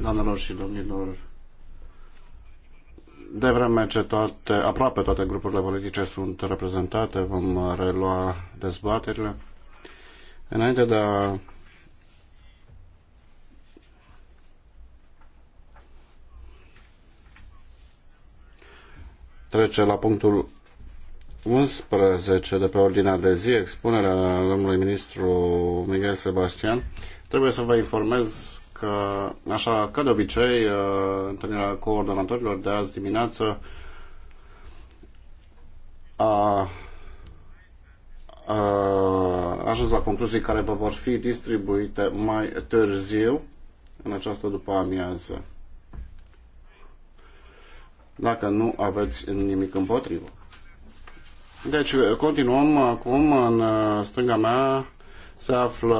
Doamnelor și domnilor, de vreme ce toate, aproape toate grupurile politice sunt reprezentate, vom relua dezbaterile. Înainte de a trece la punctul 11 de pe ordinea de zi, expunerea domnului ministru Miguel Sebastian, trebuie să vă informez că, așa ca de obicei, uh, întâlnirea coordonatorilor de azi dimineață a, a ajuns la concluzii care vă vor fi distribuite mai târziu, în această după amiază. Dacă nu aveți nimic împotrivă. Deci, continuăm acum în uh, stânga mea se află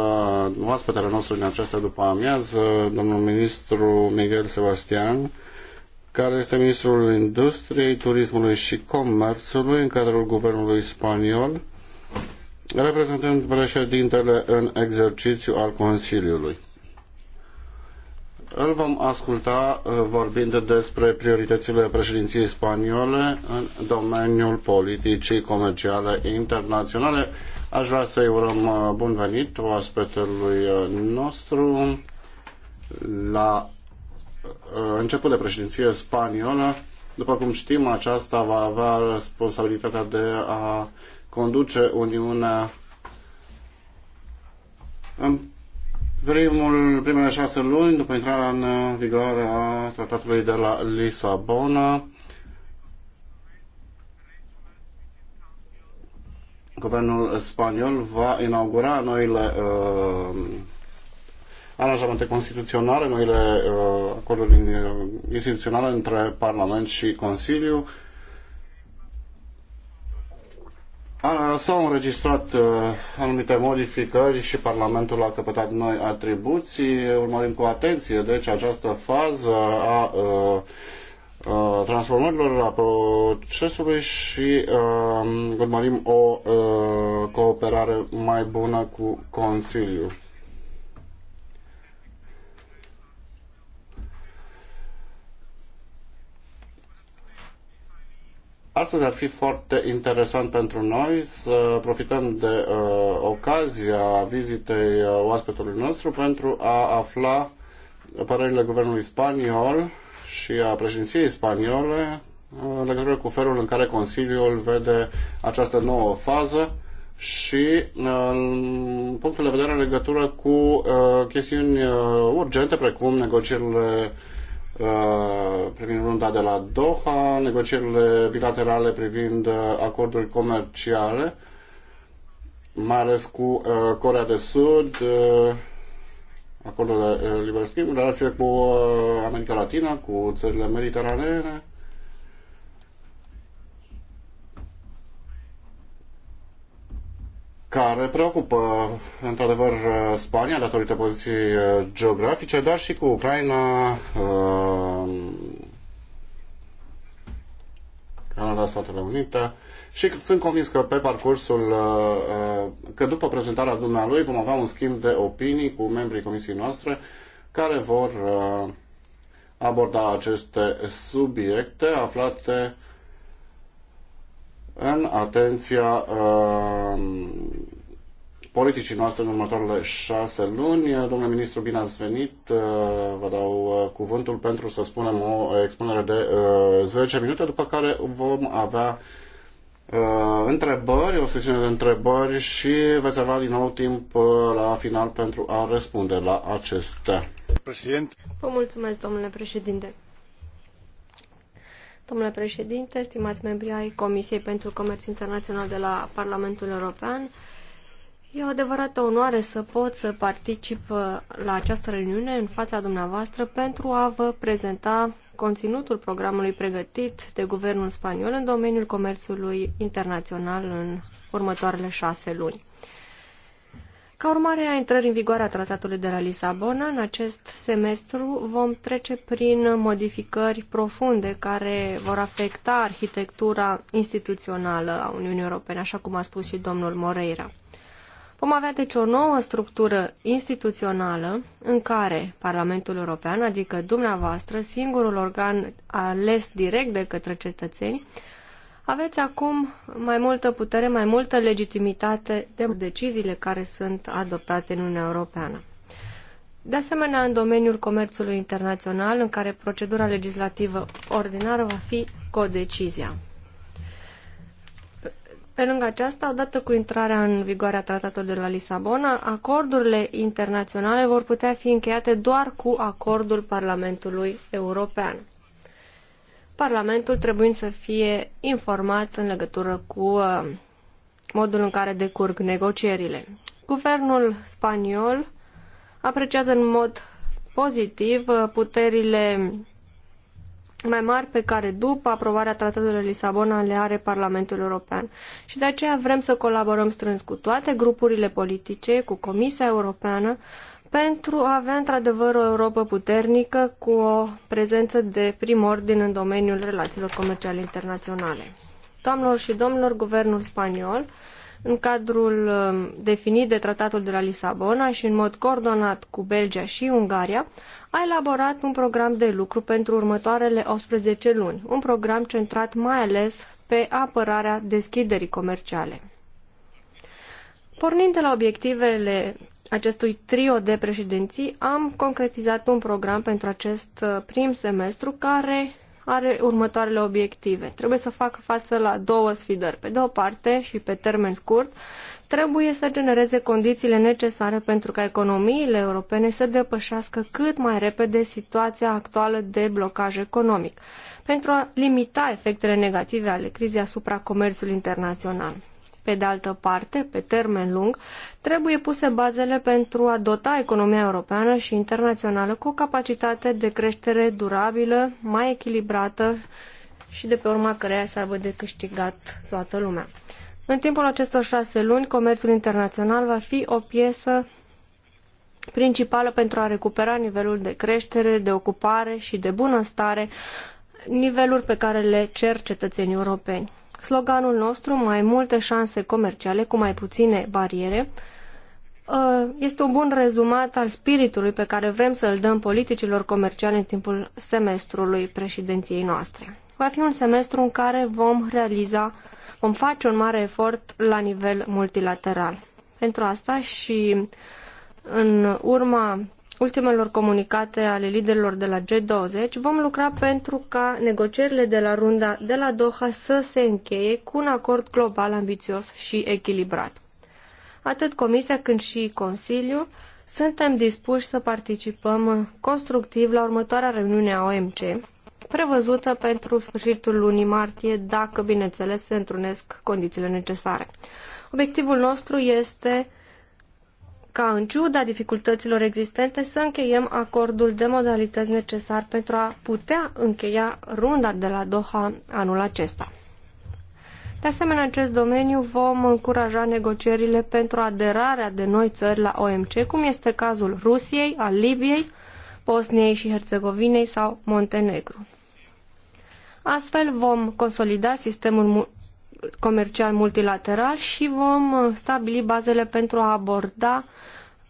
oaspetele nostru din această după amiază, domnul ministru Miguel Sebastian, care este ministrul industriei, turismului și comerțului în cadrul guvernului spaniol, reprezentând președintele în exercițiu al Consiliului. Îl vom asculta uh, vorbind despre prioritățile președinției spaniole în domeniul politicii comerciale internaționale. Aș vrea să-i urăm uh, bun venit oaspetelui uh, nostru la începutul de președinție spaniolă. După cum știm, aceasta va avea responsabilitatea de a conduce Uniunea în primul, primele șase luni după intrarea în vigoare a tratatului de la Lisabona. Guvernul spaniol va inaugura noile uh, aranjamente constituționale, noile uh, acorduri uh, instituționale între Parlament și Consiliu. Uh, S-au înregistrat uh, anumite modificări și Parlamentul a căpătat noi atribuții. Urmărim cu atenție, deci, această fază a uh, uh, transformărilor a procesului și uh, urmărim o uh, cooperare mai bună cu Consiliul. Astăzi ar fi foarte interesant pentru noi să profităm de uh, ocazia vizitei uh, oaspetului nostru pentru a afla părerile guvernului spaniol și a președinției spaniole uh, în legătură cu felul în care Consiliul vede această nouă fază și uh, punctul de vedere în legătură cu uh, chestiuni uh, urgente precum negocierile uh, Uh, privind runda de la Doha, negocierile bilaterale privind uh, acorduri comerciale, mai ales cu uh, Corea de Sud, acordul de liber schimb, relație cu America Latina, cu țările mediteranene, care preocupă într-adevăr Spania datorită poziției uh, geografice, dar și cu Ucraina, uh, Canada, Statele Unite și sunt convins că pe parcursul, uh, că după prezentarea dumnealui vom avea un schimb de opinii cu membrii comisiei noastre care vor aborda aceste subiecte aflate în atenția uh, politicii noastre în următoarele șase luni. Domnule ministru, bine ați venit. Uh, vă dau uh, cuvântul pentru să spunem o expunere de 10 uh, minute, după care vom avea întrebări, o sesiune de întrebări și veți avea din nou timp la final pentru a răspunde la acestea. Președinte. Vă mulțumesc, domnule președinte. Domnule președinte, stimați membri ai Comisiei pentru Comerț Internațional de la Parlamentul European, e o adevărată onoare să pot să particip uh, la această reuniune în fața dumneavoastră pentru a vă prezenta conținutul programului pregătit de guvernul spaniol în domeniul comerțului internațional în următoarele șase luni. Ca urmare a intrării în vigoare a tratatului de la Lisabona, în acest semestru vom trece prin modificări profunde care vor afecta arhitectura instituțională a Uniunii Europene, așa cum a spus și domnul Moreira. Vom avea deci o nouă structură instituțională în care Parlamentul European, adică dumneavoastră, singurul organ ales direct de către cetățeni, aveți acum mai multă putere, mai multă legitimitate de deciziile care sunt adoptate în Uniunea Europeană. De asemenea, în domeniul comerțului internațional, în care procedura legislativă ordinară va fi codecizia. Pe lângă aceasta, odată cu intrarea în vigoare a tratatului de la Lisabona, acordurile internaționale vor putea fi încheiate doar cu acordul Parlamentului European. Parlamentul trebuie să fie informat în legătură cu uh, modul în care decurg negocierile. Guvernul spaniol apreciază în mod pozitiv uh, puterile mai mari pe care după aprobarea Tratatului Lisabona le are Parlamentul European. Și de aceea vrem să colaborăm strâns cu toate grupurile politice, cu Comisia Europeană, pentru a avea într-adevăr o Europa puternică cu o prezență de prim ordin în domeniul relațiilor comerciale internaționale. Doamnelor și domnilor, guvernul spaniol, în cadrul um, definit de Tratatul de la Lisabona și în mod coordonat cu Belgia și Ungaria, a elaborat un program de lucru pentru următoarele 18 luni, un program centrat mai ales pe apărarea deschiderii comerciale. Pornind de la obiectivele acestui trio de președinții am concretizat un program pentru acest uh, prim semestru care are următoarele obiective. Trebuie să facă față la două sfidări. Pe de o parte și pe termen scurt, trebuie să genereze condițiile necesare pentru ca economiile europene să depășească cât mai repede situația actuală de blocaj economic, pentru a limita efectele negative ale crizei asupra comerțului internațional. Pe de altă parte, pe termen lung, trebuie puse bazele pentru a dota economia europeană și internațională cu o capacitate de creștere durabilă, mai echilibrată și de pe urma căreia să aibă de câștigat toată lumea. În timpul acestor șase luni, comerțul internațional va fi o piesă principală pentru a recupera nivelul de creștere, de ocupare și de bunăstare, niveluri pe care le cer cetățenii europeni sloganul nostru, mai multe șanse comerciale cu mai puține bariere, ă, este un bun rezumat al spiritului pe care vrem să îl dăm politicilor comerciale în timpul semestrului președinției noastre. Va fi un semestru în care vom realiza, vom face un mare efort la nivel multilateral. Pentru asta și în urma ultimelor comunicate ale liderilor de la G20, vom lucra pentru ca negocierile de la runda de la Doha să se încheie cu un acord global ambițios și echilibrat. Atât Comisia cât și Consiliul suntem dispuși să participăm constructiv la următoarea reuniune a OMC, prevăzută pentru sfârșitul lunii martie, dacă, bineînțeles, se întrunesc condițiile necesare. Obiectivul nostru este ca în ciuda dificultăților existente să încheiem acordul de modalități necesar pentru a putea încheia runda de la Doha anul acesta. De asemenea, în acest domeniu vom încuraja negocierile pentru aderarea de noi țări la OMC, cum este cazul Rusiei, al Libiei, Bosniei și Herțegovinei sau Montenegru. Astfel vom consolida sistemul comercial multilateral și vom stabili bazele pentru a aborda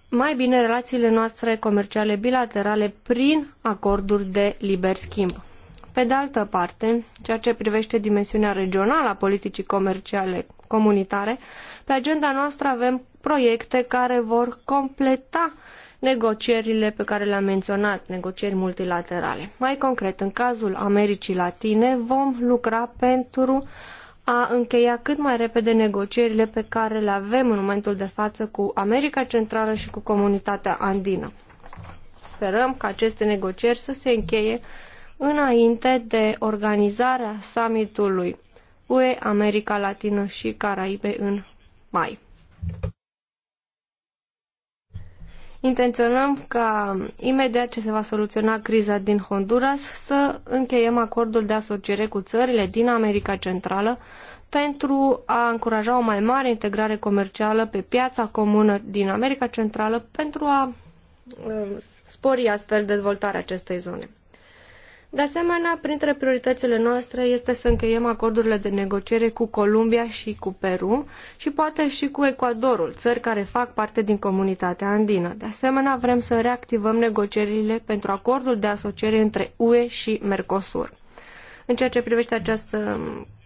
mai bine relațiile noastre comerciale bilaterale prin acorduri de liber schimb. Pe de altă parte, ceea ce privește dimensiunea regională a politicii comerciale comunitare, pe agenda noastră avem proiecte care vor completa negocierile pe care le-am menționat, negocieri multilaterale. Mai concret, în cazul Americii Latine, vom lucra pentru a încheia cât mai repede negocierile pe care le avem în momentul de față cu America Centrală și cu comunitatea andină. Sperăm ca aceste negocieri să se încheie înainte de organizarea summitului UE America Latină și Caraibe în mai. Intenționăm ca, imediat ce se va soluționa criza din Honduras, să încheiem acordul de asociere cu țările din America Centrală pentru a încuraja o mai mare integrare comercială pe piața comună din America Centrală pentru a uh, spori astfel dezvoltarea acestei zone. De asemenea, printre prioritățile noastre este să încheiem acordurile de negociere cu Columbia și cu Peru și poate și cu Ecuadorul, țări care fac parte din comunitatea andină. De asemenea, vrem să reactivăm negocierile pentru acordul de asociere între UE și Mercosur. În ceea ce privește acest,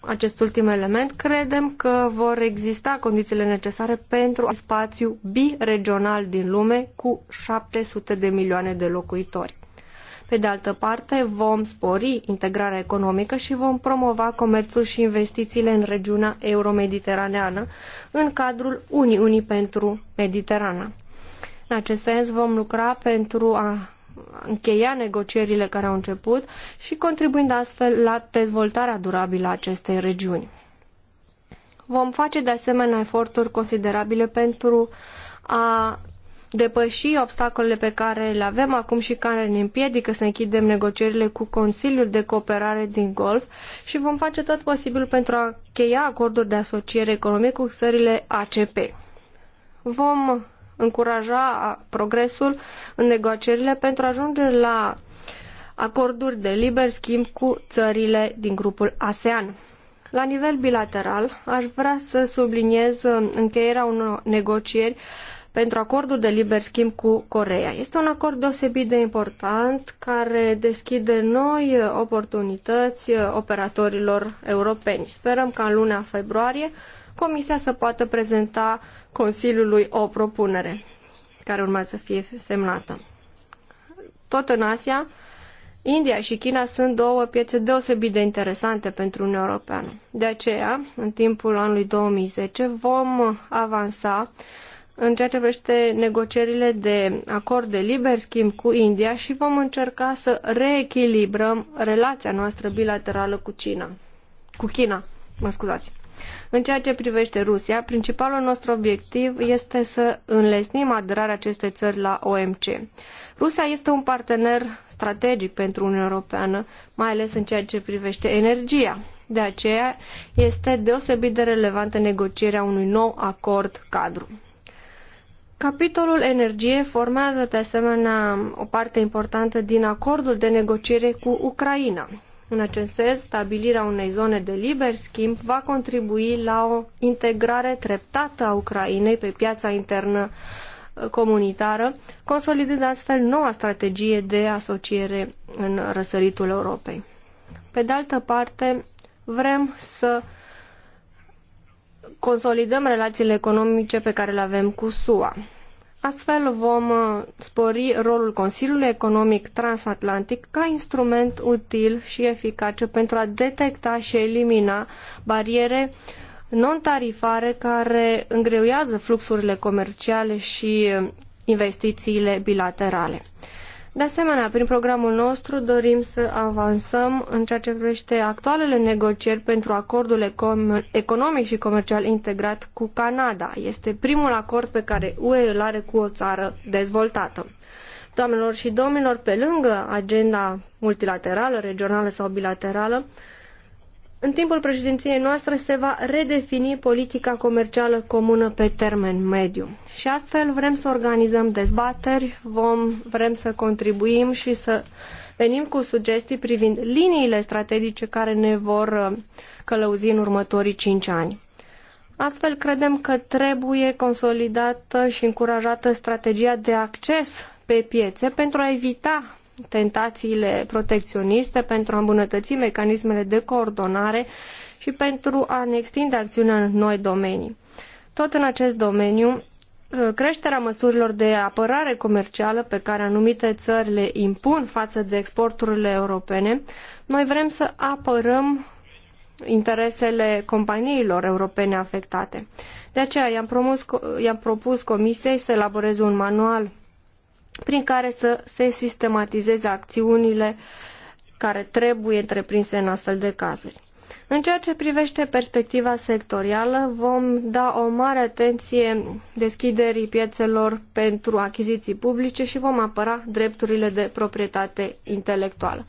acest ultim element, credem că vor exista condițiile necesare pentru un spațiu biregional din lume cu 700 de milioane de locuitori. Pe de altă parte, vom spori integrarea economică și vom promova comerțul și investițiile în regiunea euromediteraneană în cadrul Uniunii pentru Mediterana. În acest sens vom lucra pentru a încheia negocierile care au început și contribuind astfel la dezvoltarea durabilă a acestei regiuni. Vom face de asemenea eforturi considerabile pentru a depăși obstacolele pe care le avem acum și care ne împiedică să închidem negocierile cu Consiliul de Cooperare din Golf și vom face tot posibilul pentru a cheia acorduri de asociere economică cu țările ACP. Vom încuraja progresul în negocierile pentru a ajunge la acorduri de liber schimb cu țările din grupul ASEAN. La nivel bilateral, aș vrea să subliniez încheierea unor negocieri pentru acordul de liber schimb cu Coreea. Este un acord deosebit de important care deschide noi oportunități operatorilor europeni. Sperăm ca în luna februarie Comisia să poată prezenta Consiliului o propunere care urma să fie semnată. Tot în Asia, India și China sunt două piețe deosebit de interesante pentru Uniunea Europeană. De aceea, în timpul anului 2010, vom avansa în ceea ce privește negocierile de acord de liber schimb cu India și vom încerca să reechilibrăm relația noastră bilaterală cu China. Cu China, mă scuzați. În ceea ce privește Rusia, principalul nostru obiectiv este să înlesnim aderarea acestei țări la OMC. Rusia este un partener strategic pentru Uniunea Europeană, mai ales în ceea ce privește energia. De aceea este deosebit de relevantă negocierea unui nou acord cadru. Capitolul energie formează de asemenea o parte importantă din acordul de negociere cu Ucraina. În acest sens, stabilirea unei zone de liber schimb va contribui la o integrare treptată a Ucrainei pe piața internă uh, comunitară, consolidând astfel noua strategie de asociere în răsăritul Europei. Pe de altă parte, vrem să consolidăm relațiile economice pe care le avem cu SUA. Astfel vom uh, spori rolul Consiliului Economic Transatlantic ca instrument util și eficace pentru a detecta și elimina bariere non-tarifare care îngreuiază fluxurile comerciale și uh, investițiile bilaterale. De asemenea, prin programul nostru dorim să avansăm în ceea ce privește actualele negocieri pentru acordul economic și comercial integrat cu Canada. Este primul acord pe care UE îl are cu o țară dezvoltată. Doamnelor și domnilor, pe lângă agenda multilaterală, regională sau bilaterală, în timpul președinției noastre se va redefini politica comercială comună pe termen mediu. Și astfel vrem să organizăm dezbateri, vom, vrem să contribuim și să venim cu sugestii privind liniile strategice care ne vor uh, călăuzi în următorii cinci ani. Astfel, credem că trebuie consolidată și încurajată strategia de acces pe piețe pentru a evita tentațiile protecționiste, pentru a îmbunătăți mecanismele de coordonare și pentru a ne extinde acțiunea în noi domenii. Tot în acest domeniu, creșterea măsurilor de apărare comercială pe care anumite țări le impun față de exporturile europene, noi vrem să apărăm interesele companiilor europene afectate. De aceea i-am, i-am propus Comisiei să elaboreze un manual prin care să se sistematizeze acțiunile care trebuie întreprinse în astfel de cazuri. În ceea ce privește perspectiva sectorială, vom da o mare atenție deschiderii piețelor pentru achiziții publice și vom apăra drepturile de proprietate intelectuală.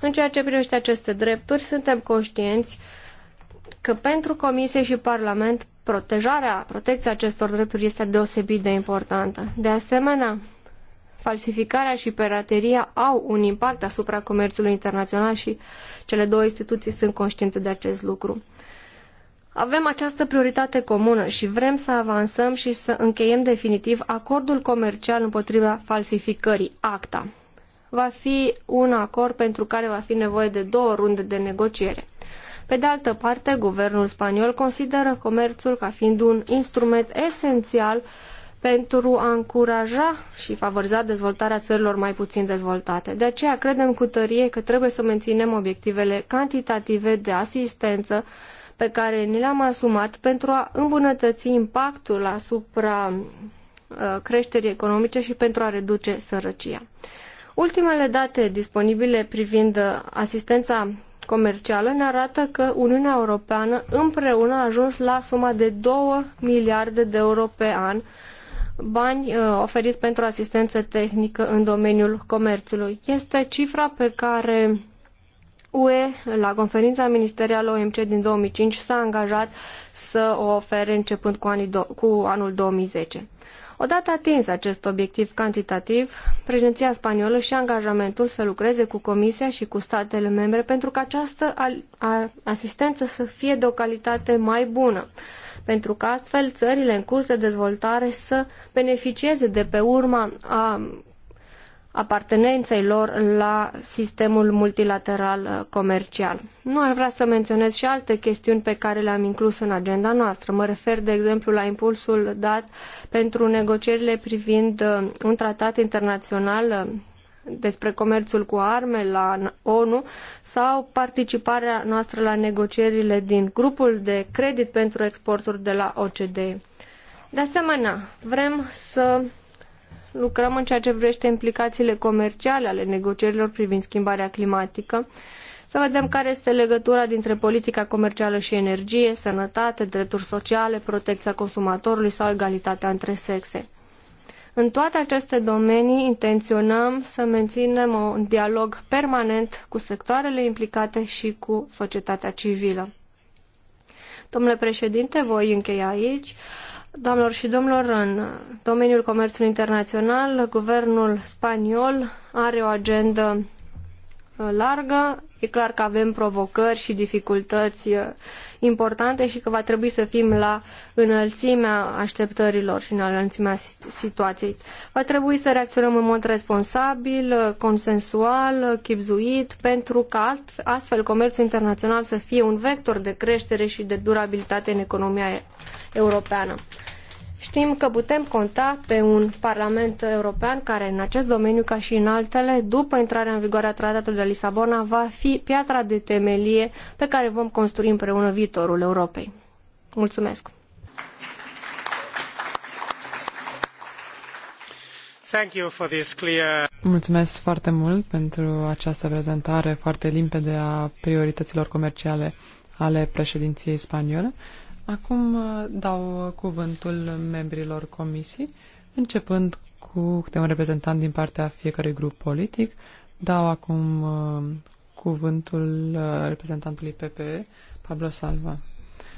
În ceea ce privește aceste drepturi, suntem conștienți că pentru Comisie și Parlament protejarea, protecția acestor drepturi este deosebit de importantă. De asemenea, falsificarea și pirateria au un impact asupra comerțului internațional și cele două instituții sunt conștiente de acest lucru. Avem această prioritate comună și vrem să avansăm și să încheiem definitiv acordul comercial împotriva falsificării, ACTA. Va fi un acord pentru care va fi nevoie de două runde de negociere. Pe de altă parte, guvernul spaniol consideră comerțul ca fiind un instrument esențial pentru a încuraja și favoriza dezvoltarea țărilor mai puțin dezvoltate. De aceea credem cu tărie că trebuie să menținem obiectivele cantitative de asistență pe care ni le-am asumat pentru a îmbunătăți impactul asupra uh, creșterii economice și pentru a reduce sărăcia. Ultimele date disponibile privind uh, asistența comercială ne arată că Uniunea Europeană împreună a ajuns la suma de 2 miliarde de euro pe an bani uh, oferiți pentru asistență tehnică în domeniul comerțului. Este cifra pe care UE, la conferința ministerială OMC din 2005, s-a angajat să o ofere începând cu, anii cu anul 2010. Odată atins acest obiectiv cantitativ, președinția spaniolă și angajamentul să lucreze cu Comisia și cu statele membre pentru ca această asistență să fie de o calitate mai bună pentru că astfel țările în curs de dezvoltare să beneficieze de pe urma a apartenenței lor la sistemul multilateral uh, comercial. Nu aș vrea să menționez și alte chestiuni pe care le-am inclus în agenda noastră. Mă refer, de exemplu, la impulsul dat pentru negocierile privind uh, un tratat internațional uh, despre comerțul cu arme la ONU sau participarea noastră la negocierile din grupul de credit pentru exporturi de la OCDE. De asemenea, vrem să lucrăm în ceea ce vrește implicațiile comerciale ale negocierilor privind schimbarea climatică, să vedem care este legătura dintre politica comercială și energie, sănătate, drepturi sociale, protecția consumatorului sau egalitatea între sexe. În toate aceste domenii intenționăm să menținem un dialog permanent cu sectoarele implicate și cu societatea civilă. Domnule președinte, voi încheia aici. Doamnelor și domnilor, în domeniul comerțului internațional, guvernul spaniol are o agendă Uh, largă. E clar că avem provocări și dificultăți uh, importante și că va trebui să fim la înălțimea așteptărilor și în înălțimea situației. Va trebui să reacționăm în mod responsabil, uh, consensual, chipzuit, pentru ca astfel comerțul internațional să fie un vector de creștere și de durabilitate în economia europeană. Știm că putem conta pe un Parlament European care în acest domeniu, ca și în altele, după intrarea în vigoare a Tratatului de Lisabona, va fi piatra de temelie pe care vom construi împreună viitorul Europei. Mulțumesc! Mulțumesc foarte mult pentru această prezentare foarte limpede a priorităților comerciale ale președinției spaniole. Acum uh, dau cuvântul membrilor comisii, începând cu câte un reprezentant din partea fiecărui grup politic. Dau acum uh, cuvântul uh, reprezentantului PPE, Pablo Salva.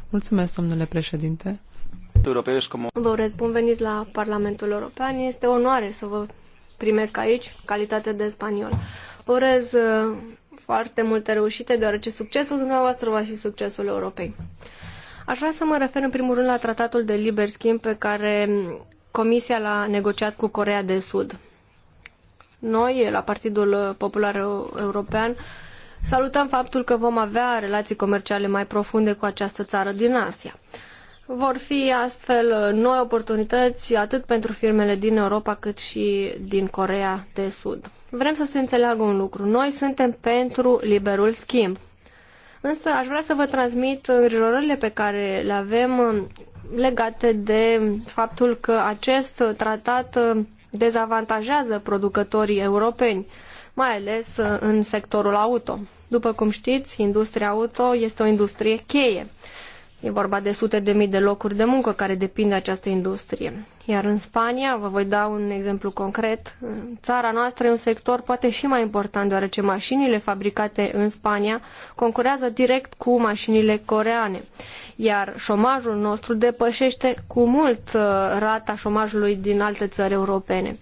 Mulțumesc, domnule președinte. Vă urez bun venit la Parlamentul European. Este onoare să vă primesc aici, calitate de spaniol. Vă urez foarte multe reușite, deoarece succesul dumneavoastră va fi succesul Europei. Aș vrea să mă refer în primul rând la tratatul de liber schimb pe care Comisia l-a negociat cu Corea de Sud. Noi, la Partidul Popular European, salutăm faptul că vom avea relații comerciale mai profunde cu această țară din Asia. Vor fi astfel noi oportunități atât pentru firmele din Europa cât și din Corea de Sud. Vrem să se înțeleagă un lucru. Noi suntem pentru liberul schimb. Însă aș vrea să vă transmit îngrijorările pe care le avem uh, legate de faptul că acest tratat uh, dezavantajează producătorii europeni, mai ales uh, în sectorul auto. După cum știți, industria auto este o industrie cheie E vorba de sute de mii de locuri de muncă care depind de această industrie. Iar în Spania, vă voi da un exemplu concret, în țara noastră e un sector poate și mai important, deoarece mașinile fabricate în Spania concurează direct cu mașinile coreane. Iar șomajul nostru depășește cu mult uh, rata șomajului din alte țări europene.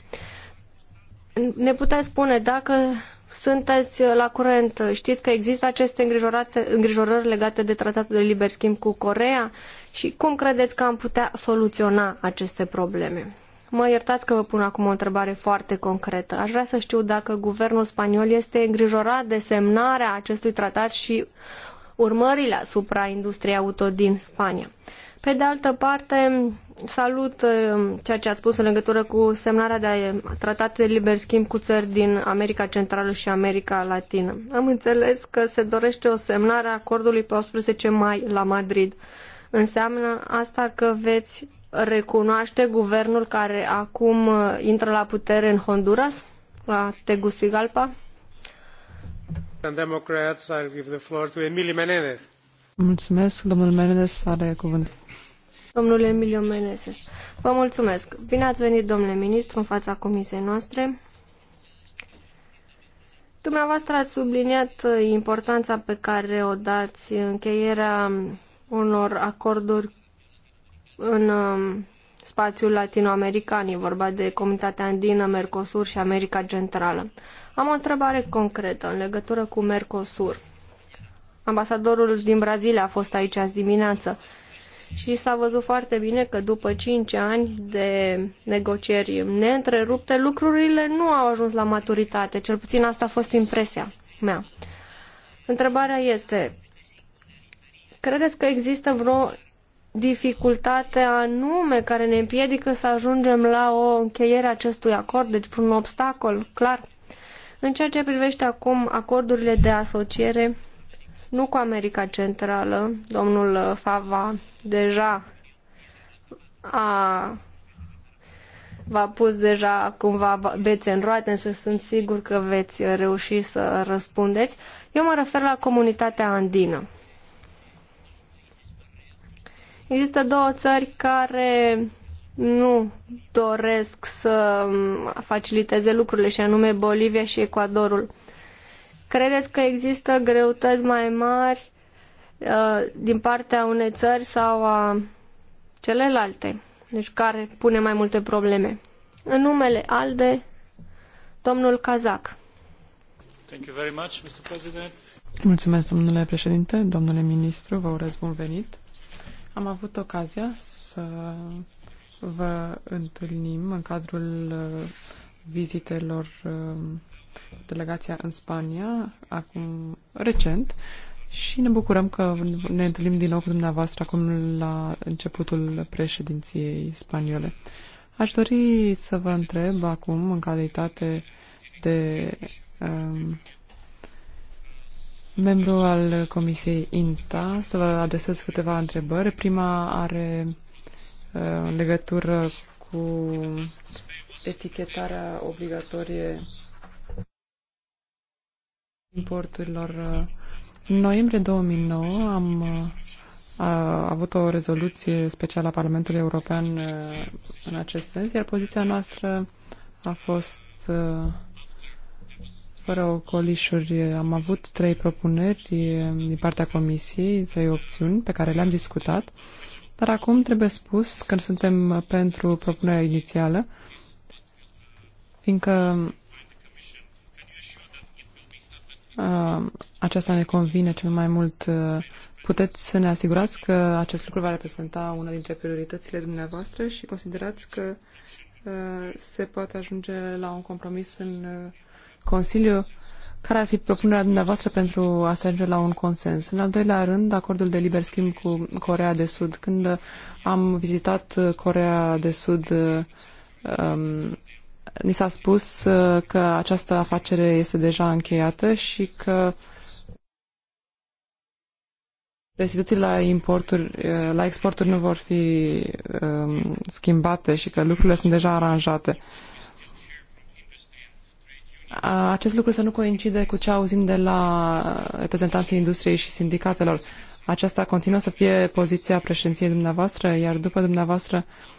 Ne puteți spune dacă sunteți uh, la curent, știți că există aceste îngrijorări legate de tratatul de liber schimb cu Corea și cum credeți că am putea soluționa aceste probleme? Mă iertați că vă pun acum o întrebare foarte concretă. Aș vrea să știu dacă guvernul spaniol este îngrijorat de semnarea acestui tratat și urmările asupra industriei auto din Spania. Pe de altă parte, salut uh, ceea ce ați spus în legătură cu semnarea de tratate de liber schimb cu țări din America Centrală și America Latină. Am înțeles că se dorește o semnare a acordului pe 18 mai la Madrid. Înseamnă asta că veți recunoaște guvernul care acum uh, intră la putere în Honduras, la Tegucigalpa? Mulțumesc, domnul Menendez are cuvântul. Domnule Emilio Meneses, vă mulțumesc. Bine ați venit, domnule ministru, în fața comisiei noastre. Dumneavoastră ați subliniat uh, importanța pe care o dați încheierea unor acorduri în um, spațiul latinoamerican, e vorba de Comunitatea Andină, Mercosur și America Centrală. Am o întrebare concretă în legătură cu Mercosur. Ambasadorul din Brazilia a fost aici azi dimineață și s-a văzut foarte bine că după 5 ani de negocieri neîntrerupte, lucrurile nu au ajuns la maturitate. Cel puțin asta a fost impresia mea. Întrebarea este, credeți că există vreo dificultate anume care ne împiedică să ajungem la o încheiere a acestui acord, deci un obstacol clar? În ceea ce privește acum acordurile de asociere nu cu America Centrală. Domnul Fava deja a v-a pus deja cumva bețe în roate, însă sunt sigur că veți reuși să răspundeți. Eu mă refer la comunitatea andină. Există două țări care nu doresc să faciliteze lucrurile, și anume Bolivia și Ecuadorul. Credeți că există greutăți mai mari uh, din partea unei țări sau a celelalte, deci care pune mai multe probleme? În numele ALDE, domnul Kazak. Thank you very much, Mr. President. Mulțumesc, domnule președinte, domnule ministru, vă urez bun venit. Am avut ocazia să vă întâlnim în cadrul uh, vizitelor uh, delegația în Spania, acum recent, și ne bucurăm că ne întâlnim din nou cu dumneavoastră acum la începutul președinției spaniole. Aș dori să vă întreb acum, în calitate de um, membru al Comisiei INTA, să vă adresez câteva întrebări. Prima are uh, legătură cu etichetarea obligatorie importurilor. Uh, în noiembrie 2009 am uh, a avut o rezoluție specială a Parlamentului European uh, în acest sens, iar poziția noastră a fost fără ocolișuri. Am avut trei propuneri din partea Comisiei, trei opțiuni pe care le-am discutat, dar acum trebuie spus că suntem pentru propunerea inițială, fiindcă Uh, aceasta ne convine cel mai mult. Uh, puteți să ne asigurați că acest lucru va reprezenta una dintre prioritățile dumneavoastră și considerați că uh, se poate ajunge la un compromis în Consiliu? Care ar fi propunerea dumneavoastră pentru a se ajunge la un consens? În al doilea rând, acordul de liber schimb cu Corea de Sud. Când am vizitat Corea de Sud um, ni s-a spus uh, că această afacere este deja încheiată și că restituții la importuri, uh, la exporturi nu vor fi um, schimbate și că lucrurile sunt deja aranjate. Acest lucru să nu coincide cu ce auzim de la reprezentanții industriei și sindicatelor. Aceasta continuă să fie poziția președinției dumneavoastră, iar după dumneavoastră uh,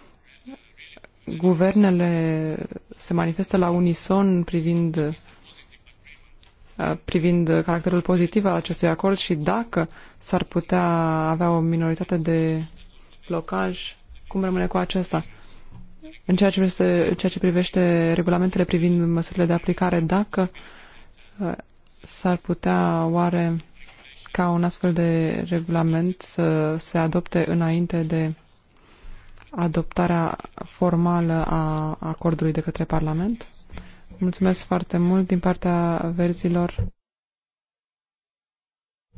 guvernele se manifestă la unison privind uh, privind caracterul pozitiv al acestui acord și dacă s-ar putea avea o minoritate de blocaj, cum rămâne cu acesta? În ceea ce privește, ceea ce privește regulamentele privind măsurile de aplicare, dacă uh, s-ar putea oare ca un astfel de regulament să se adopte înainte de adoptarea formală a acordului de către Parlament. Mulțumesc foarte mult din partea verzilor.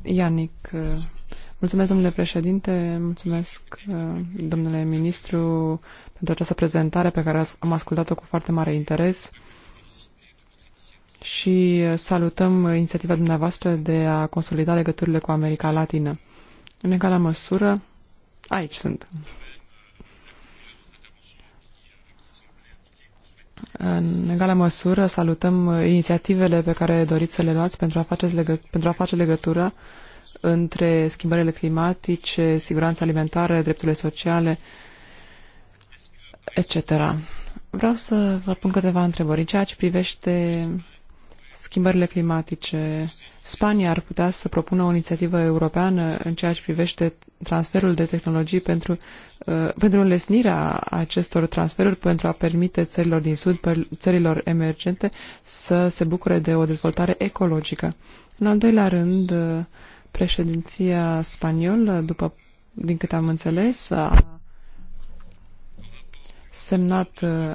Ianic, mulțumesc domnule președinte, mulțumesc domnule ministru pentru această prezentare pe care am ascultat-o cu foarte mare interes și salutăm inițiativa dumneavoastră de a consolida legăturile cu America Latină. În egală măsură, aici sunt. În egală măsură salutăm inițiativele pe care doriți să le luați pentru a face, legă, pentru a face legătura între schimbările climatice, siguranța alimentară, drepturile sociale, etc. Vreau să vă pun câteva întrebări în ceea ce privește schimbările climatice. Spania ar putea să propună o inițiativă europeană în ceea ce privește transferul de tehnologii pentru, uh, pentru înlesnirea acestor transferuri, pentru a permite țărilor din Sud, țărilor emergente, să se bucure de o dezvoltare ecologică. În al doilea rând, uh, președinția spaniolă, după din câte am înțeles, a semnat uh,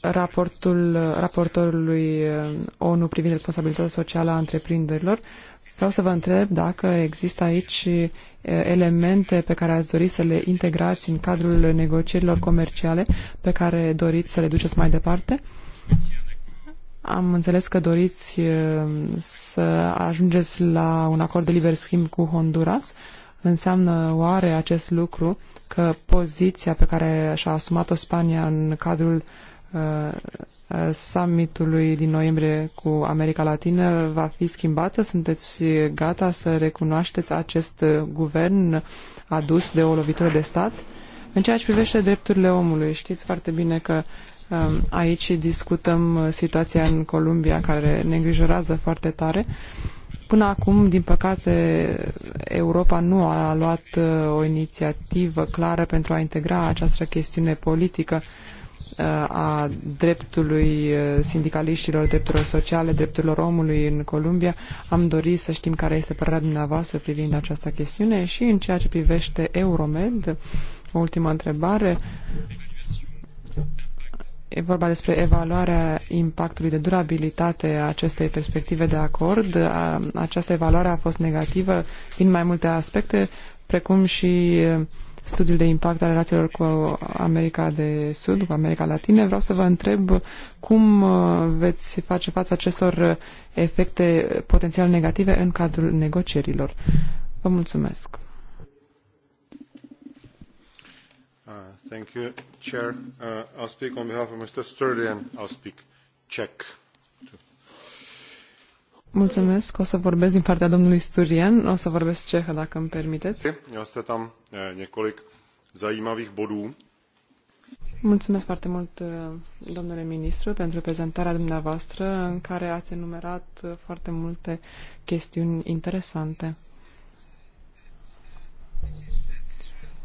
raportul raportorului uh, ONU privind responsabilitatea socială a întreprinderilor. Vreau să vă întreb dacă există aici uh, elemente pe care ați dori să le integrați în cadrul negocierilor comerciale pe care doriți să le duceți mai departe. Am înțeles că doriți uh, să ajungeți la un acord de liber schimb cu Honduras. Înseamnă oare acest lucru că poziția pe care și-a asumat-o Spania în cadrul Uh, uh, summitului din noiembrie cu America Latină va fi schimbată? Sunteți gata să recunoașteți acest guvern adus de o lovitură de stat? În ceea ce privește drepturile omului, știți foarte bine că um, aici discutăm situația în Columbia care ne îngrijorează foarte tare. Până acum, din păcate, Europa nu a luat uh, o inițiativă clară pentru a integra această chestiune politică uh, a dreptului uh, sindicaliștilor, drepturilor sociale, drepturilor omului în Columbia. Am dorit să știm care este părerea dumneavoastră privind această chestiune și în ceea ce privește Euromed, o ultimă întrebare. E vorba despre evaluarea impactului de durabilitate a acestei perspective de acord. Această evaluare a fost negativă din mai multe aspecte, precum și uh, studiul de impact al relațiilor cu America de Sud, cu America Latină. Vreau să vă întreb cum uh, veți face față acestor uh, efecte potențial negative în cadrul negocierilor. Vă mulțumesc. Uh, thank you, Chair. Uh, I'll speak on behalf of Mr. Sturdy and I'll speak Czech. Mulțumesc, o să vorbesc din partea domnului Sturian, o să vorbesc cehă, dacă îmi permiteți. Já jste tam eh, několik zajímavých bodů. Mulțumesc foarte mult, eh, domnule ministru, pentru prezentarea dumneavoastră, în care ați enumerat eh, foarte multe chestiuni interesante.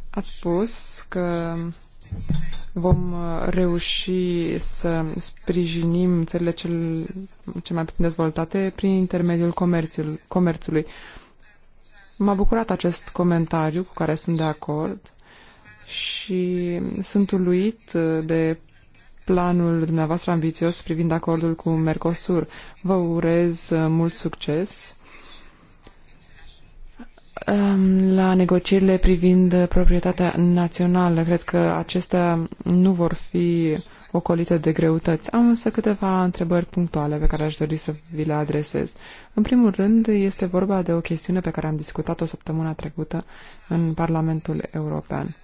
Ați spus că vom uh, reuși să sprijinim țările cel, ce mai puțin dezvoltate prin intermediul comerțului. M-a bucurat acest comentariu cu care sunt de acord și sunt uluit uh, de planul dumneavoastră ambițios privind acordul cu Mercosur. Vă urez uh, mult succes Ehm, la negocierile privind proprietatea națională. Cred că acestea nu vor fi ocolite de greutăți. Am însă câteva întrebări punctuale pe care aș dori să vi le adresez. În primul rând, este vorba de o chestiune pe care am discutat-o săptămâna trecută în Parlamentul European.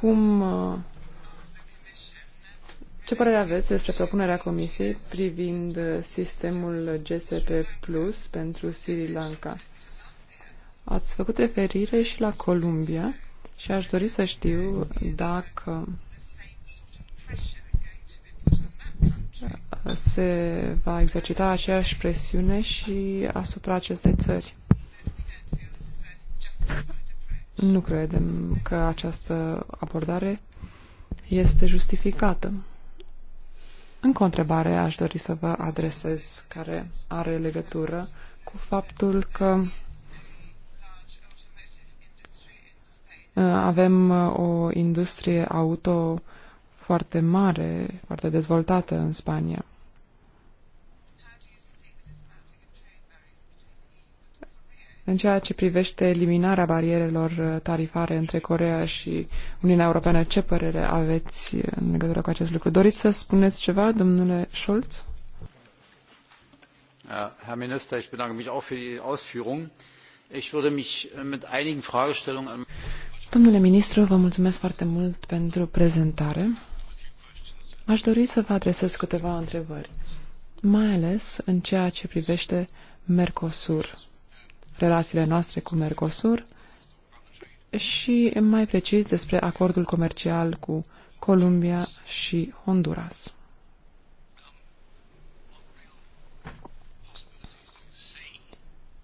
Cum uh, ce părere aveți despre propunerea Comisiei privind uh, sistemul GSP Plus pentru Sri Lanka? Ați făcut referire și la Columbia și aș dori să știu dacă se va exercita aceeași presiune și asupra acestei țări. Nu credem că această abordare este justificată. Încă o întrebare aș dori să vă adresez, care are legătură cu faptul că uh, avem uh, o industrie auto foarte mare, foarte dezvoltată în Spania. În ceea ce privește eliminarea barierelor uh, tarifare între Corea și Uniunea Europeană, ce părere aveți uh, în legătură cu acest lucru? Doriți să spuneți ceva, domnule Scholz? Herr Minister, ich bedanke mich auch für die Ausführung. Ich würde mich äh, mit einigen Fragestellungen an Domnule ministru, vă mulțumesc foarte mult pentru prezentare. Aș dori să vă adresez câteva întrebări, mai ales în ceea ce privește Mercosur relațiile noastre cu Mercosur și, mai precis, despre acordul comercial cu Columbia și Honduras.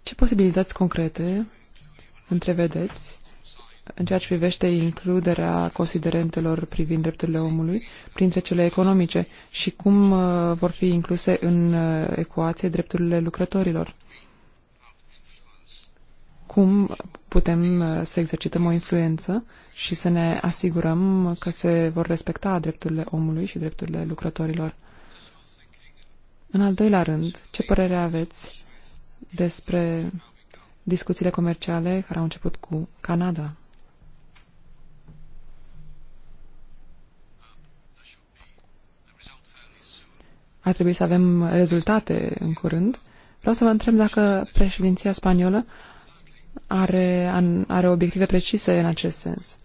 Ce posibilități concrete întrevedeți în ceea ce privește includerea considerentelor privind drepturile omului printre cele economice și cum uh, vor fi incluse în uh, ecuație drepturile lucrătorilor? cum putem uh, să exercităm o influență și să ne asigurăm că se vor respecta drepturile omului și drepturile lucrătorilor. În al doilea rând, ce părere aveți despre discuțiile comerciale care au început cu Canada? Ar trebui să avem rezultate în curând. Vreau să vă întreb dacă președinția spaniolă are, are obiective precise în acest sens.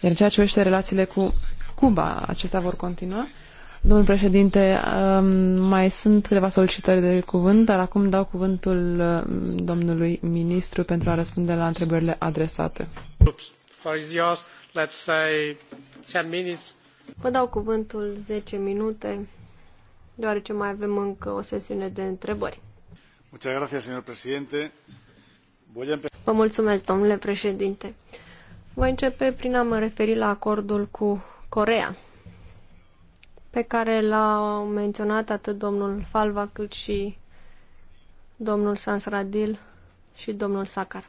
Iar în ceea ce privește relațiile cu Cuba, acestea vor continua. Domnul președinte, um, mai sunt câteva solicitări de cuvânt, dar acum dau cuvântul uh, domnului ministru pentru a răspunde la întrebările adresate. Vă dau cuvântul 10 minute, deoarece mai avem încă o sesiune de întrebări. Muchas gracias, señor presidente. Vă mulțumesc, domnule președinte. Voi începe prin a mă referi la acordul cu Corea, pe care l-au menționat atât domnul Falva cât și domnul Sansradil și domnul Sacar.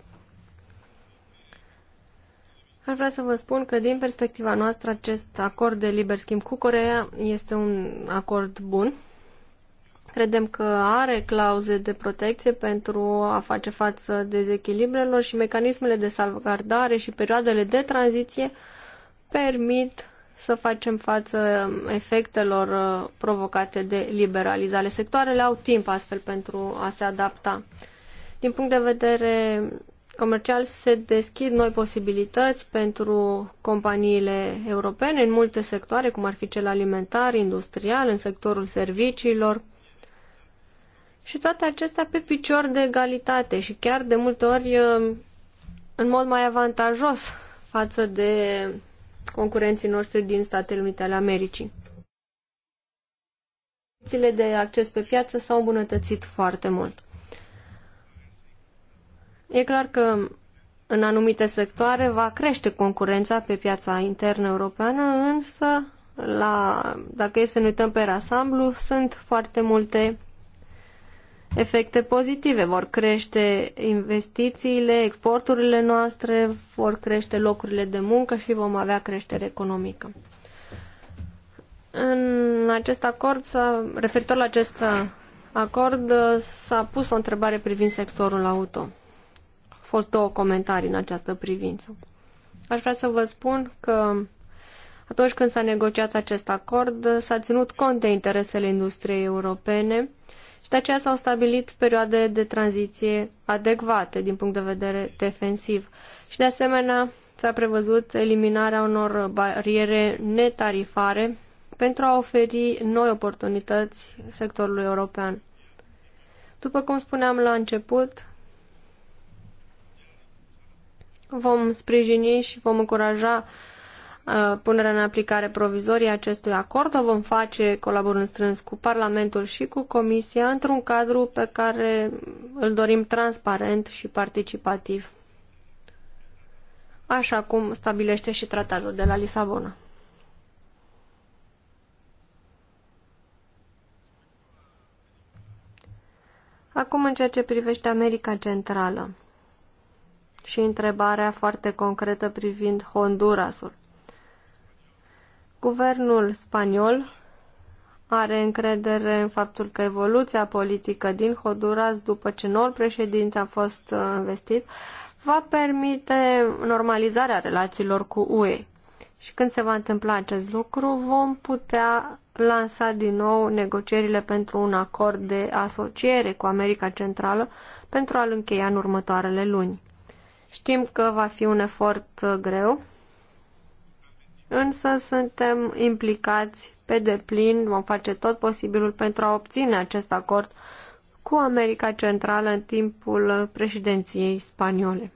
Ar vrea să vă spun că, din perspectiva noastră, acest acord de liber schimb cu Corea este un acord bun, Credem că are clauze de protecție pentru a face față dezechilibrelor și mecanismele de salvgardare și perioadele de tranziție permit să facem față efectelor uh, provocate de liberalizare. Sectoarele au timp astfel pentru a se adapta. Din punct de vedere comercial se deschid noi posibilități pentru companiile europene în multe sectoare, cum ar fi cel alimentar, industrial, în sectorul serviciilor, și toate acestea pe picior de egalitate și chiar de multe ori um, în mod mai avantajos față de concurenții noștri din Statele Unite ale Americii. Condițiile de acces pe piață s-au îmbunătățit foarte mult. E clar că în anumite sectoare va crește concurența pe piața internă europeană, însă la, dacă e să ne uităm pe rasamblu, sunt foarte multe efecte pozitive. Vor crește investițiile, exporturile noastre, vor crește locurile de muncă și vom avea creștere economică. În acest acord, referitor la acest acord, s-a pus o întrebare privind sectorul auto. Au fost două comentarii în această privință. Aș vrea să vă spun că atunci când s-a negociat acest acord, s-a ținut cont de interesele industriei europene, uh, și de aceea s-au stabilit perioade de tranziție adecvate din punct de vedere defensiv. Și de asemenea s-a prevăzut eliminarea unor bariere netarifare pentru a oferi noi oportunități sectorului european. După cum spuneam la început, vom sprijini și vom încuraja Uh, punerea în aplicare provizorie acestui acord. O vom face colaborând strâns cu Parlamentul și cu Comisia într-un cadru pe care îl dorim transparent și participativ, așa cum stabilește și tratatul de la Lisabona. Acum în ceea ce privește America Centrală și întrebarea foarte concretă privind Hondurasul. Guvernul spaniol are încredere în faptul că evoluția politică din Honduras, după ce noul președinte a fost investit, uh, va permite normalizarea relațiilor cu UE. Și când se va întâmpla acest lucru, vom putea lansa din nou negocierile pentru un acord de asociere cu America Centrală pentru a-l încheia în următoarele luni. Știm că va fi un efort uh, greu, însă suntem implicați pe deplin, vom face tot posibilul pentru a obține acest acord cu America Centrală în timpul președinției spaniole.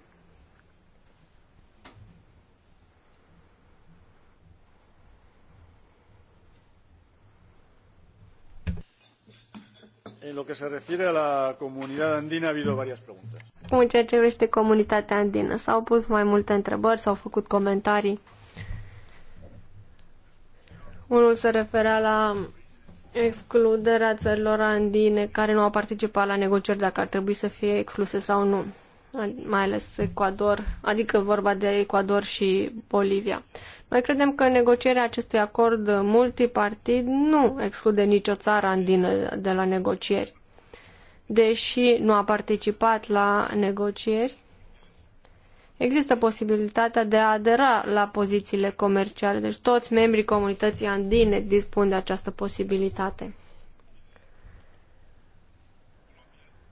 En lo que se refiere a la comunidad andina ha habido varias preguntas. Cum ceea ce privește comunitatea andină, s-au pus mai multe întrebări, s-au făcut comentarii. Unul se referea la excluderea țărilor andine care nu au participat la negocieri dacă ar trebui să fie excluse sau nu, mai ales Ecuador, adică vorba de Ecuador și Bolivia. Noi credem că negocierea acestui acord multipartid nu exclude nicio țară andină de la negocieri. Deși nu a participat la negocieri, există posibilitatea de a adera la pozițiile comerciale. Deci toți membrii comunității andine dispun de această posibilitate.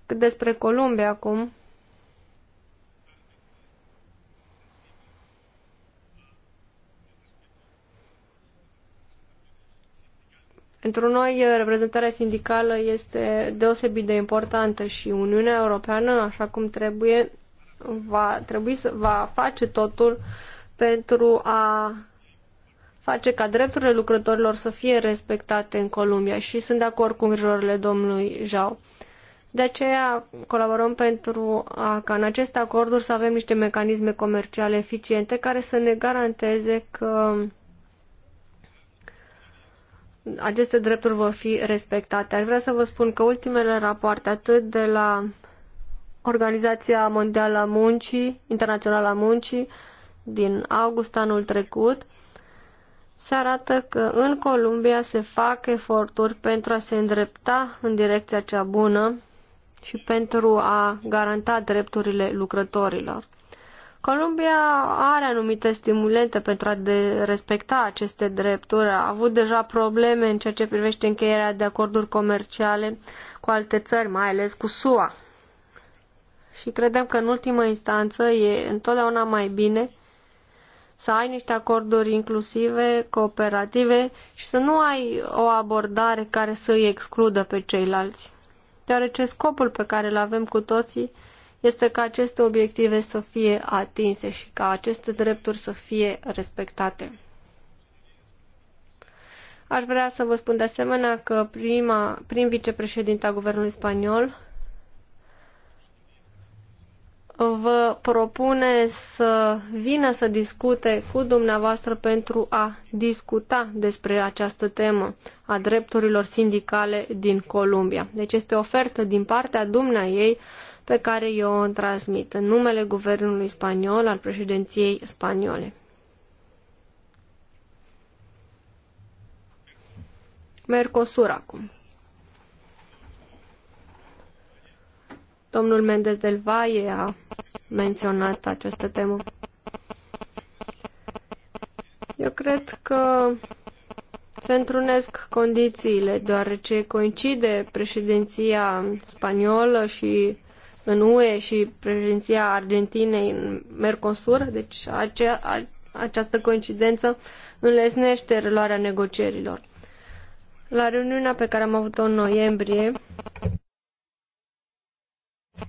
Cât despre Columbia acum, Pentru noi, eh, reprezentarea sindicală este deosebit de importantă și Uniunea Europeană, așa cum trebuie, va trebui să va face totul pentru a face ca drepturile lucrătorilor să fie respectate în Columbia și sunt de acord cu îngrijorările domnului Jau. De aceea colaborăm pentru a, ca în aceste acorduri să avem niște mecanisme comerciale eficiente care să ne garanteze că aceste drepturi vor fi respectate. Aș vrea să vă spun că ultimele rapoarte, atât de la Organizația Mondială a Muncii, Internațională a Muncii, din august anul trecut, se arată că în Columbia se fac eforturi pentru a se îndrepta în direcția cea bună și pentru a garanta drepturile lucrătorilor. Columbia are anumite stimulente pentru a respecta aceste drepturi. A avut deja probleme în ceea ce privește încheierea de acorduri comerciale cu alte țări, mai ales cu SUA, și credem că în ultimă instanță e întotdeauna mai bine să ai niște acorduri inclusive, cooperative și să nu ai o abordare care să îi excludă pe ceilalți. Deoarece scopul pe care îl avem cu toții este ca aceste obiective să fie atinse și ca aceste drepturi să fie respectate. Aș vrea să vă spun de asemenea că prima, prim vicepreședinte a Guvernului Spaniol, vă propune să vină să discute cu dumneavoastră pentru a discuta despre această temă a drepturilor sindicale din Columbia. Deci este o ofertă din partea dumnea ei pe care eu o transmit în numele guvernului spaniol, al președinției spaniole. Mercosur acum. Domnul Mendes del Valle a menționat această temă. Eu cred că se întrunesc condițiile, deoarece coincide președinția spaniolă și în UE și președinția Argentinei în Mercosur, deci acea, a, această coincidență înlesnește reluarea negocierilor. La reuniunea pe care am avut-o în noiembrie,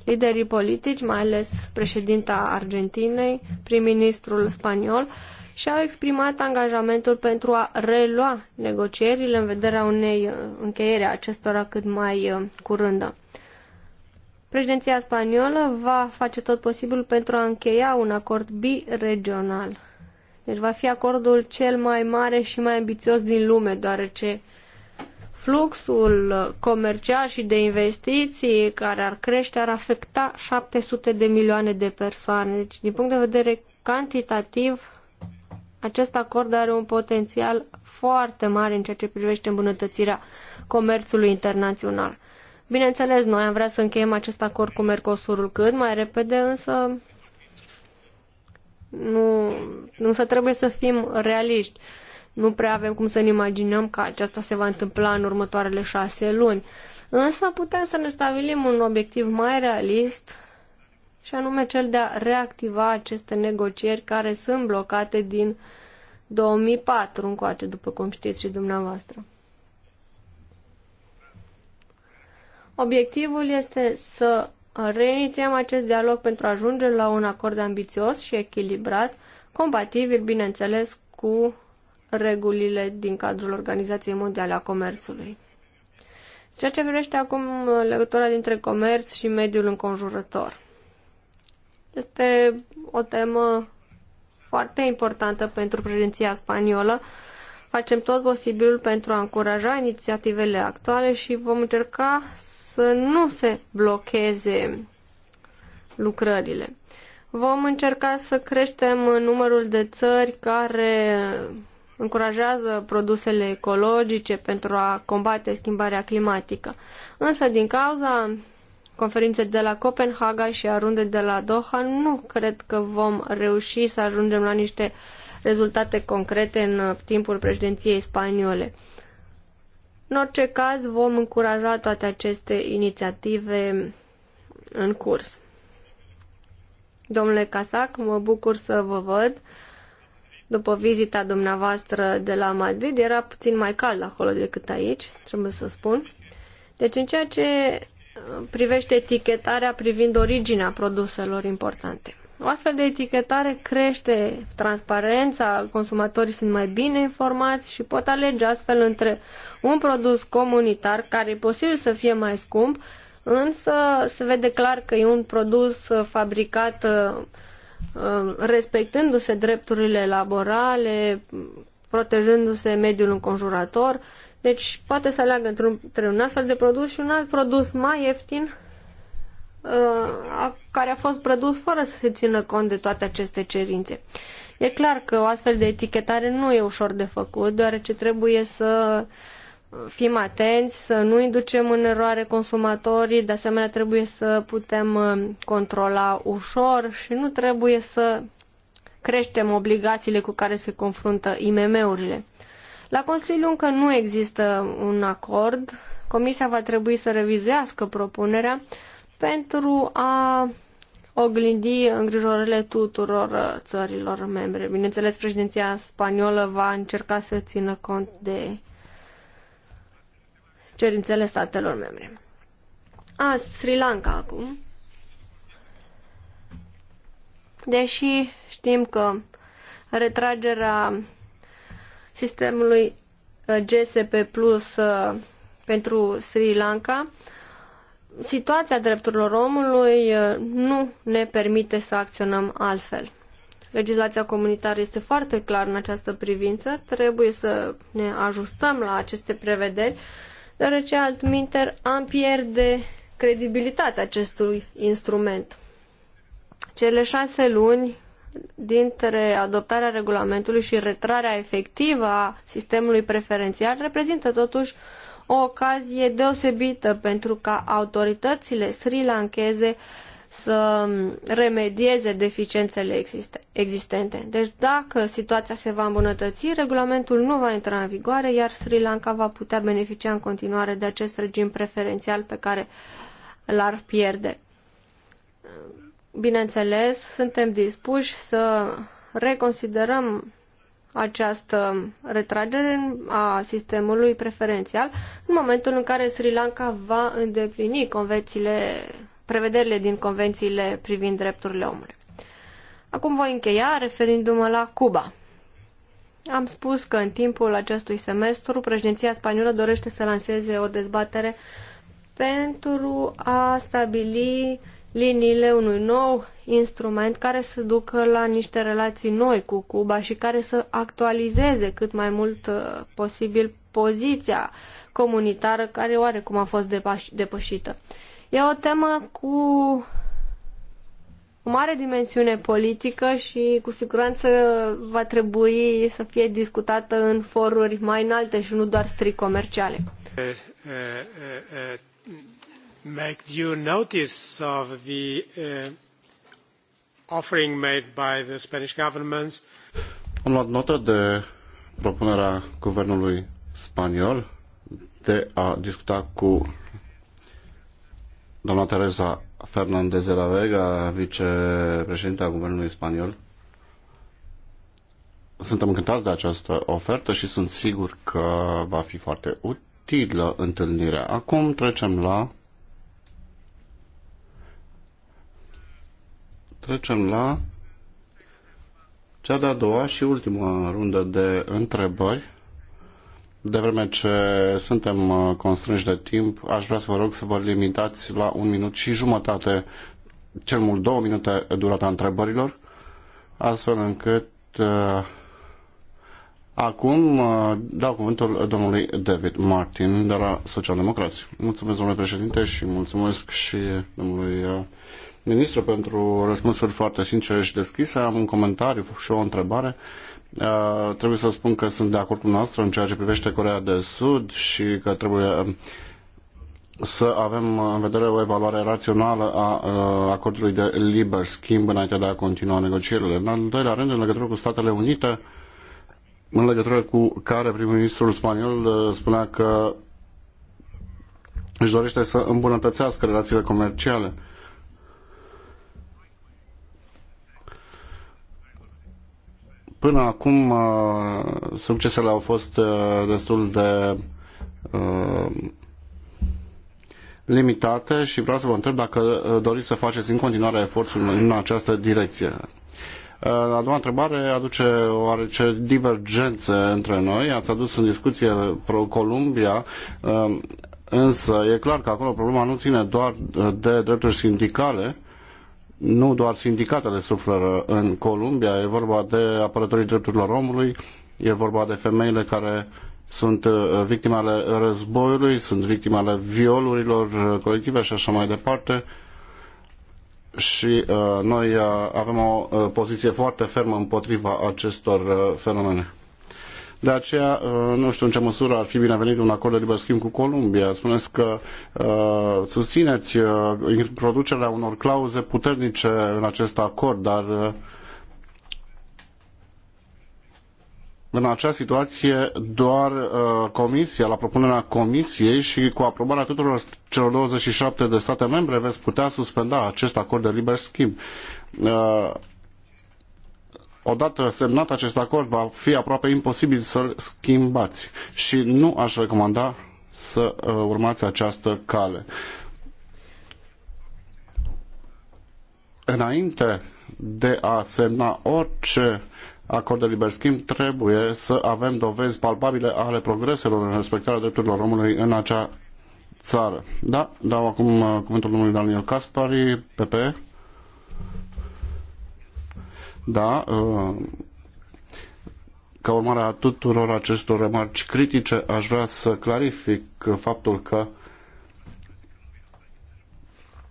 Liderii politici, mai ales președinta Argentinei, prim-ministrul spaniol, și-au exprimat angajamentul pentru a relua negocierile în vederea unei uh, încheiere acestora cât mai uh, curândă. Președinția spaniolă va face tot posibilul pentru a încheia un acord biregional. Deci va fi acordul cel mai mare și mai ambițios din lume, deoarece fluxul comercial și de investiții care ar crește ar afecta 700 de milioane de persoane. Deci, din punct de vedere cantitativ, acest acord are un potențial foarte mare în ceea ce privește îmbunătățirea comerțului internațional. Bineînțeles, noi am vrea să încheiem acest acord cu Mercosurul cât mai repede, însă nu, însă trebuie să fim realiști. Nu prea avem cum să ne imaginăm că aceasta se va întâmpla în următoarele șase luni. Însă putem să ne stabilim un obiectiv mai realist și anume cel de a reactiva aceste negocieri care sunt blocate din 2004 încoace, după cum știți și dumneavoastră. Obiectivul este să reinițiem acest dialog pentru a ajunge la un acord ambițios și echilibrat, compatibil, bineînțeles, cu regulile din cadrul Organizației Mondiale a Comerțului. Ceea ce privește acum legătura dintre comerț și mediul înconjurător. Este o temă foarte importantă pentru președinția spaniolă. Facem tot posibilul pentru a încuraja inițiativele actuale și vom încerca să nu se blocheze lucrările. Vom încerca să creștem numărul de țări care încurajează produsele ecologice pentru a combate schimbarea climatică. Însă, din cauza conferinței de la Copenhaga și a rundei de la Doha, nu cred că vom reuși să ajungem la niște rezultate concrete în timpul președinției spaniole. În orice caz, vom încuraja toate aceste inițiative în curs. Domnule Casac, mă bucur să vă văd. După vizita dumneavoastră de la Madrid, era puțin mai cald acolo decât aici, trebuie să spun. Deci în ceea ce uh, privește etichetarea privind originea produselor importante. O astfel de etichetare crește transparența, consumatorii sunt mai bine informați și pot alege astfel între un produs comunitar care e posibil să fie mai scump, însă se vede clar că e un produs uh, fabricat uh, Uh, respectându-se drepturile laborale, protejându-se mediul înconjurator. Deci poate să aleagă între un, un astfel de produs și un alt produs mai ieftin uh, care a fost produs fără să se țină cont de toate aceste cerințe. E clar că o astfel de etichetare nu e ușor de făcut, deoarece trebuie să uh, fim atenți, să nu inducem în eroare consumatorii, de asemenea trebuie să putem uh, controla ușor și nu trebuie să creștem obligațiile cu care se confruntă IMM-urile. La Consiliu încă nu există un acord. Comisia va trebui să revizească propunerea pentru a oglindi îngrijorările tuturor uh, țărilor membre. Bineînțeles, președinția spaniolă va încerca să țină cont de cerințele statelor membre. A, Sri Lanka acum. Deși știm că retragerea sistemului uh, GSP Plus uh, pentru Sri Lanka, situația drepturilor omului uh, nu ne permite să acționăm altfel. Legislația comunitară este foarte clară în această privință, trebuie să ne ajustăm la aceste prevederi deoarece altminteri am pierde credibilitatea acestui instrument. Cele șase luni dintre adoptarea regulamentului și retrarea efectivă a sistemului preferențial reprezintă totuși o ocazie deosebită pentru ca autoritățile sri lankeze să remedieze deficiențele existente. Deci dacă situația se va îmbunătăți, regulamentul nu va intra în vigoare, iar Sri Lanka va putea beneficia în continuare de acest regim preferențial pe care l-ar pierde. Bineînțeles, suntem dispuși să reconsiderăm această retragere a sistemului preferențial în momentul în care Sri Lanka va îndeplini convențiile prevederile din convențiile privind drepturile omului. Acum voi încheia referindu-mă la Cuba. Am spus că în timpul acestui semestru președinția spaniolă dorește să lanseze o dezbatere pentru a stabili liniile unui nou instrument care să ducă la niște relații noi cu Cuba și care să actualizeze cât mai mult uh, posibil poziția comunitară care oarecum a fost depășită. E o temă cu o mare dimensiune politică și cu siguranță va trebui să fie discutată în foruri mai înalte și nu doar strict comerciale. Uh, uh, uh, make notice of the eh, offering made by the Spanish government. Am luat notă de propunerea guvernului spaniol de a discuta cu Doamna Teresa Fernandez de la Vega, vicepreședinta Guvernului Spaniol, suntem încântați de această ofertă și sunt sigur că va fi foarte utilă întâlnirea. Acum trecem la trecem la cea de-a doua și ultima rundă de întrebări. De vreme ce suntem uh, constrânși de timp, aș vrea să vă rog să vă limitați la un minut și jumătate, cel mult două minute durata întrebărilor, astfel încât uh, Acum uh, dau cuvântul domnului David Martin de la Social Socialdemocrați. Mulțumesc, domnule președinte, și mulțumesc și domnului ministru pentru răspunsuri foarte sincere și deschise. Am un comentariu și o întrebare. Uh, trebuie să spun că sunt de acord cu noastră în ceea ce privește Corea de Sud și că trebuie uh, să avem în vedere o evaluare rațională a uh, acordului de liber schimb înainte de a continua negocierile. În al doilea rând, în legătură cu Statele Unite, în legătură cu care prim-ministrul spaniol uh, spunea că își dorește să îmbunătățească relațiile comerciale. Până acum, uh, succesele au fost uh, destul de uh, limitate și vreau să vă întreb dacă doriți să faceți în continuare eforturi în această direcție. A doua întrebare aduce oarece divergențe între noi. Ați adus în discuție pro Columbia, însă e clar că acolo problema nu ține doar de drepturi sindicale, nu doar sindicatele suferă în Columbia, e vorba de apărătorii drepturilor omului, e vorba de femeile care sunt uh, victime ale războiului, sunt victime ale violurilor uh, colective și așa mai departe. Și uh, noi uh, avem o uh, poziție foarte fermă împotriva acestor uh, fenomene. De aceea, uh, nu știu în ce măsură ar fi binevenit un acord de liber schimb cu Columbia. Spuneți că uh, susțineți uh, introducerea unor clauze puternice în acest acord, dar uh, în acea situație doar uh, Comisia, la propunerea Comisiei și cu aprobarea tuturor celor 27 de state membre veți putea suspenda acest acord de liber schimb. Uh, odată semnat acest acord, va fi aproape imposibil să-l schimbați. Și nu aș recomanda să uh, urmați această cale. Înainte de a semna orice acord de liber schimb, trebuie să avem dovezi palpabile ale progreselor în respectarea drepturilor omului în acea țară. Da, dau acum uh, cuvântul domnului Daniel Caspari, PP da, uh, ca urmare a tuturor acestor remarci critice, aș vrea să clarific faptul că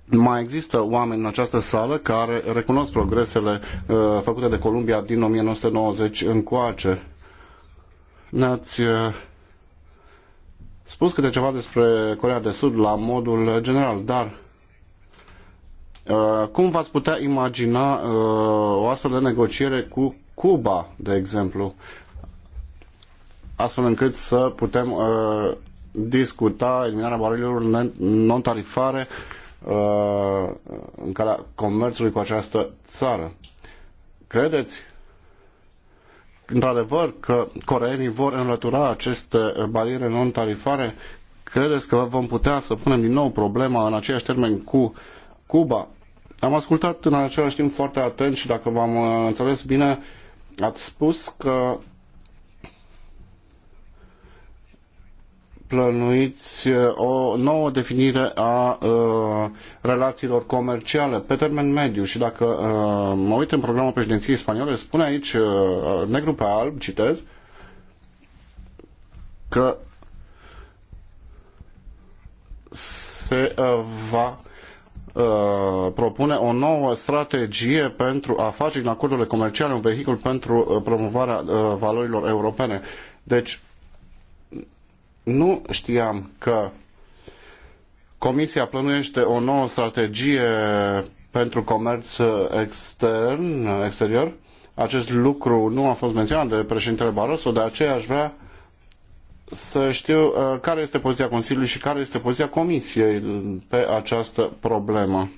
mai există oameni în această sală care recunosc progresele uh, făcute de Columbia din 1990 încoace. Ne-ați uh, spus câte ceva despre Corea de Sud la modul general, dar Uh, cum v-ați putea imagina uh, o astfel de negociere cu Cuba, de exemplu, astfel încât să putem uh, discuta eliminarea barierilor non-tarifare în calea comerțului cu această țară? Credeți într-adevăr că coreenii vor înlătura aceste bariere non-tarifare? Credeți că vom putea să punem din nou problema în aceiași termeni cu Cuba. Am ascultat în același timp foarte atent și dacă v-am uh, înțeles bine, ați spus că plănuiți uh, o nouă definire a uh, relațiilor comerciale pe termen mediu și dacă uh, mă uit în programul președinției spaniole, spune aici, uh, negru pe alb, citez, că se uh, va Uh, propune o nouă strategie pentru a face din acordurile comerciale un vehicul pentru uh, promovarea uh, valorilor europene. Deci, nu știam că Comisia plănuiește o nouă strategie pentru comerț extern, exterior. Acest lucru nu a fost menționat de președintele Barroso, de aceea aș vrea să știu uh, care este poziția Consiliului și care este poziția Comisiei pe această problemă.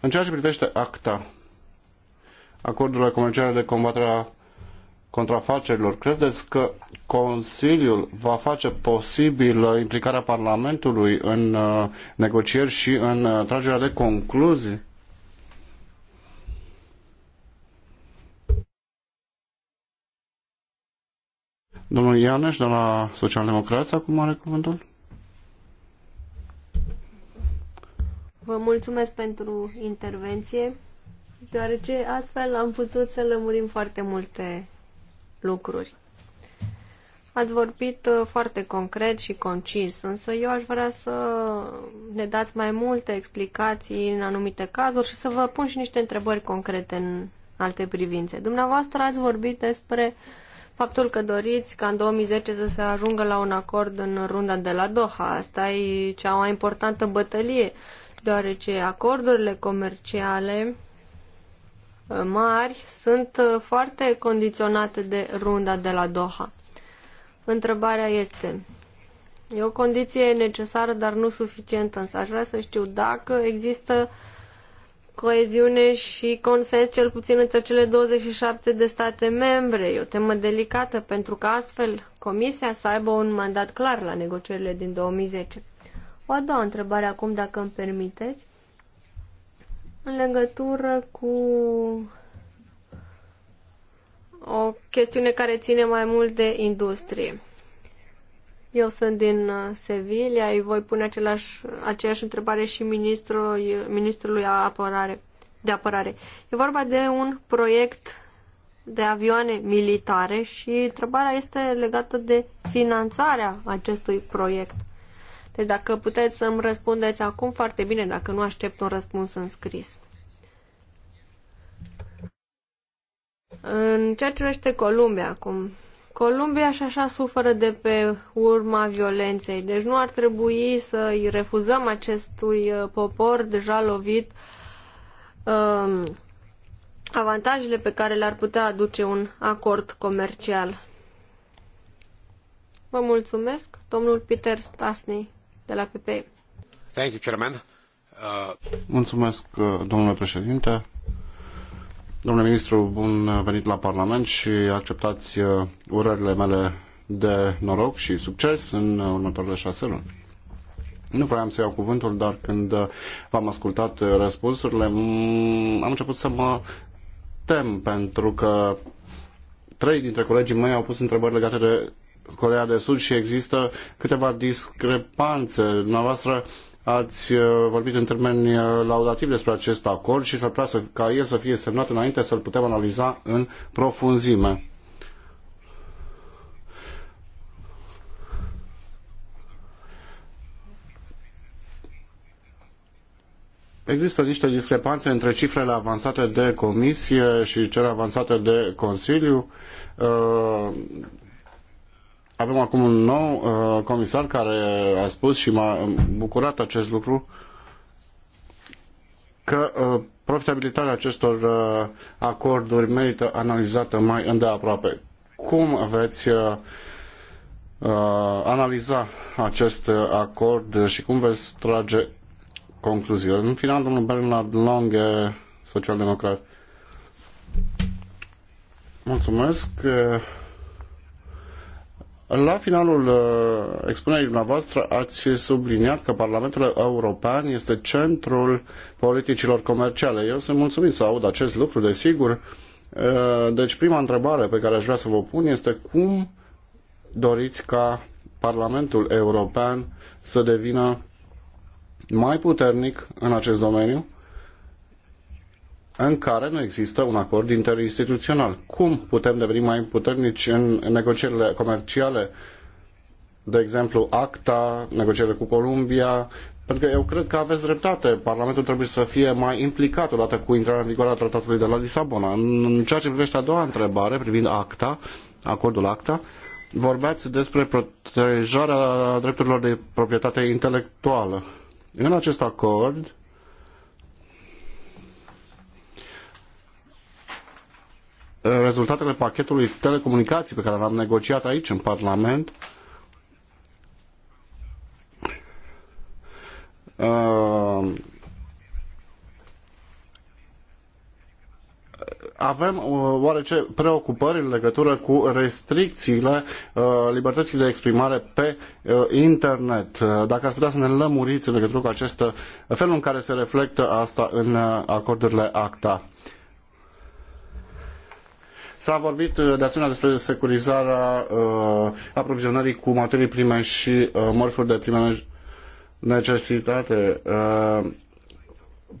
În ceea ce privește ACTA, acordurile comerciale de combatere a contrafacerilor, credeți că Consiliul va face posibil implicarea Parlamentului în uh, negocieri și în uh, tragerea de concluzii? Domnul Ianeș de la Socialdemocrați acum are cuvântul. Vă mulțumesc pentru intervenție, deoarece astfel am putut să lămurim foarte multe lucruri. Ați vorbit uh, foarte concret și concis, însă eu aș vrea să ne dați mai multe explicații în anumite cazuri și să vă pun și niște întrebări concrete în alte privințe. Dumneavoastră ați vorbit despre uh, faptul că doriți ca în 2010 să se ajungă la un acord în runda de la Doha. Asta e cea mai importantă bătălie, deoarece acordurile comerciale uh, mari sunt uh, foarte condiționate de runda de la Doha. Întrebarea este, e o condiție necesară, dar nu suficientă, însă aș vrea să știu dacă există uh, coeziune și consens cel puțin între cele 27 de state membre. E o temă delicată pentru că astfel Comisia să aibă un mandat clar la negocierile din 2010. O a doua întrebare acum, dacă îmi permiteți, în legătură cu o chestiune care ține mai mult de industrie. Eu sunt din uh, Sevilla, îi voi pune același, aceeași întrebare și ministrul, ministrului apărare, de apărare. E vorba de un proiect de avioane militare și întrebarea este legată de finanțarea acestui proiect. Deci dacă puteți să-mi răspundeți acum, foarte bine, dacă nu aștept un răspuns în scris. În ceea ce privește Columbia acum, Columbia și așa suferă de pe urma violenței, deci nu ar trebui să îi refuzăm acestui uh, popor deja lovit um, avantajele pe care le-ar putea aduce un acord comercial. Vă mulțumesc, domnul Peter Stasny de la PP. Thank you, Chairman. Uh... Mulțumesc, uh, domnule președinte. Domnule ministru, bun venit la Parlament și acceptați uh, urările mele de noroc și succes în uh, următoarele șase luni. Nu vreau să iau cuvântul, dar când uh, v-am ascultat răspunsurile, am început să mă tem pentru că trei dintre colegii mei au pus întrebări legate de Corea de Sud și există câteva discrepanțe. Dumneavoastră Ați uh, vorbit în termeni uh, laudativi despre acest acord și s-ar putea să, ca el să fie semnat înainte să-l putem analiza în profunzime. Există niște discrepanțe între cifrele avansate de Comisie și cele avansate de Consiliu. Uh, avem acum un nou uh, comisar care a spus și m-a bucurat acest lucru că uh, profitabilitatea acestor uh, acorduri merită analizată mai îndeaproape. Cum veți uh, uh analiza acest uh, acord și cum veți trage concluziile? În final, domnul Bernard Long, social-democrat. Mulțumesc. Uh, la finalul uh, expunerii dumneavoastră ați subliniat că Parlamentul European este centrul politicilor comerciale. Eu sunt mulțumit să aud acest lucru, desigur. Uh, deci prima întrebare pe care aș vrea să vă pun este cum doriți ca Parlamentul European să devină mai puternic în acest domeniu? în care nu există un acord interinstituțional. Cum putem deveni mai puternici în negocierile comerciale, de exemplu ACTA, negocierile cu Columbia, pentru că eu cred că aveți dreptate. Parlamentul trebuie să fie mai implicat odată cu intrarea în vigoare a tratatului de la Lisabona. În ceea ce privește a doua întrebare privind ACTA, acordul ACTA, vorbeați despre protejarea drepturilor de proprietate intelectuală. În acest acord rezultatele pachetului telecomunicații pe care l-am negociat aici în Parlament uh, avem uh, oarece preocupări în legătură cu restricțiile uh, libertății de exprimare pe internet. Dacă ați putea să ne lămuriți în legătură cu acest felul în care se reflectă asta în acordurile ACTA. S-a vorbit uh, de asemenea despre securizarea uh, aprovizionării cu materii prime și uh, morfuri de prime necesitate. Uh,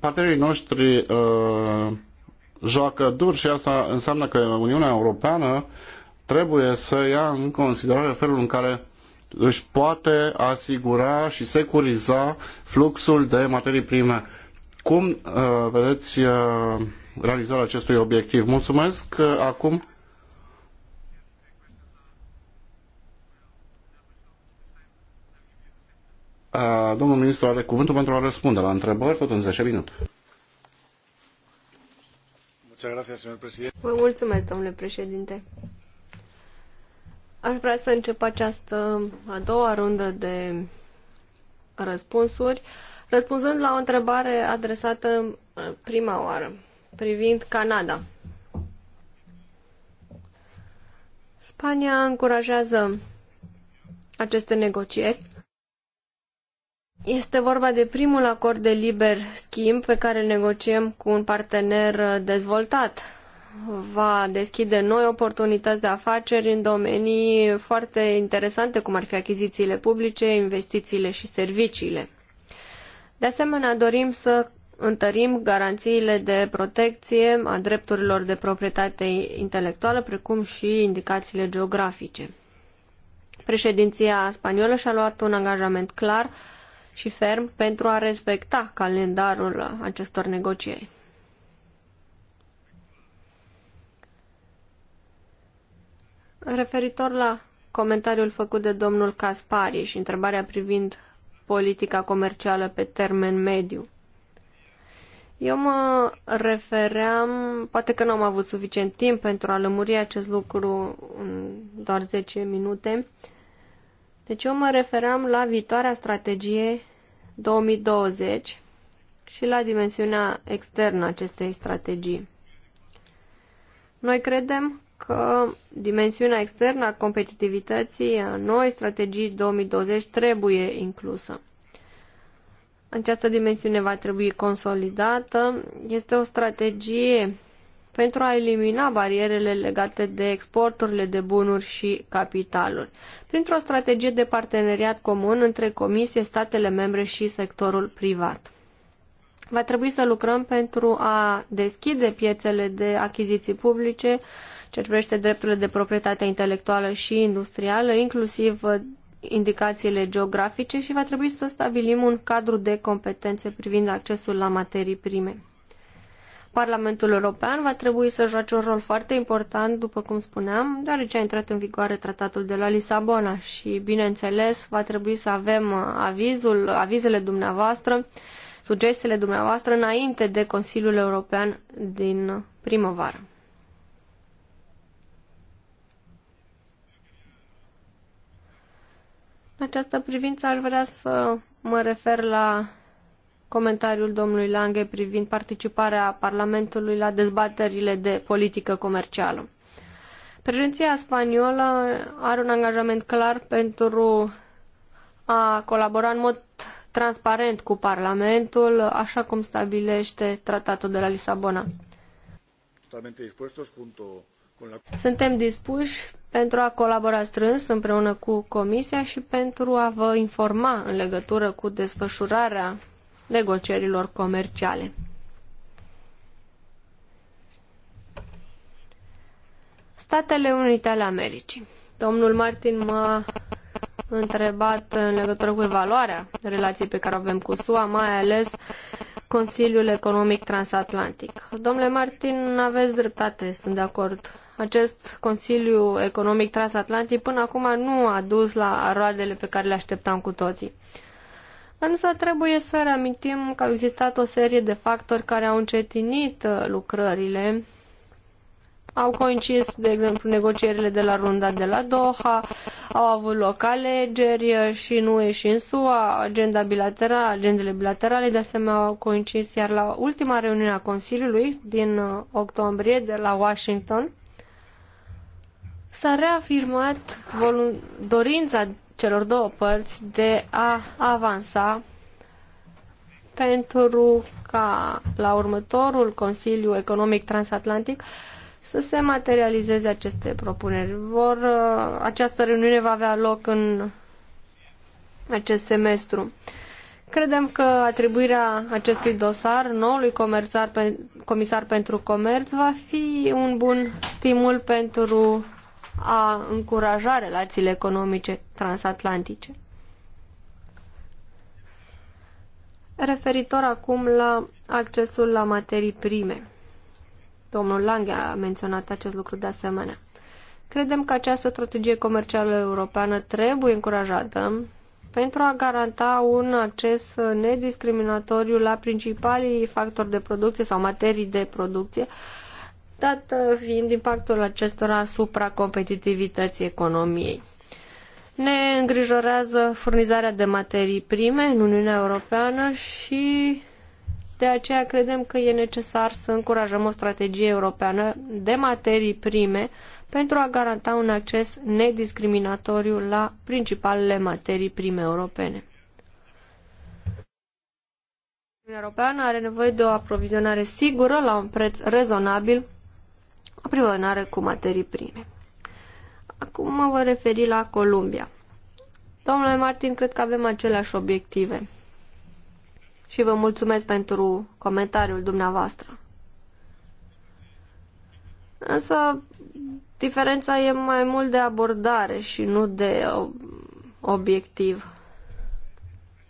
partenerii noștri uh, joacă dur și asta înseamnă că Uniunea Europeană trebuie să ia în considerare felul în care își poate asigura și securiza fluxul de materii prime. Cum uh, vedeți uh, realizarea acestui obiectiv. Mulțumesc. Acum Domnul ministru are cuvântul pentru a răspunde la întrebări, tot în 10 minute. Vă mulțumesc, domnule președinte. Aș vrea să încep această a doua rundă de răspunsuri, răspunzând la o întrebare adresată prima oară privind Canada. Spania încurajează aceste negocieri. Este vorba de primul acord de liber schimb pe care negociem cu un partener dezvoltat. Va deschide noi oportunități de afaceri în domenii foarte interesante, cum ar fi achizițiile publice, investițiile și serviciile. De asemenea, dorim să întărim garanțiile de protecție a drepturilor de proprietate intelectuală, precum și indicațiile geografice. Președinția spaniolă și-a luat un angajament clar și ferm pentru a respecta calendarul acestor negocieri. Referitor la comentariul făcut de domnul Caspari și întrebarea privind politica comercială pe termen mediu. Eu mă refeream, poate că nu am avut suficient timp pentru a lămuri acest lucru în doar 10 minute. Deci eu mă refeream la viitoarea strategie 2020 și la dimensiunea externă acestei strategii. Noi credem că dimensiunea externă a competitivității a noi strategii 2020 trebuie inclusă. Această dimensiune va trebui consolidată. Este o strategie pentru a elimina barierele legate de exporturile de bunuri și capitaluri, printr-o strategie de parteneriat comun între Comisie, statele membre și sectorul privat. Va trebui să lucrăm pentru a deschide piețele de achiziții publice, ce privește drepturile de proprietate intelectuală și industrială, inclusiv indicațiile geografice și va trebui să stabilim un cadru de competențe privind accesul la materii prime. Parlamentul European va trebui să joace un rol foarte important, după cum spuneam, deoarece a intrat în vigoare tratatul de la Lisabona și, bineînțeles, va trebui să avem uh, avizul, avizele dumneavoastră, sugestiile dumneavoastră înainte de Consiliul European din primăvară. În această privință aș vrea să mă refer la comentariul domnului Lange privind participarea Parlamentului la dezbaterile de politică comercială. Președinția spaniolă are un angajament clar pentru a colabora în mod transparent cu Parlamentul, așa cum stabilește tratatul de la Lisabona. Suntem dispuși pentru a colabora strâns împreună cu Comisia și pentru a vă informa în legătură cu desfășurarea negocierilor comerciale. Statele Unite ale Americii. Domnul Martin m-a întrebat în legătură cu evaluarea relației pe care o avem cu SUA, mai ales Consiliul Economic Transatlantic. Domnule Martin, aveți dreptate, sunt de acord acest Consiliu Economic Transatlantic până acum nu a dus la roadele pe care le așteptam cu toții. Însă trebuie să reamintim că au existat o serie de factori care au încetinit uh, lucrările. Au coincis, de exemplu, negocierile de la runda de la Doha, au avut loc alegeri uh, și nu e și în SUA, agenda bilaterală, agendele bilaterale de asemenea au coincis, iar la ultima reuniune a Consiliului din uh, octombrie de la Washington, s-a reafirmat dorința celor două părți de a avansa pentru ca la următorul Consiliu Economic Transatlantic să se materializeze aceste propuneri. Vor, uh, această reuniune va avea loc în acest semestru. Credem că atribuirea acestui dosar noului comisar pentru comerț va fi un bun stimul pentru a încuraja relațiile economice transatlantice. Referitor acum la accesul la materii prime. Domnul Lange a menționat acest lucru de asemenea. Credem că această strategie comercială europeană trebuie încurajată pentru a garanta un acces nediscriminatoriu la principalii factori de producție sau materii de producție, uh, dat fiind impactul acestora asupra competitivității economiei. Ne îngrijorează furnizarea de materii prime în Uniunea Europeană și de aceea credem că e necesar să încurajăm o strategie europeană de materii prime pentru a garanta un acces nediscriminatoriu la principalele materii prime europene. Uniunea Europeană are nevoie de o aprovizionare sigură la un preț rezonabil aprionare cu materii prime. Acum mă voi referi la Columbia. Domnule Martin, cred că avem aceleași obiective. Și vă mulțumesc pentru comentariul dumneavoastră. Însă, diferența e mai mult de abordare și nu de uh, obiectiv.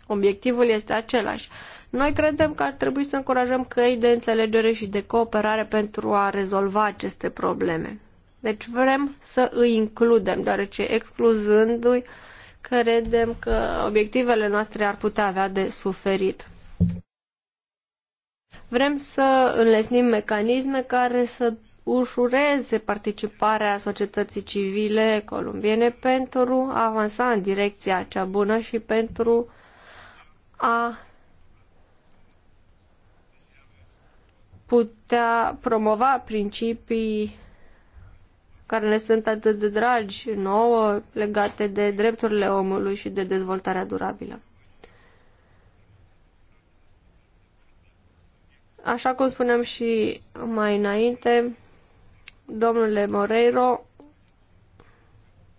Obiectivul este același. Noi credem că ar trebui să încurajăm căi de înțelegere și de cooperare pentru a rezolva aceste probleme. Deci vrem să îi includem, deoarece excluzându-i, credem că obiectivele noastre ar putea avea de suferit. Vrem să înlesnim mecanisme care să ușureze participarea societății civile columbiene pentru a avansa în direcția cea bună și pentru a putea promova principii care ne sunt atât de dragi nouă, legate de drepturile omului și de dezvoltarea durabilă. Așa cum spuneam și mai înainte, domnule Moreiro,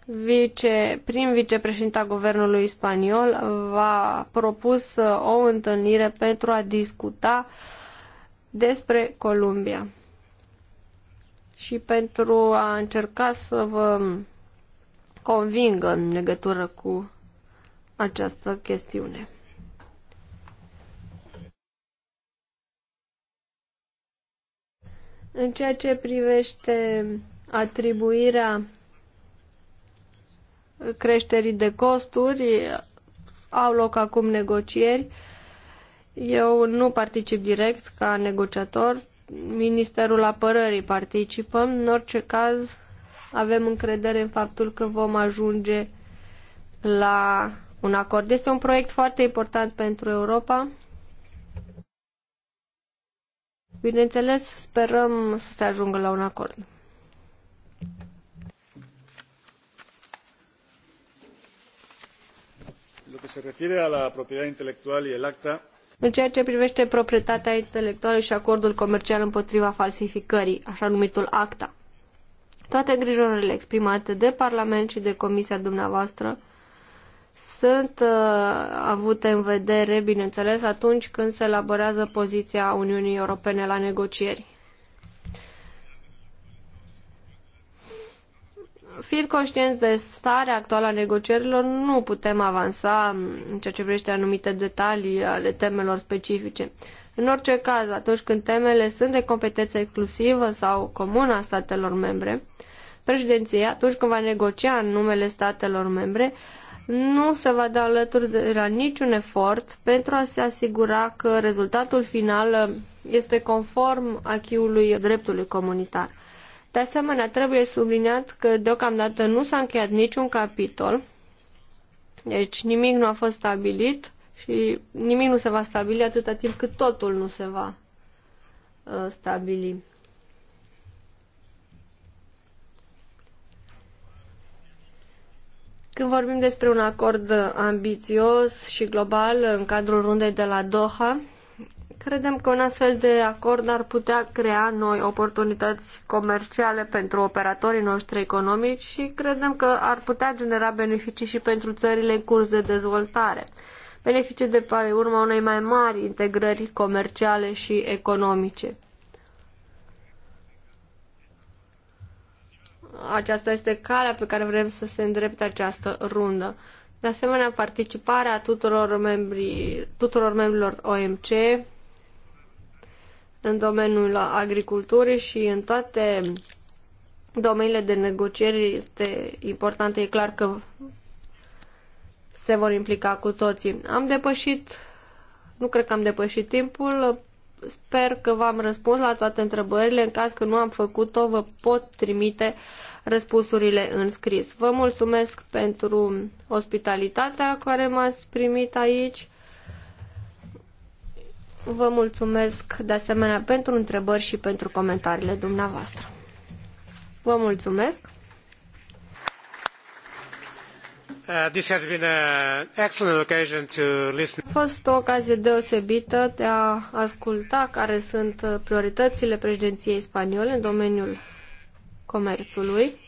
vice, prim vicepreședinta guvernului spaniol, va propus o întâlnire pentru a discuta uh, despre Columbia. Și pentru a încerca să vă convingă în legătură cu această chestiune. În ceea ce privește atribuirea creșterii de costuri, au loc acum negocieri. Eu nu particip direct ca negociator, Ministerul Apărării participă. În orice caz, avem încredere în faptul că vom ajunge la un acord. Este un proiect foarte important pentru Europa. Bineînțeles, sperăm să se ajungă la un acord. Lo que se refiere a la propiedad intelectual y el acta, în ceea ce privește proprietatea intelectuală și acordul comercial împotriva falsificării, așa numitul ACTA. Toate îngrijorările exprimate de Parlament și de Comisia dumneavoastră sunt uh, avute în vedere, bineînțeles, atunci când se elaborează poziția Uniunii Europene la negocieri. fiind conștienți de starea actuală a negocierilor, nu putem avansa în ceea ce privește anumite detalii ale temelor specifice. În orice caz, atunci când temele sunt de competență exclusivă sau comună a statelor membre, președinția, atunci când va negocia în numele statelor membre, nu se va da alături de la niciun efort pentru a se asigura că rezultatul final este conform acquis-ului dreptului comunitar. De asemenea, trebuie subliniat că deocamdată nu s-a încheiat niciun capitol, deci nimic nu a fost stabilit și nimic nu se va stabili atâta timp cât totul nu se va uh, stabili. Când vorbim despre un acord ambițios și global în cadrul rundei de la Doha, Credem că un astfel de acord ar putea crea noi oportunități comerciale pentru operatorii noștri economici și credem că ar putea genera beneficii și pentru țările în curs de dezvoltare. Beneficii de pe urma unei mai mari integrări comerciale și economice. Aceasta este calea pe care vrem să se îndrepte această rundă. De asemenea, participarea tuturor, membrii, tuturor membrilor OMC, în domeniul agriculturii și în toate domeniile de negocieri este important, e clar că se vor implica cu toții. Am depășit, nu cred că am depășit timpul, sper că v-am răspuns la toate întrebările, în caz că nu am făcut-o, vă pot trimite răspunsurile în scris. Vă mulțumesc pentru ospitalitatea care m-ați primit aici Vă mulțumesc de asemenea pentru întrebări și pentru comentariile dumneavoastră. Vă mulțumesc. Uh, this has been an excellent occasion to listen. A fost o ocazie deosebită de a asculta care sunt prioritățile președinției spaniole în domeniul comerțului.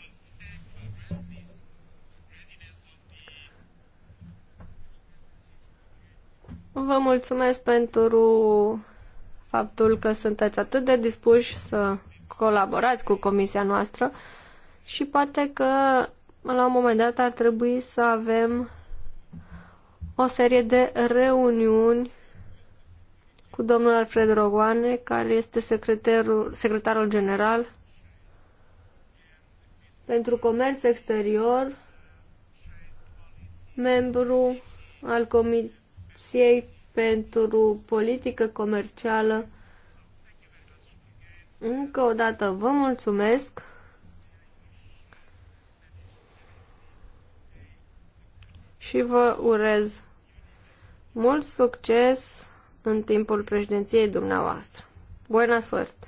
Vă mulțumesc pentru faptul că sunteți atât de dispuși să colaborați cu comisia noastră și poate că la un moment dat ar trebui să avem o serie de reuniuni cu domnul Alfred Rogoane, care este secretarul, secretarul general pentru comerț exterior, membru al comisiei Rusiei pentru Politică Comercială. Încă o dată vă mulțumesc. Și vă urez mult succes în timpul președinției dumneavoastră. Buena suerte!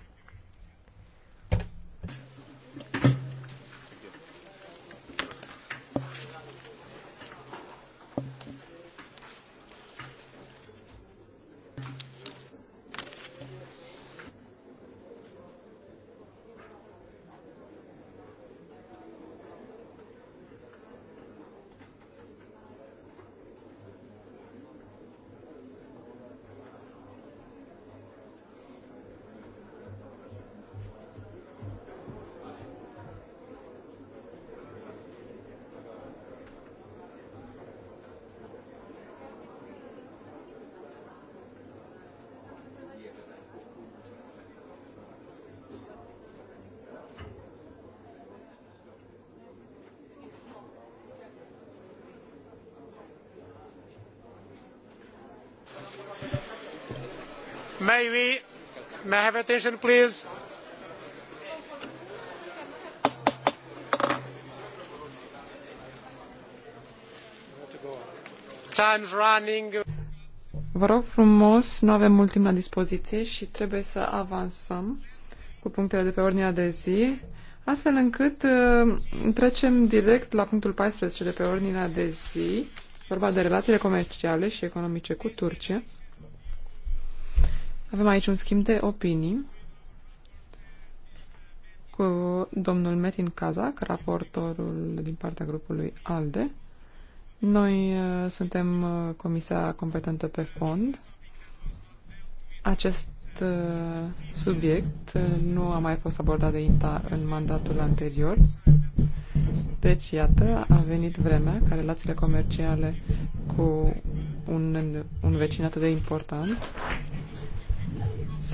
may we may I have attention please? Time's running. Vă rog frumos, nu avem mult timp la dispoziție și trebuie să avansăm cu punctele de pe ordinea de zi, astfel încât uh, trecem direct la punctul 14 de pe ordinea de zi, vorba de relațiile comerciale și economice cu Turcia. Avem aici un schimb de opinii cu domnul Metin Kazak, raportorul din partea grupului ALDE. Noi uh, suntem uh, comisia competentă pe fond. Acest uh, subiect nu a mai fost abordat de INTA în mandatul anterior. Deci, iată, a venit vremea ca relațiile comerciale cu un, un vecin atât de important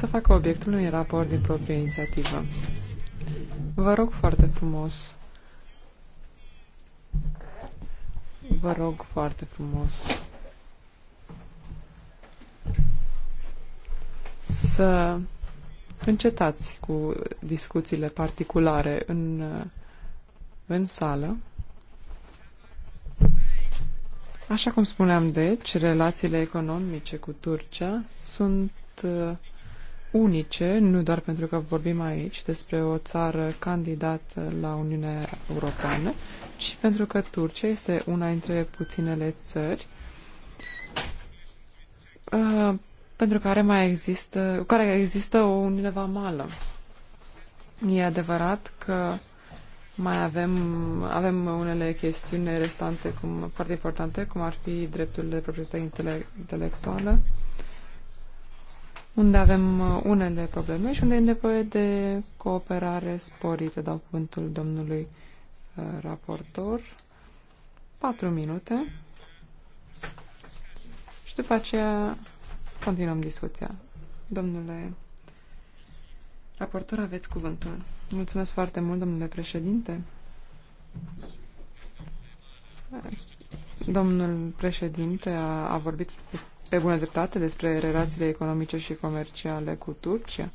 să facă obiectul unui raport din proprie inițiativă. Vă rog foarte frumos. Vă rog foarte frumos. Să încetați cu discuțiile particulare în, în sală. Așa cum spuneam, deci, relațiile economice cu Turcia sunt uh, unice, nu doar pentru că vorbim aici despre o țară candidată la Uniunea Europeană, ci pentru că Turcia este una dintre puținele țări uh, pentru care mai există, care există o uniune vamală. E adevărat că mai avem, avem unele chestiuni restante cum, foarte importante, cum ar fi dreptul de proprietate intelectuală, uh, unde avem uh, unele probleme și unde e nevoie de cooperare sporită. Dau cuvântul domnului uh, raportor. Patru minute. Și după aceea continuăm discuția. Domnule raportor, aveți cuvântul. Mulțumesc foarte mult, domnule președinte. Domnul președinte a, a vorbit pe bună dreptate despre relațiile economice și comerciale cu Turcia,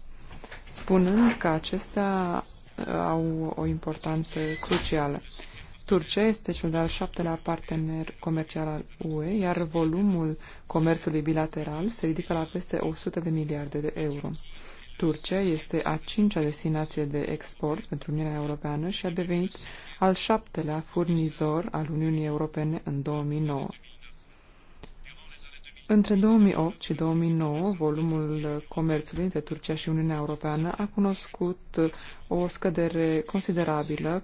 spunând că acestea uh, au o importanță crucială. Turcia este cel de-al șaptelea partener comercial al UE, iar volumul comerțului bilateral se ridică la peste 100 de miliarde de euro. Turcia este a cincea destinație de export pentru Uniunea Europeană și a devenit al șaptelea furnizor al Uniunii Europene în 2009. Între 2008 și 2009, volumul comerțului între Turcia și Uniunea Europeană a cunoscut o scădere considerabilă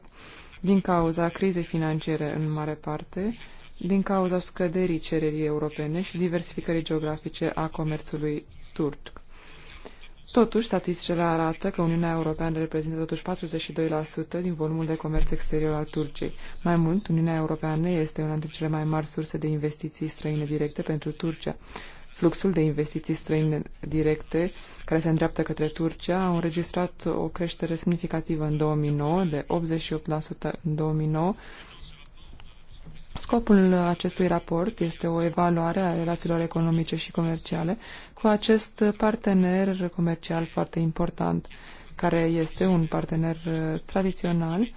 din cauza crizei financiare în mare parte, din cauza scăderii cererii europene și diversificării geografice a comerțului turc. Totuși, statisticele arată că Uniunea Europeană reprezintă totuși 42% din volumul de comerț exterior al Turciei. Mai mult, Uniunea Europeană este una dintre cele mai mari surse de investiții străine directe pentru Turcia. Fluxul de investiții străine directe care se îndreaptă către Turcia a înregistrat o creștere semnificativă în 2009, de 88% în 2009, Scopul acestui raport este o evaluare a relațiilor economice și comerciale cu acest partener comercial foarte important, care este un partener uh, tradițional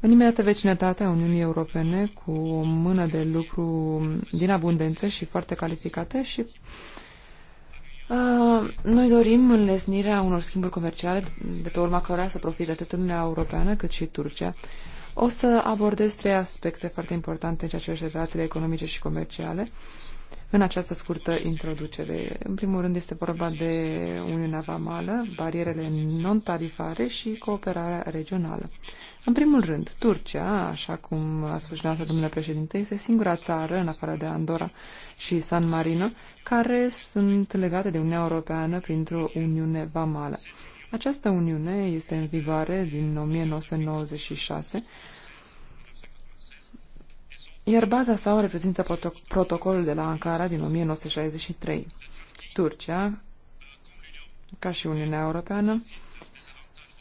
în imediată vecinătate a Uniunii Europene, cu o mână de lucru din abundență și foarte calificată și uh, noi dorim înlesnirea unor schimburi comerciale de pe urma cărora să profite atât Uniunea Europeană cât și Turcia. O să abordez trei aspecte foarte importante în ceea ce relațiile economice și comerciale. Uh, în această scurtă introducere. În primul rând este vorba de Uniunea Vamală, barierele non-tarifare și cooperarea regională. În primul rând, Turcia, așa cum a spus și noastră domnule președinte, este singura țară, în afară de Andorra și San Marino, care sunt legate de Uniunea Europeană printr-o Uniune Vamală. Această Uniune este în vigoare din 1996 iar baza sa o reprezintă protocolul de la Ankara din 1963. Turcia, ca și Uniunea Europeană,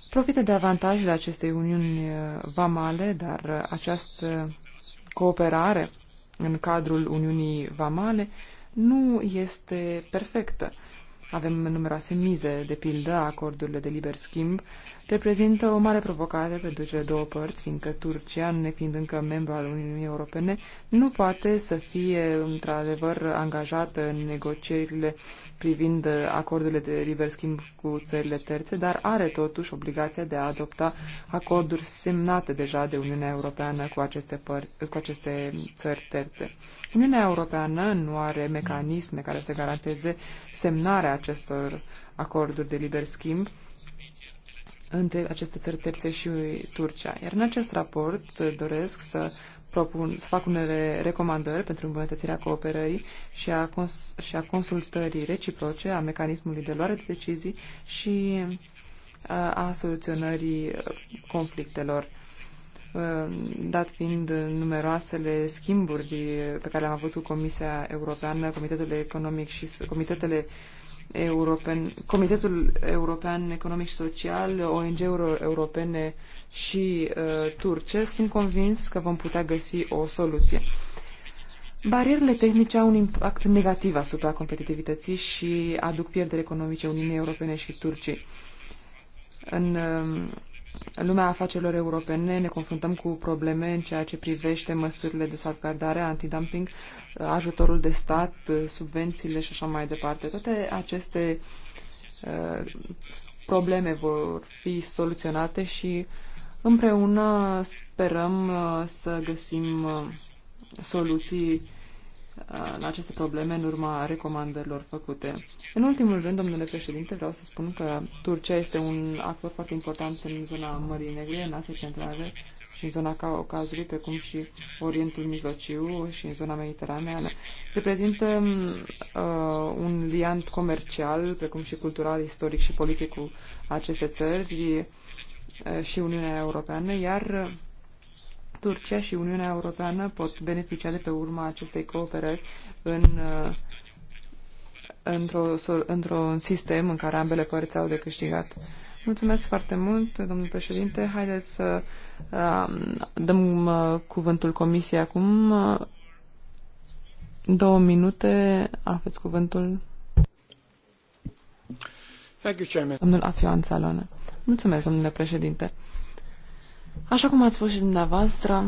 profită de avantajele acestei uniuni uh, vamale, dar uh, această cooperare în cadrul Uniunii Vamale nu este perfectă. Avem numeroase mize, de pildă acordurile de liber schimb reprezintă o mare provocare pentru cele două părți, fiindcă Turcia, nefiind încă membru al Uniunii Europene, nu poate să fie într-adevăr angajată în negocierile privind acordurile de liber schimb cu țările terțe, dar are totuși obligația de a adopta acorduri semnate deja de Uniunea Europeană cu aceste, păr- cu aceste țări terțe. Uniunea Europeană nu are mecanisme care să garanteze semnarea acestor acorduri de liber schimb, între aceste țări terțe și Turcia. Iar în acest raport uh, doresc să propun, să fac unele recomandări pentru îmbunătățirea cooperării și a, cons- și a consultării reciproce a mecanismului de luare de decizii și uh, a soluționării uh, conflictelor. Dat fiind numeroasele schimburi pe care le-am avut cu Comisia Europeană, Comitetul Economic și Comitetele uh, European, Comitetul European Economic și Social, ONG-uri europene și uh, turce, sunt convins că vom putea găsi o soluție. Barierele tehnice au un impact negativ asupra competitivității și aduc pierderi economice Uniunii Europene și turcii. În uh, în lumea afacerilor europene ne confruntăm cu probleme în ceea ce privește măsurile de salvgardare, antidumping, ajutorul de stat, subvențiile și așa mai departe. Toate aceste uh, probleme vor fi soluționate și împreună sperăm uh, să găsim uh, soluții la aceste probleme în urma recomandărilor făcute. În ultimul rând, domnule președinte, vreau să spun că Turcia este un actor foarte important în zona Mării Negre, în Asia Centrală și în zona Caucazului, precum și Orientul Mijlociu și în zona Mediteraneană. Reprezintă uh, un liant comercial, precum și cultural, istoric și politic cu aceste țări uh, și Uniunea Europeană, iar Turcia și Uniunea Europeană pot beneficia de pe urma acestei cooperări în, uh, într-o, într-un sistem în care ambele părți au de câștigat. Mulțumesc foarte mult, domnul președinte. Haideți să uh, dăm uh, cuvântul comisiei acum. Două minute, aveți cuvântul. Thank you, Chairman. Domnul Afioan Salone. Mulțumesc, domnule președinte. Așa cum ați spus și dumneavoastră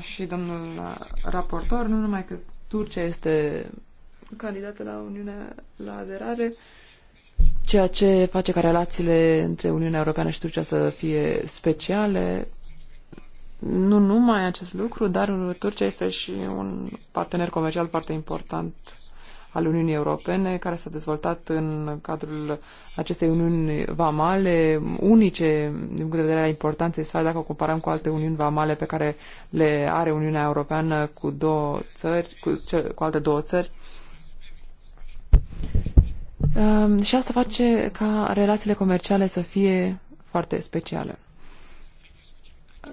și domnul raportor, nu numai că Turcia este candidată la Uniunea la aderare, ceea ce face ca relațiile între Uniunea Europeană și Turcia să fie speciale. Nu numai acest lucru, dar Turcia este și un partener comercial foarte important al Uniunii Europene, care s-a dezvoltat în cadrul acestei uniuni vamale, unice din punct de vedere a importanței sale, dacă o comparăm cu alte uniuni vamale pe care le are Uniunea Europeană cu, două țări, cu, cel, cu alte două țări. Um, și asta face ca relațiile comerciale să fie foarte speciale.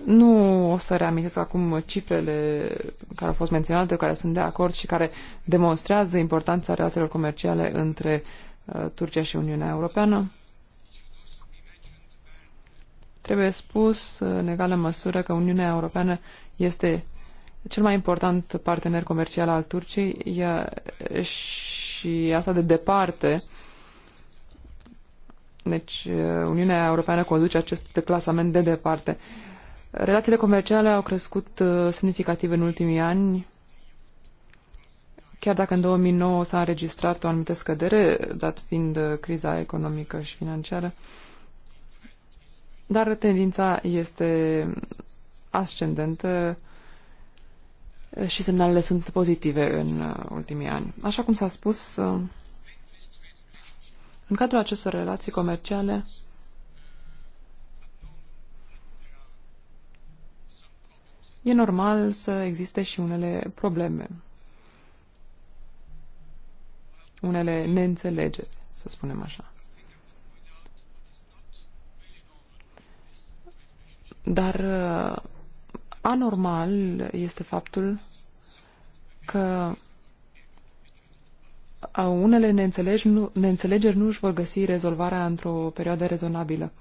Nu o să reamintesc acum cifrele care au fost menționate, care sunt de acord și care demonstrează importanța relațiilor comerciale între uh, Turcia și Uniunea Europeană. Trebuie spus, uh, în egală măsură, că Uniunea Europeană este cel mai important partener comercial al Turciei și asta de departe. Deci uh, Uniunea Europeană conduce acest clasament de departe. Uh, Relațiile comerciale au crescut uh, semnificativ în ultimii ani, chiar dacă în 2009 s-a înregistrat o anumită scădere, dat fiind uh, criza economică și financiară, dar tendința este ascendentă și semnalele sunt pozitive în uh, ultimii ani. Așa cum s-a spus, în cadrul acestor relații comerciale, e normal să existe și unele probleme, unele neînțelegeri, să spunem așa. Dar uh, anormal este faptul că unele neînțelegeri nu își vor găsi rezolvarea într-o perioadă rezonabilă.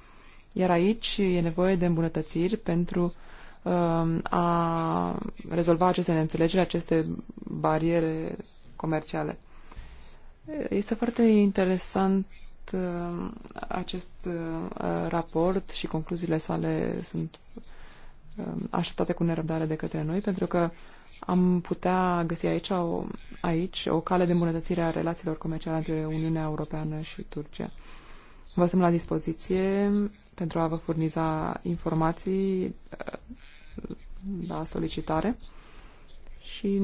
Iar aici e nevoie de îmbunătățiri pentru Um, a rezolva aceste neînțelegeri, aceste bariere comerciale. Este foarte interesant um, acest uh, raport și concluziile sale sunt um, așteptate cu nerăbdare de către noi, pentru că am putea găsi aici o, aici o cale de îmbunătățire a relațiilor comerciale între Uniunea Europeană și Turcia. Vă sunt la dispoziție pentru a vă furniza informații uh, la solicitare și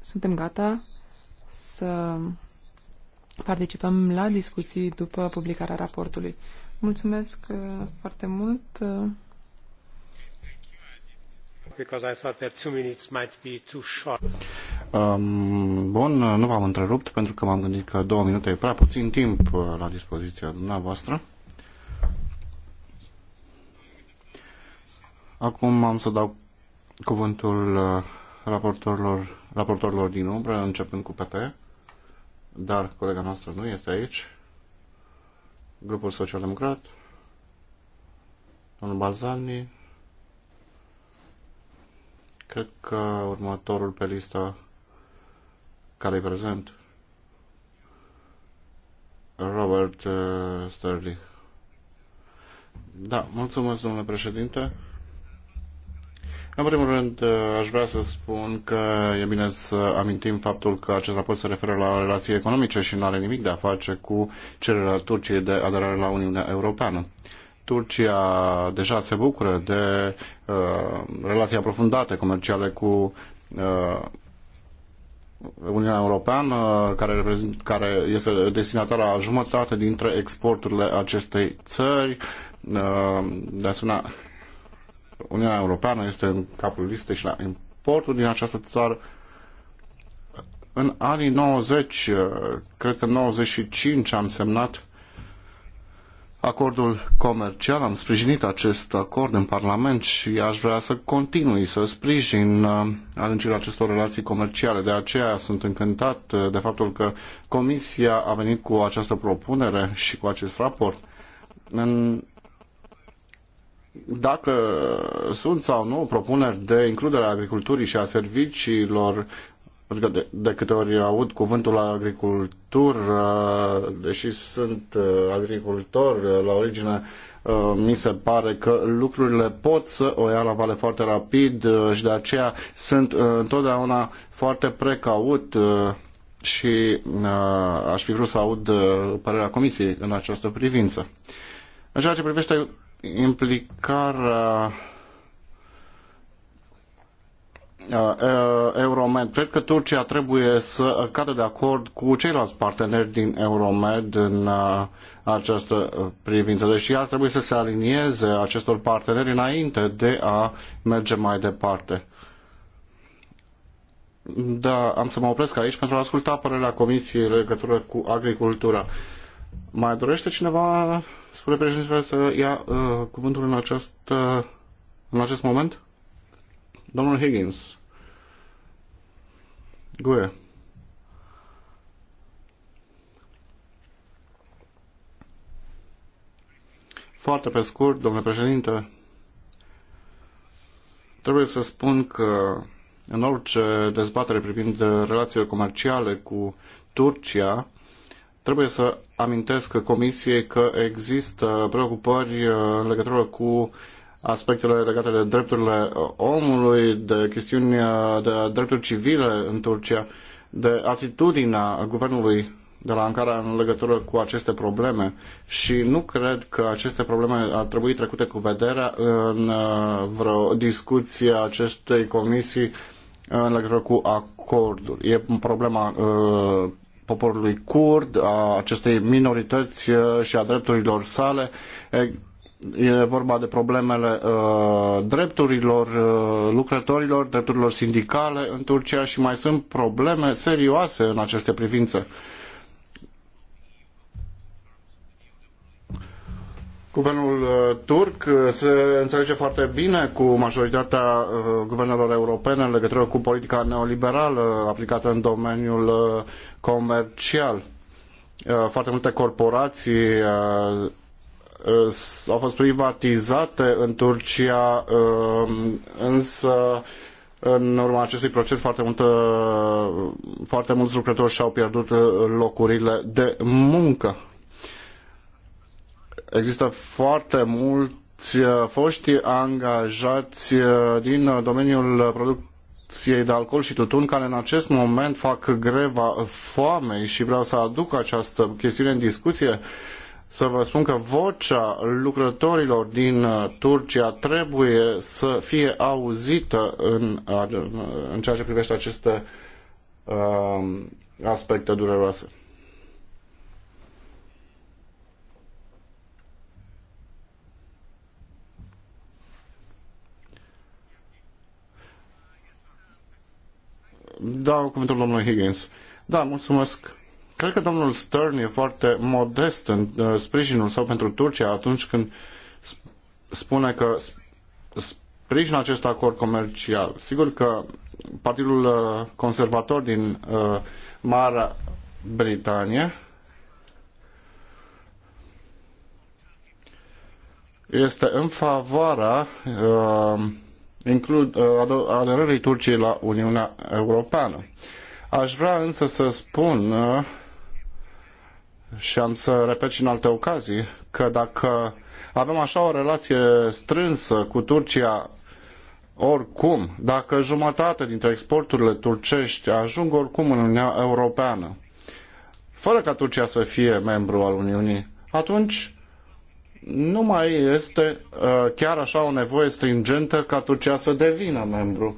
suntem gata să participăm la discuții după publicarea raportului. Mulțumesc uh, foarte mult. Because I thought that two minutes might be too short. Um, bun, nu v-am întrerupt pentru că m-am gândit că două minute e prea puțin timp uh, la dispoziția dumneavoastră. Acum am să dau cuvântul uh, raportorilor, raportorilor din umbră, începând cu PP, dar colega noastră nu este aici. Grupul Social Democrat, domnul Balzani, cred că următorul pe listă care e prezent, Robert uh, Sterling. Da, mulțumesc, domnule președinte. În primul rând, uh, aș vrea să spun că e bine să amintim faptul că acest raport se referă la relații economice și nu are nimic de a face cu cererea Turciei de aderare la Uniunea Europeană. Turcia deja se bucură de uh, relații aprofundate comerciale cu uh, Uniunea Europeană, care, reprezint, care este destinatara la jumătate dintre exporturile acestei țări. Uh, de asemenea, Uniunea Europeană este în capul listei și la importul din această țară în anii 90, uh, cred că în 95 am semnat acordul comercial, am sprijinit acest acord în Parlament și aș vrea să continui să sprijin uh, adâncirea acestor relații comerciale. De aceea sunt încântat uh, de faptul că Comisia a venit cu această propunere și cu acest raport. În dacă sunt sau nu propuneri de includere a agriculturii și a serviciilor pentru că de, de câte ori aud cuvântul agricultură, deși sunt uh, agricultor uh, la origine, uh, mi se pare că lucrurile pot să o ia la vale foarte rapid și de aceea sunt întotdeauna foarte precaut și aș fi vrut să aud părerea Comisiei în această privință. În ceea ce privește implicarea Euromed. Cred că Turcia trebuie să cadă de acord cu ceilalți parteneri din Euromed în această privință. deși ar trebui să se alinieze acestor parteneri înainte de a merge mai departe. Da, am să mă opresc aici pentru a asculta părerea Comisiei în legătură cu agricultura. Mai dorește cineva Spune președintele să ia uh, cuvântul în acest, uh, în acest moment. Domnul Higgins. Guie. Foarte pe scurt, domnule președinte, trebuie să spun că în orice dezbatere privind relațiile comerciale cu Turcia, trebuie să amintesc Comisiei că există preocupări uh, în legătură cu aspectele legate de drepturile omului, de chestiuni uh, de drepturi civile în Turcia, de atitudinea guvernului de la Ankara în legătură cu aceste probleme și nu cred că aceste probleme ar trebui trecute cu vederea în uh, vreo discuție a acestei comisii în legătură cu acordul. E problema uh, poporului curd, a acestei minorități și a drepturilor sale. E vorba de problemele drepturilor lucrătorilor, drepturilor sindicale în Turcia și mai sunt probleme serioase în aceste privințe. Guvernul uh, turc uh, se înțelege foarte bine cu majoritatea uh, guvernelor europene în legătură cu politica neoliberală aplicată în domeniul comercial. Foarte multe corporații au fost privatizate în Turcia, însă în urma acestui proces foarte, multă, foarte mulți lucrători și-au pierdut locurile de muncă. Există foarte mulți uh, foști angajați uh, din uh, domeniul producției de alcool și tutun care în acest moment fac greva foamei și vreau să aduc această chestiune în discuție să vă spun că vocea lucrătorilor din Turcia trebuie să fie auzită în, în ceea ce privește aceste uh, aspecte dureroase. dau da, cuvântul domnului Higgins. Da, mulțumesc. Cred că domnul Stern e foarte modest în uh, sprijinul său pentru Turcia atunci când spune că sprijină acest acord comercial. Sigur că Partidul uh, Conservator din uh, Marea Britanie este în favoarea uh, includ uh, aderării Turciei la Uniunea Europeană. Aș vrea însă să spun uh, și am să repet și în alte ocazii că dacă avem așa o relație strânsă cu Turcia oricum, dacă jumătate dintre exporturile turcești ajung oricum în Uniunea Europeană, fără ca Turcia să fie membru al Uniunii, atunci nu mai este uh, chiar așa o nevoie stringentă ca Turcia să devină membru.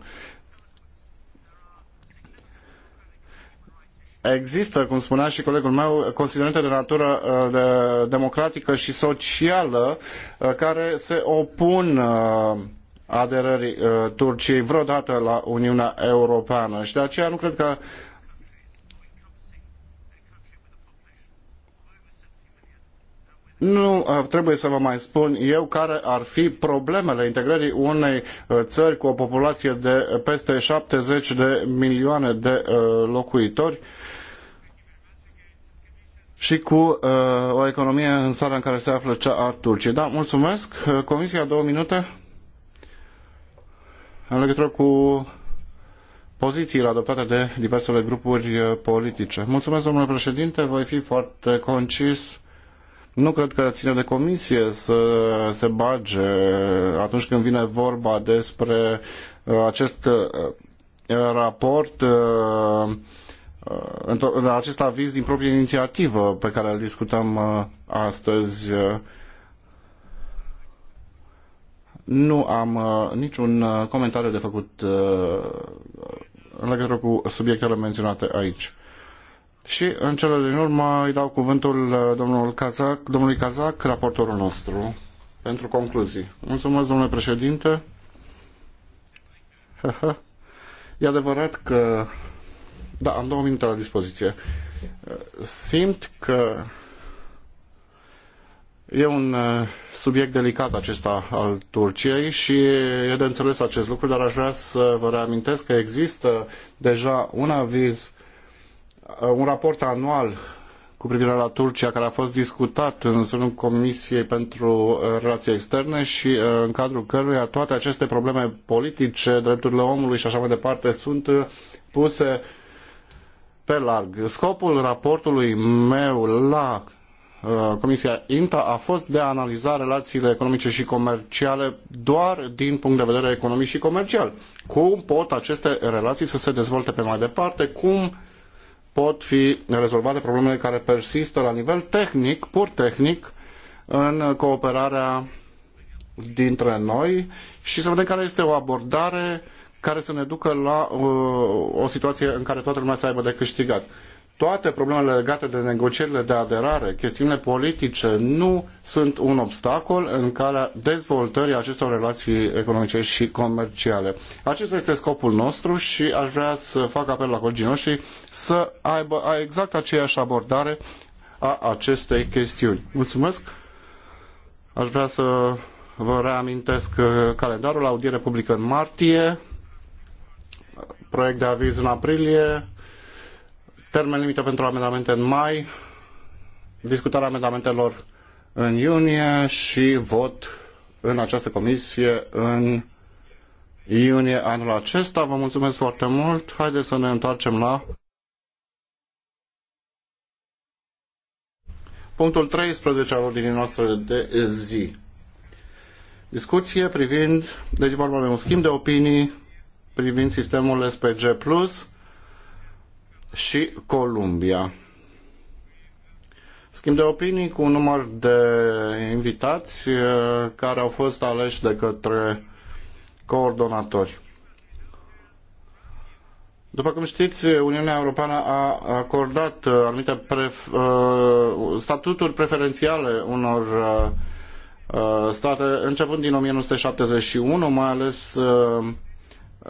Există, cum spunea și colegul meu, considerente de natură uh, de, democratică și socială uh, care se opun aderării Turciei vreodată la Uniunea Europeană și de aceea nu cred că Nu uh, trebuie să vă mai spun eu care ar fi problemele integrării unei uh, țări cu o populație de uh, peste 70 de milioane de locuitori și cu o economie în țara în care se află cea a Turciei. Da, mulțumesc. Comisia, două minute. În legătură cu pozițiile adoptate de diversele grupuri politice. Mulțumesc, domnule președinte. Voi fi foarte concis nu cred că ține de comisie să se bage atunci când vine vorba despre uh, acest uh, raport, uh, acest aviz din proprie inițiativă pe care îl discutăm astăzi. Nu am niciun comentariu de făcut în legătură cu subiectele menționate aici. Și în cele din urmă îi dau cuvântul uh, domnul Cazac, domnului Cazac, raportorul nostru, pentru concluzii. Mulțumesc, domnule președinte. E adevărat că... Da, am două minute la dispoziție. Simt că e un uh, subiect delicat acesta al Turciei și e de înțeles acest lucru, dar aș vrea să vă reamintesc că există deja un aviz Uh, un raport anual cu privire la Turcia, care a fost discutat în sânul Comisiei pentru uh, Relații Externe și uh, în cadrul căruia toate aceste probleme politice, drepturile omului și așa mai departe sunt puse pe larg. Scopul raportului meu la Comisia INTA a fost de a analiza relațiile economice și comerciale doar din punct de vedere economic și comercial. Cum pot aceste relații să se dezvolte pe mai departe? Cum pot fi rezolvate problemele care persistă la nivel tehnic, pur tehnic, în cooperarea dintre noi și să vedem care este o abordare care să ne ducă la o, uh, o situație în care toată lumea să aibă de câștigat toate problemele legate de negocierile de aderare, chestiunile politice, nu sunt un obstacol în calea dezvoltării acestor relații economice și comerciale. Acesta este scopul nostru și aș vrea să fac apel la colegii noștri să aibă exact aceeași abordare a acestei chestiuni. Mulțumesc! Aș vrea să vă reamintesc uh, calendarul audiere publică în martie, proiect de aviz în aprilie, termen limită pentru amendamente în mai, discutarea amendamentelor în iunie și vot în această comisie în iunie anul acesta. Vă mulțumesc foarte mult. Haideți să ne întoarcem la punctul 13 al ordinii noastre de zi. Discuție privind, deci vorba de un schimb de opinii privind sistemul SPG+, Plus, și Columbia. Schimb de opinii cu un număr de invitați eh, care au fost aleși de către coordonatori. După cum știți, Uniunea Europeană a acordat eh, anumite pref, eh, statuturi preferențiale unor state începând din 1971, mai ales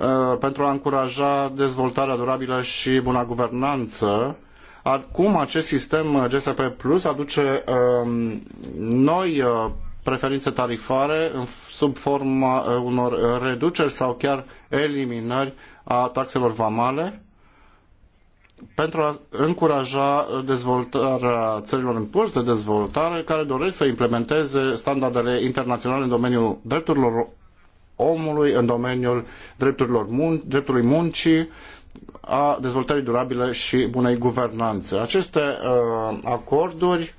Uh, pentru a încuraja dezvoltarea durabilă și buna guvernanță. Acum acest sistem GSP Plus aduce um, noi uh, preferințe tarifare sub forma uh, unor reduceri sau chiar eliminări a taxelor vamale pentru a încuraja dezvoltarea țărilor în curs de dezvoltare care doresc să implementeze standardele internaționale în domeniul drepturilor omului în domeniul drepturilor mun- dreptului muncii, a dezvoltării durabile și bunei guvernanțe. Aceste uh, acorduri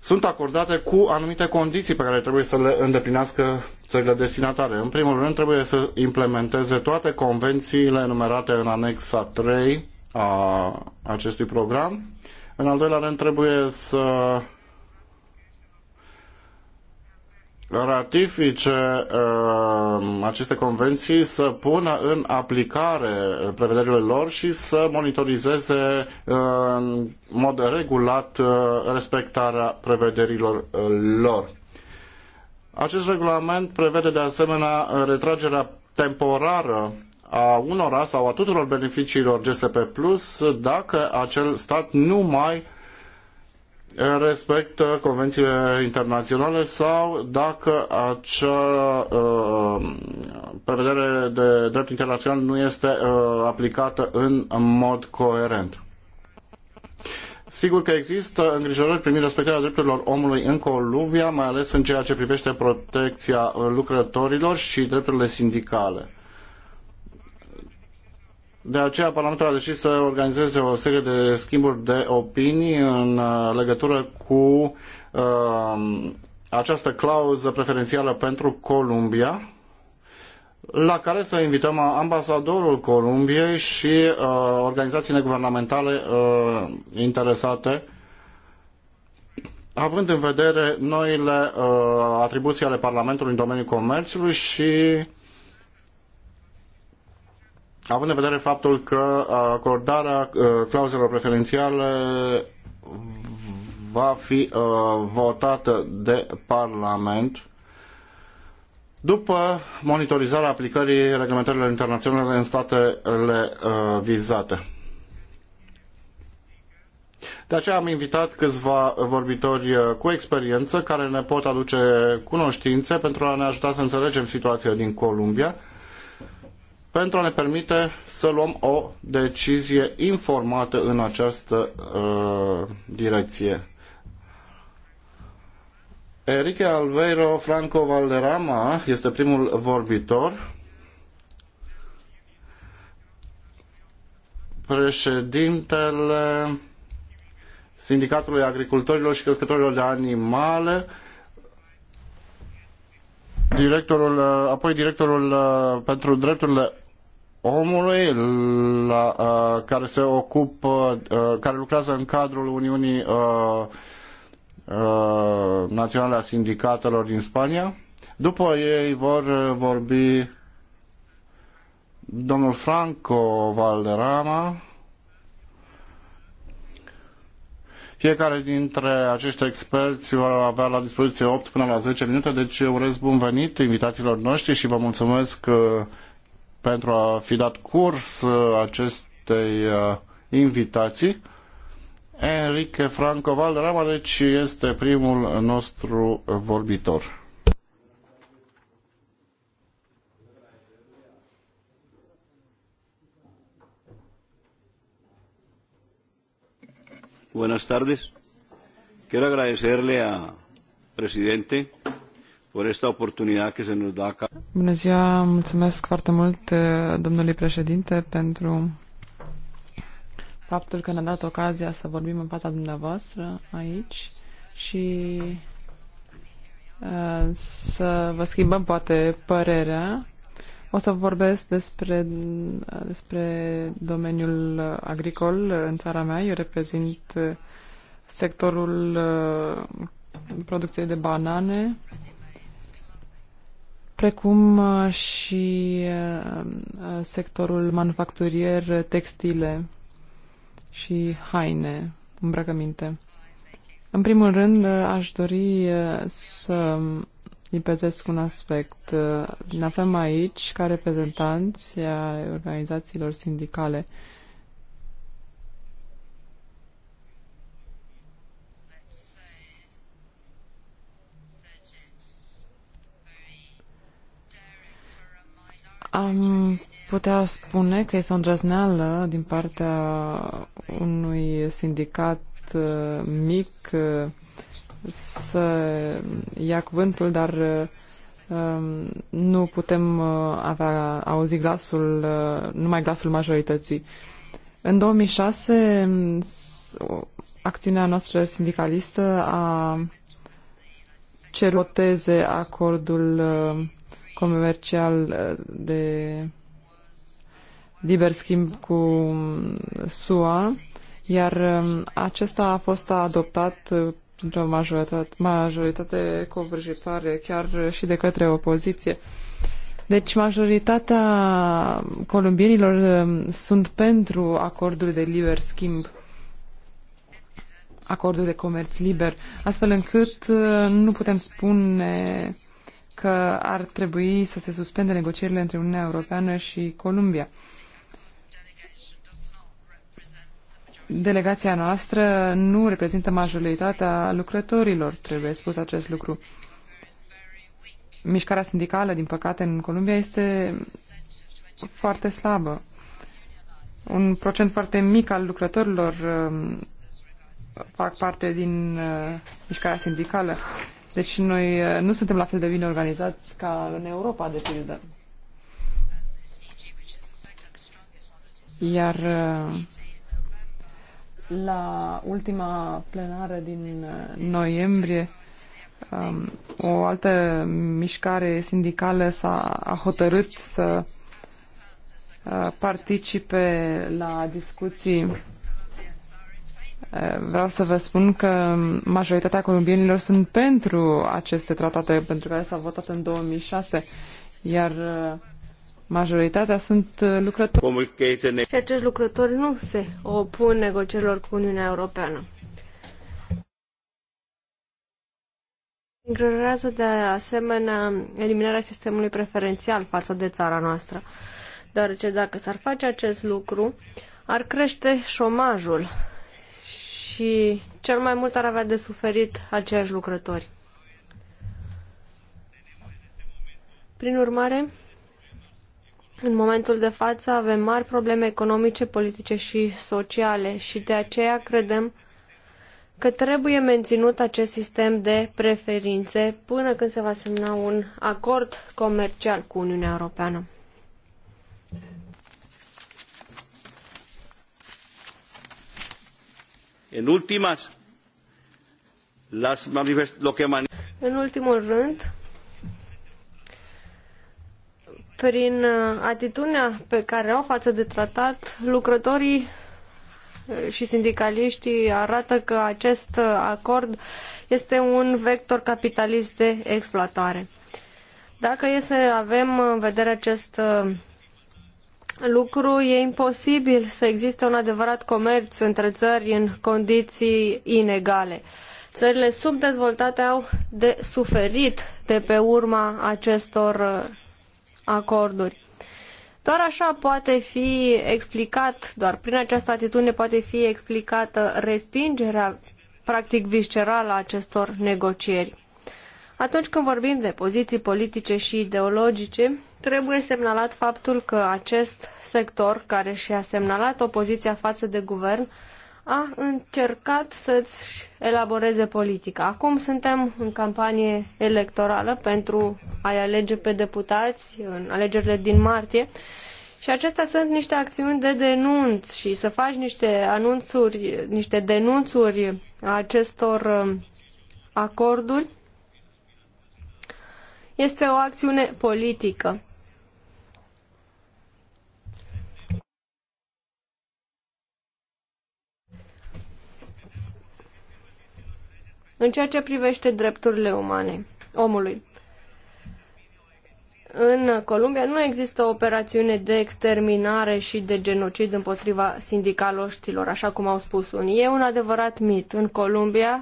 sunt acordate cu anumite condiții pe care trebuie să le îndeplinească țările destinatare. În primul rând, trebuie să implementeze toate convențiile enumerate în anexa 3 a acestui program. În al doilea rând, trebuie să ratifice uh, aceste convenții, să pună în aplicare prevederile lor și să monitorizeze uh, în mod regulat uh, respectarea prevederilor uh, lor. Acest regulament prevede de asemenea retragerea temporară a unora sau a tuturor beneficiilor GSP Plus dacă acel stat nu mai respectă convențiile internaționale sau dacă acea uh, prevedere de drept internațional nu este uh, aplicată în mod coerent. Sigur că există îngrijorări privind respectarea drepturilor omului în Columbia, mai ales în ceea ce privește protecția uh, lucrătorilor și drepturile sindicale. De aceea Parlamentul a decis să organizeze o serie de schimburi de opinii în uh, legătură cu uh, această clauză preferențială pentru Columbia, la care să invităm ambasadorul Columbiei și uh, organizații neguvernamentale uh, interesate, având în vedere noile uh, atribuții ale Parlamentului în domeniul comerțului și având în vedere faptul că uh, acordarea uh, clauzelor preferențiale va fi uh, votată de Parlament după monitorizarea aplicării reglementărilor internaționale în statele vizate. De aceea am invitat câțiva vorbitori cu experiență care ne pot aduce cunoștințe pentru a ne ajuta să înțelegem situația din Columbia pentru a ne permite să luăm o decizie informată în această uh, direcție. Enrique Alveiro Franco Valderrama este primul vorbitor. Președintele Sindicatului Agricultorilor și Crescătorilor de Animale, directorul, uh, apoi directorul uh, pentru drepturile omului la, uh, care se ocupă, uh, care lucrează în cadrul Uniunii uh, uh, Naționale a Sindicatelor din Spania. După ei vor uh, vorbi domnul Franco Valderrama. Fiecare dintre acești experți vor avea la dispoziție 8 până la 10 minute, deci urez bun venit invitațiilor noștri și vă mulțumesc că uh, pentru a fi dat curs uh, acestei uh, invitații. Enrique Franco Valderrama, deci este primul nostru vorbitor. Buenas tardes. Quiero agradecerle a presidente vor este oportunitatea care se ne da ca... Bună ziua, mulțumesc foarte mult uh, domnului președinte pentru faptul că ne-a dat ocazia să vorbim în fața dumneavoastră aici și uh, să vă schimbăm poate părerea. O să vorbesc despre, despre domeniul agricol în țara mea. Eu reprezint sectorul uh, producției de banane precum uh, și uh, uh, sectorul manufacturier, textile și haine, îmbrăcăminte. În primul rând, aș dori să limpezesc un aspect. Ne aflăm aici ca reprezentanți ai organizațiilor sindicale Am putea spune că este o îndrăzneală din partea unui sindicat uh, mic uh, să ia cuvântul, dar uh, um, nu putem avea auzi glasul, numai glasul majorității. În 2006, acțiunea noastră sindicalistă a ceroteze acordul comercial uh, de liber schimb cu um, SUA, iar um, acesta a fost adoptat uh, într-o majoritate, majoritate covârșitoare, chiar și de către opoziție. Deci majoritatea colombienilor um, sunt pentru acordul de liber schimb, acordul de comerț liber, astfel încât uh, nu putem spune că ar trebui să se suspende negocierile între Uniunea Europeană și Columbia. Delegația noastră nu reprezintă majoritatea lucrătorilor, trebuie spus acest lucru. Mișcarea sindicală, din păcate, în Columbia este foarte slabă. Un procent foarte mic al lucrătorilor um, fac parte din uh, mișcarea sindicală deci noi uh, nu suntem la fel de bine organizați ca în Europa, de pildă. Iar uh, la ultima plenară din uh, noiembrie, um, o altă mișcare sindicală s-a hotărât să participe la discuții Eh, vreau să vă spun că majoritatea columbienilor sunt pentru aceste tratate pentru care s-a votat în 2006, iar eh, majoritatea sunt eh, lucrători. Și acești lucrători nu se opun negocierilor cu Uniunea Europeană. Îngrijorează de asemenea eliminarea sistemului preferențial față de țara noastră, deoarece dacă s-ar face acest lucru, ar crește șomajul și cel mai mult ar avea de suferit aceiași lucrători. Prin urmare, în momentul de față avem mari probleme economice, politice și sociale și de aceea credem că trebuie menținut acest sistem de preferințe până când se va semna un acord comercial cu Uniunea Europeană. În últimas, las lo que man... În ultimul rând, prin uh, atitudinea pe care au față de tratat, lucrătorii uh, și sindicaliștii arată că acest uh, acord este un vector capitalist de exploatare. Dacă e să avem în vedere acest lucru e imposibil să existe un adevărat comerț între țări în condiții inegale. Țările subdezvoltate au de suferit de pe urma acestor uh, acorduri. Doar așa poate fi explicat, doar prin această atitudine poate fi explicată respingerea practic viscerală a acestor negocieri. Atunci când vorbim de poziții politice și ideologice, trebuie semnalat faptul că acest sector, care și-a semnalat opoziția față de guvern, a încercat să-ți elaboreze politica. Acum suntem în campanie electorală pentru a-i alege pe deputați în alegerile din martie și acestea sunt niște acțiuni de denunț și să faci niște anunțuri, niște denunțuri a acestor um, acorduri este o acțiune politică. În ceea ce privește drepturile umane, omului. În Columbia nu există o operațiune de exterminare și de genocid împotriva sindicaloștilor, așa cum au spus unii. E un adevărat mit. În Columbia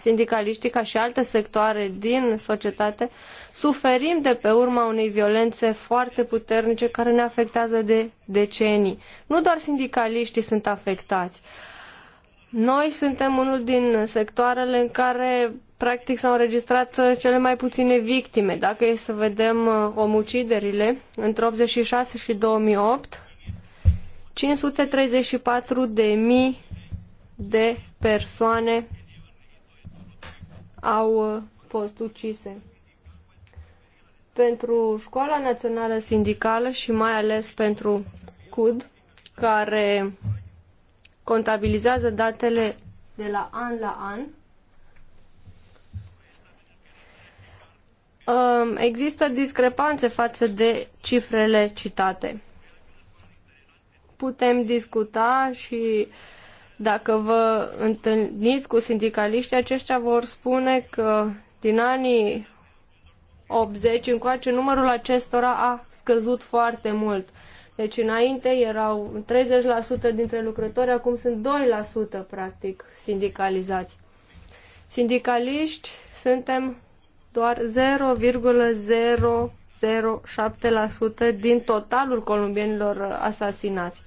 sindicaliștii ca și alte sectoare din societate, suferim de pe urma unei violențe foarte puternice care ne afectează de decenii. Nu doar sindicaliștii sunt afectați. Noi suntem unul din sectoarele în care practic s-au înregistrat cele mai puține victime. Dacă e să vedem uh, omuciderile, între 86 și 2008, 534 de mii de persoane au uh, fost ucise. Pentru Școala Națională Sindicală și mai ales pentru CUD, care contabilizează datele de la an la an, um, există discrepanțe față de cifrele citate. Putem discuta și uh, dacă vă întâlniți cu sindicaliștii, aceștia vor spune că din anii 80 încoace numărul acestora a scăzut foarte mult. Deci înainte erau 30% dintre lucrători, acum sunt 2% practic sindicalizați. Sindicaliști suntem doar 0,007% din totalul columbienilor asasinați.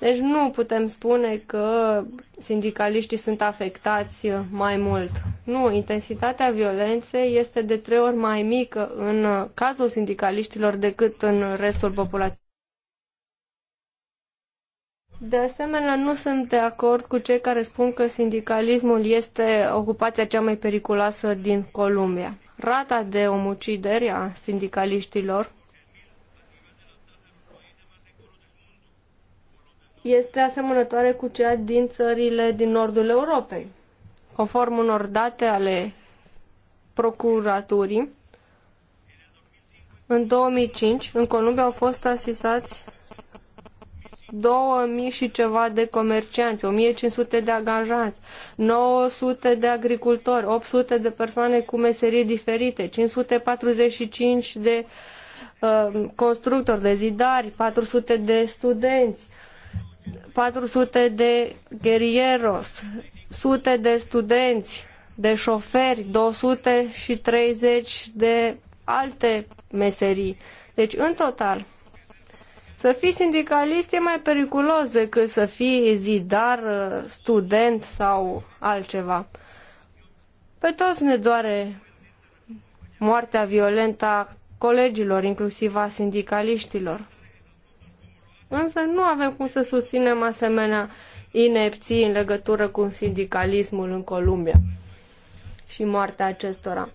Deci nu putem spune că sindicaliștii sunt afectați mai mult. Nu, intensitatea violenței este de trei ori mai mică în cazul sindicaliștilor decât în restul populației. De asemenea, nu sunt de acord cu cei care spun că sindicalismul este ocupația cea mai periculoasă din Columbia. Rata de omucideri a sindicaliștilor este asemănătoare cu cea din țările din nordul Europei. Conform unor date ale procuraturii, în 2005, în Columbia au fost asistați 2000 și ceva de comercianți, 1500 de angajați, 900 de agricultori, 800 de persoane cu meserii diferite, 545 de uh, constructori, de zidari, 400 de studenți, 400 de guerrieros, sute de studenți, de șoferi, 230 de alte meserii. Deci, în total, să fii sindicalist e mai periculos decât să fii zidar, uh, student sau altceva. Pe toți ne doare moartea violentă a colegilor, inclusiv a sindicaliștilor. Însă nu avem cum să susținem asemenea inepții în legătură cu sindicalismul în Columbia și moartea acestora.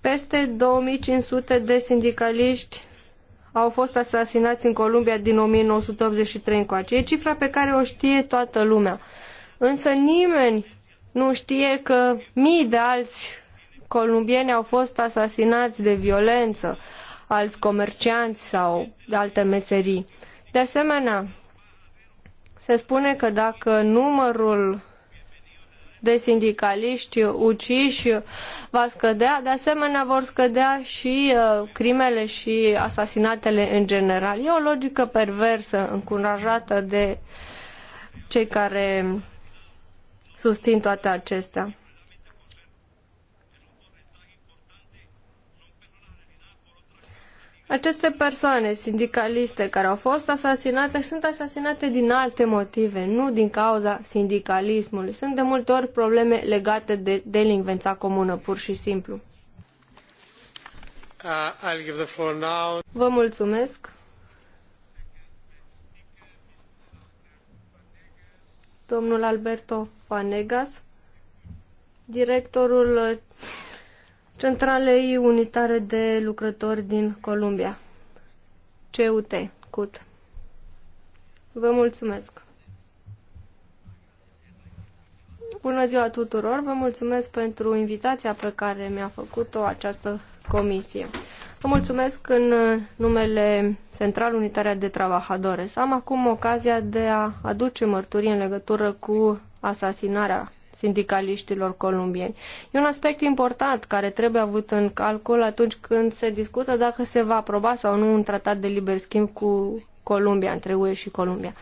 Peste 2500 de sindicaliști au fost asasinați în Columbia din 1983 încoace. E cifra pe care o știe toată lumea. Însă nimeni nu știe că mii de alți columbieni au fost asasinați de violență, alți comercianți sau de alte meserii. De asemenea, se spune că dacă numărul de sindicaliști uciși va scădea, de asemenea vor scădea și uh, crimele și asasinatele în general. E o logică perversă încurajată de cei care susțin toate acestea. Aceste persoane sindicaliste care au fost asasinate sunt asasinate din alte motive, nu din cauza sindicalismului. Sunt de multe ori probleme legate de delinvența comună, pur și simplu. Uh, Vă mulțumesc. Domnul Alberto Fanegas, directorul centralei unitare de lucrători din Columbia, CUT, CUT. Vă mulțumesc! Bună ziua tuturor! Vă mulțumesc pentru invitația pe care mi-a făcut-o această comisie. Vă mulțumesc în numele Central Unitarea de Trabajadores. Am acum ocazia de a aduce mărturii în legătură cu asasinarea sindicaliștilor columbieni. E un aspect important care trebuie avut în calcul atunci când se discută dacă se va aproba sau nu un tratat de liber schimb cu Columbia, între UE și Columbia.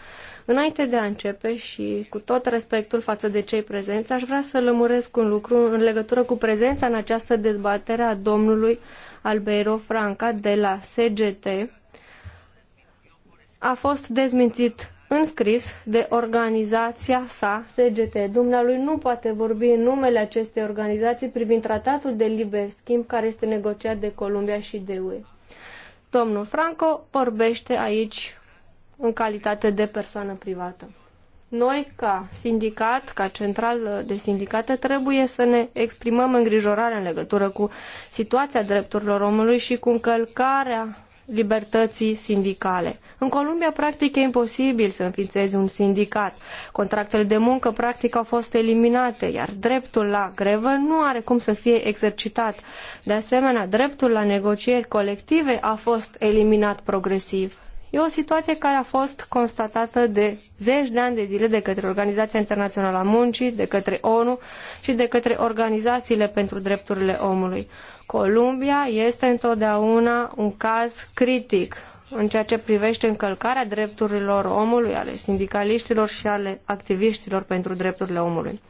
Înainte de a începe și cu tot respectul față de cei prezenți, aș vrea să lămuresc un lucru în legătură cu prezența în această dezbatere a domnului Albeiro Franca de la CGT. A fost dezmințit înscris de organizația sa, SGT. Dumnealui nu poate vorbi în numele acestei organizații privind tratatul de liber schimb care este negociat de Columbia și de UE. Domnul Franco vorbește aici în calitate de persoană privată. Noi, ca sindicat, ca central de sindicate, trebuie să ne exprimăm îngrijorarea în legătură cu situația drepturilor omului și cu încălcarea libertății sindicale. În Columbia, practic, e imposibil să înființezi un sindicat. Contractele de muncă, practic, au fost eliminate, iar dreptul la grevă nu are cum să fie exercitat. De asemenea, dreptul la negocieri colective a fost eliminat progresiv. E o situație care a fost constatată de zeci de ani de zile de către Organizația Internațională a Muncii, de către ONU și de către organizațiile pentru drepturile omului. Columbia este întotdeauna un caz critic în ceea ce privește încălcarea drepturilor omului, ale sindicaliștilor și ale activiștilor pentru drepturile omului.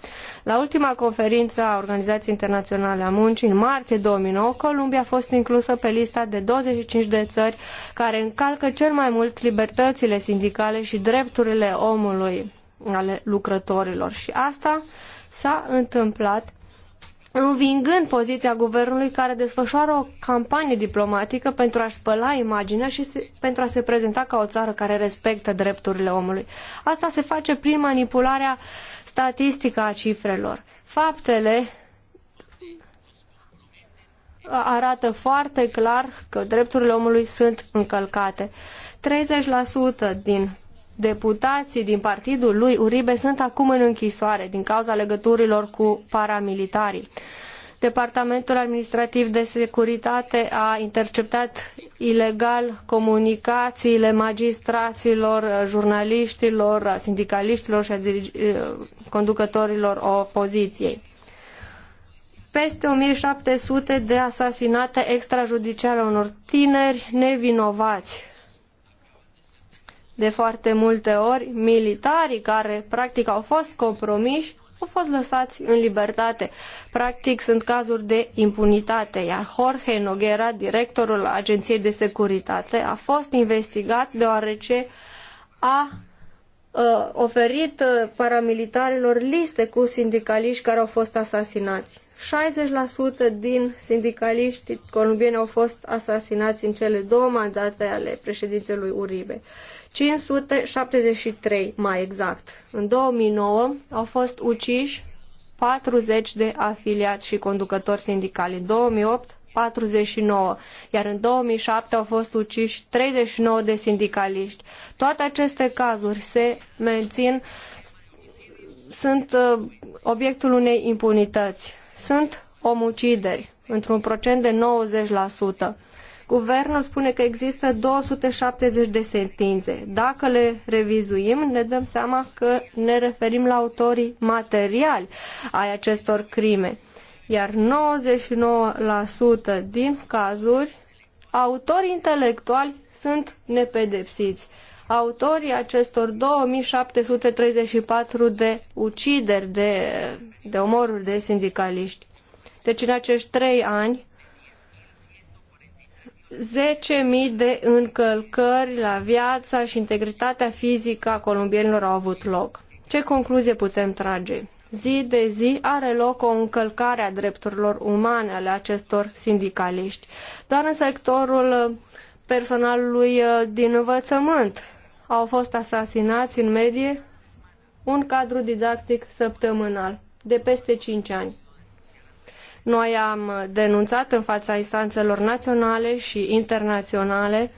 La ultima conferință a Organizației Internaționale a Muncii, în martie 2009, Columbia a fost inclusă pe lista de 25 de țări care încalcă cel mai mult libertățile sindicale și drepturile omului ale lucrătorilor. Și asta s-a întâmplat învingând poziția guvernului care desfășoară o campanie diplomatică pentru a-și spăla imaginea și se, pentru a se prezenta ca o țară care respectă drepturile omului. Asta se face prin manipularea statistică a cifrelor. Faptele arată foarte clar că drepturile omului sunt încălcate. 30% din Deputații din partidul lui Uribe sunt acum în închisoare din cauza legăturilor cu paramilitarii. Departamentul Administrativ de Securitate a interceptat ilegal comunicațiile magistraților, jurnaliștilor, sindicaliștilor și a conducătorilor opoziției. Peste 1700 de asasinate extrajudiciare unor tineri nevinovați de foarte multe ori, militarii care practic au fost compromiși au fost lăsați în libertate. Practic sunt cazuri de impunitate, iar Jorge Noguera, directorul Agenției de Securitate, a fost investigat deoarece a ă, oferit ă, paramilitarilor liste cu sindicaliști care au fost asasinați. 60% din sindicaliștii columbieni au fost asasinați în cele două mandate ale președintelui Uribe. 573 mai exact. În 2009 au fost uciși 40 de afiliați și conducători sindicali. În 2008 49, iar în 2007 au fost uciși 39 de sindicaliști. Toate aceste cazuri se mențin, sunt uh, obiectul unei impunități. Sunt omucideri, într-un procent de 90%. Guvernul spune că există 270 de sentințe. Dacă le revizuim, ne dăm seama că ne referim la autorii materiali ai acestor crime. Iar 99% din cazuri, autorii intelectuali sunt nepedepsiți autorii acestor 2734 de ucideri, de, de omoruri de sindicaliști. Deci în acești trei ani, 10.000 de încălcări la viața și integritatea fizică a columbienilor au avut loc. Ce concluzie putem trage? Zi de zi are loc o încălcare a drepturilor umane ale acestor sindicaliști. Doar în sectorul personalului uh, din învățământ au fost asasinați în medie un cadru didactic săptămânal de peste 5 ani. Noi am denunțat în fața instanțelor naționale și internaționale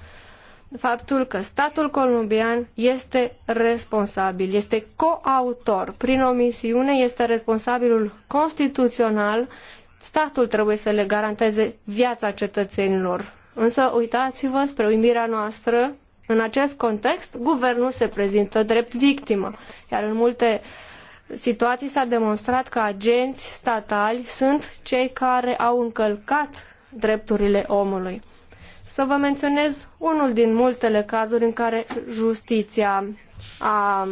faptul că statul colombian este responsabil, este coautor. Prin omisiune este responsabilul constituțional. Statul trebuie să le garanteze viața cetățenilor. Însă uitați-vă spre uimirea noastră, în acest context, guvernul se prezintă drept victimă, iar în multe uh, situații s-a demonstrat că agenți statali sunt cei care au încălcat drepturile omului. Să vă menționez unul din multele cazuri în care justiția a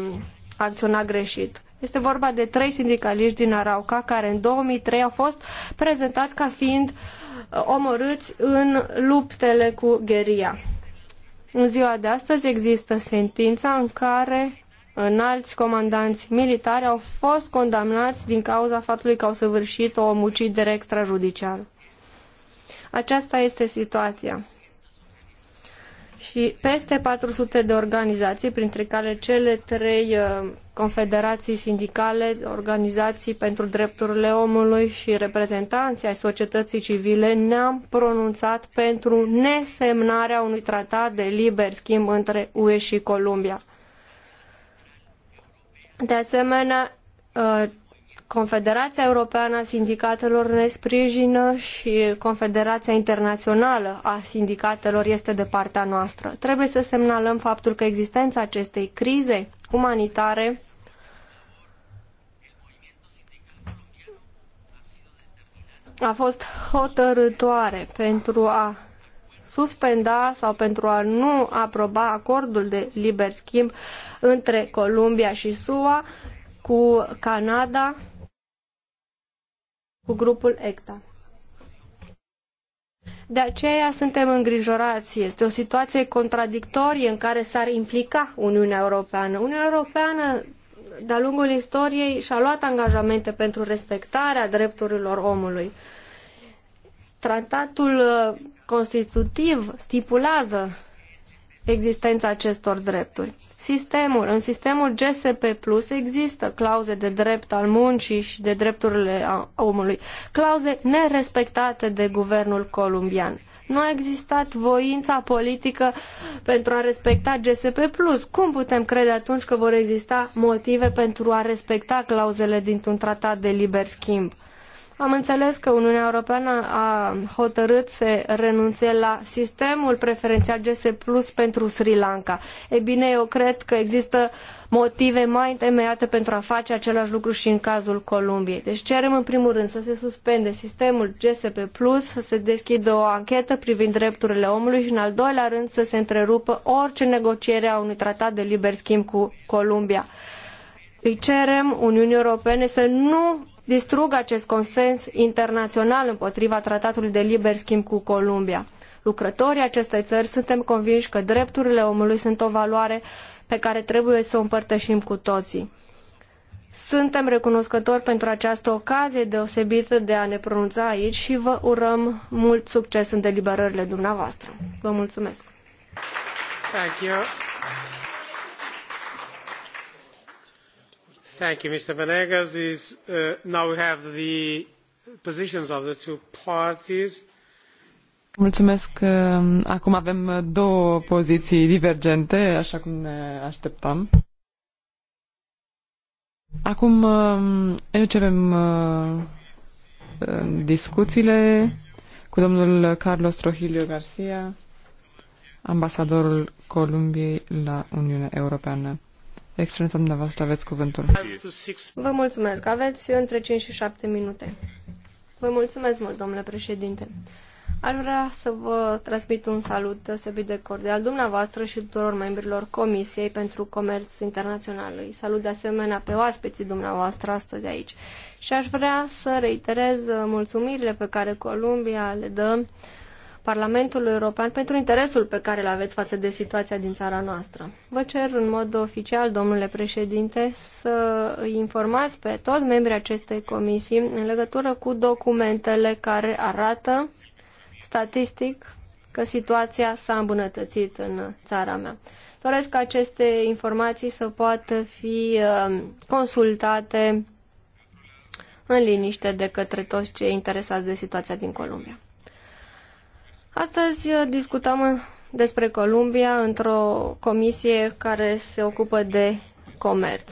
acționat greșit. Este vorba de trei sindicaliști din Arauca care în 2003 au fost prezentați ca fiind uh, omorâți în luptele cu gheria. În ziua de astăzi există sentința în care înalți comandanți militari au fost condamnați din cauza faptului că au săvârșit o omucidere extrajudiciară. Aceasta este situația. Și peste 400 de organizații, printre care cele trei uh, confederații sindicale, organizații pentru drepturile omului și reprezentanții ai societății civile, ne-am pronunțat pentru nesemnarea unui tratat de liber schimb între UE și Columbia. De asemenea, uh, Confederația Europeană a Sindicatelor ne sprijină și Confederația Internațională a Sindicatelor este de partea noastră. Trebuie să semnalăm faptul că existența acestei crize umanitare a fost hotărâtoare pentru a suspenda sau pentru a nu aproba acordul de liber schimb între Columbia și SUA cu Canada, cu grupul ECTA. De aceea suntem îngrijorați. Este o situație contradictorie în care s-ar implica Uniunea Europeană. Uniunea Europeană, de-a lungul istoriei, și-a luat angajamente pentru respectarea drepturilor omului. Tratatul constitutiv stipulează existența acestor drepturi. Sistemul, în sistemul GSP Plus există clauze de drept al muncii și de drepturile omului, clauze nerespectate de guvernul columbian. Nu a existat voința politică pentru a respecta GSP Plus. Cum putem crede atunci că vor exista motive pentru a respecta clauzele dintr-un tratat de liber schimb? Am înțeles că Uniunea Europeană a hotărât să renunțe la sistemul preferențial GS Plus pentru Sri Lanka. E bine, eu cred că există motive mai întemeiate pentru a face același lucru și în cazul Columbiei. Deci cerem în primul rând să se suspende sistemul GSP Plus, să se deschidă o anchetă privind drepturile omului și în al doilea rând să se întrerupă orice negociere a unui tratat de liber schimb cu Columbia. Îi cerem Uniunii Europene să nu distrug acest consens internațional împotriva tratatului de liber schimb cu Columbia. Lucrătorii acestei țări suntem convinși că drepturile omului sunt o valoare pe care trebuie să o împărtășim cu toții. Suntem recunoscători pentru această ocazie deosebită de a ne pronunța aici și vă urăm mult succes în deliberările dumneavoastră. Vă mulțumesc! Thank you. Thank you, Mr. Venegas. uh, now we have the positions of the two parties. Mulțumesc. Um, acum avem două poziții divergente, așa cum ne așteptam. Acum începem um, uh, uh, discuțiile cu domnul Carlos Trojillo Garcia, ambasadorul Columbiei la Uniunea Europeană. Excelența dumneavoastră, aveți cuvântul. Vă mulțumesc. Aveți între 5 și 7 minute. Vă mulțumesc mult, domnule președinte. Aș vrea să vă transmit un salut deosebit de cordial dumneavoastră și tuturor membrilor Comisiei pentru Comerț Internațional. Îi salut de asemenea pe oaspeții dumneavoastră astăzi aici. Și aș vrea să reiterez mulțumirile pe care Columbia le dă uh, Parlamentului European pentru interesul pe care îl aveți față de situația din țara noastră. Vă cer în mod oficial, domnule președinte, să îi informați pe toți membrii acestei comisii în legătură cu documentele care arată statistic că situația s-a îmbunătățit în țara mea. Doresc ca aceste informații să poată fi uh, consultate în liniște de către toți cei interesați de situația din Columbia. Astăzi uh, discutăm uh, despre Columbia într-o comisie care se ocupă de comerț.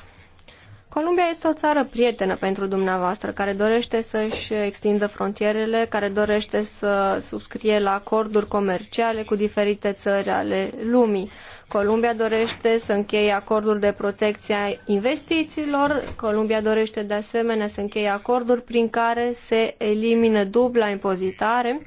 Columbia este o țară prietenă pentru dumneavoastră, care dorește să-și extindă frontierele, care dorește să subscrie la acorduri comerciale cu diferite țări ale lumii. Columbia dorește să încheie acorduri de protecție a investițiilor, Columbia dorește de asemenea să încheie acorduri prin care se elimină dubla impozitare,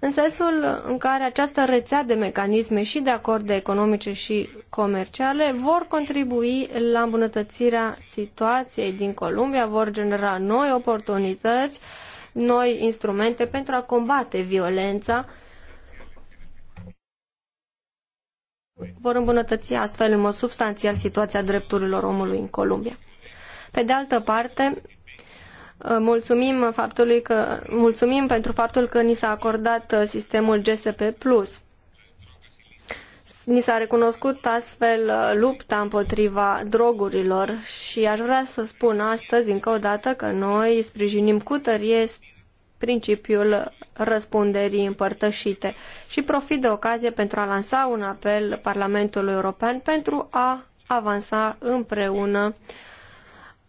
în sensul în care această rețea de mecanisme și de acorde economice și comerciale vor contribui la îmbunătățirea situației din Columbia, vor genera noi oportunități, noi instrumente pentru a combate violența, vor îmbunătăți astfel în mod substanțial situația drepturilor omului în Columbia. Pe de altă parte, Uh, mulțumim, faptului că, mulțumim pentru faptul că ni s-a acordat uh, sistemul GSP+. Ni s-a recunoscut astfel uh, lupta împotriva drogurilor și aș vrea să spun astăzi încă o dată că noi sprijinim cu tărie principiul răspunderii împărtășite și profit de ocazie pentru a lansa un apel Parlamentului European pentru a avansa împreună uh,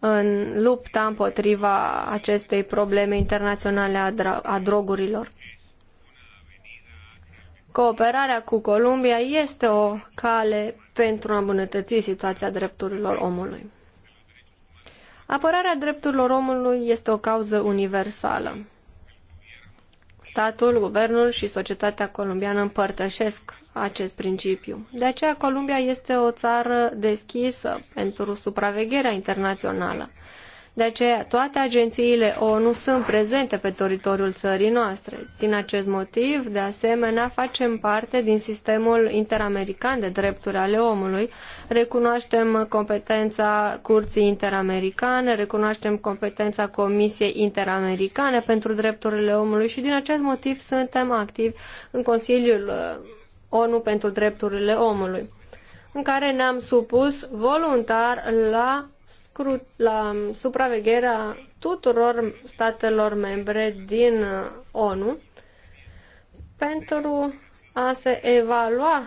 în lupta împotriva acestei probleme internaționale a, a drogurilor. Cooperarea cu Columbia este o cale pentru a îmbunătăți situația drepturilor omului. Apărarea drepturilor omului este o cauză universală. Statul, guvernul și societatea colombiană împărtășesc acest principiu. De aceea Columbia este o țară deschisă pentru supravegherea internațională. De aceea toate agențiile ONU sunt prezente pe teritoriul țării noastre. Din acest motiv, de asemenea, facem parte din sistemul interamerican de drepturi ale omului, recunoaștem competența Curții Interamericane, recunoaștem competența Comisiei Interamericane pentru Drepturile Omului și din acest motiv suntem activi în Consiliul ONU pentru drepturile omului, în care ne-am supus voluntar la, scru- la supravegherea tuturor statelor membre din uh, ONU pentru a se evalua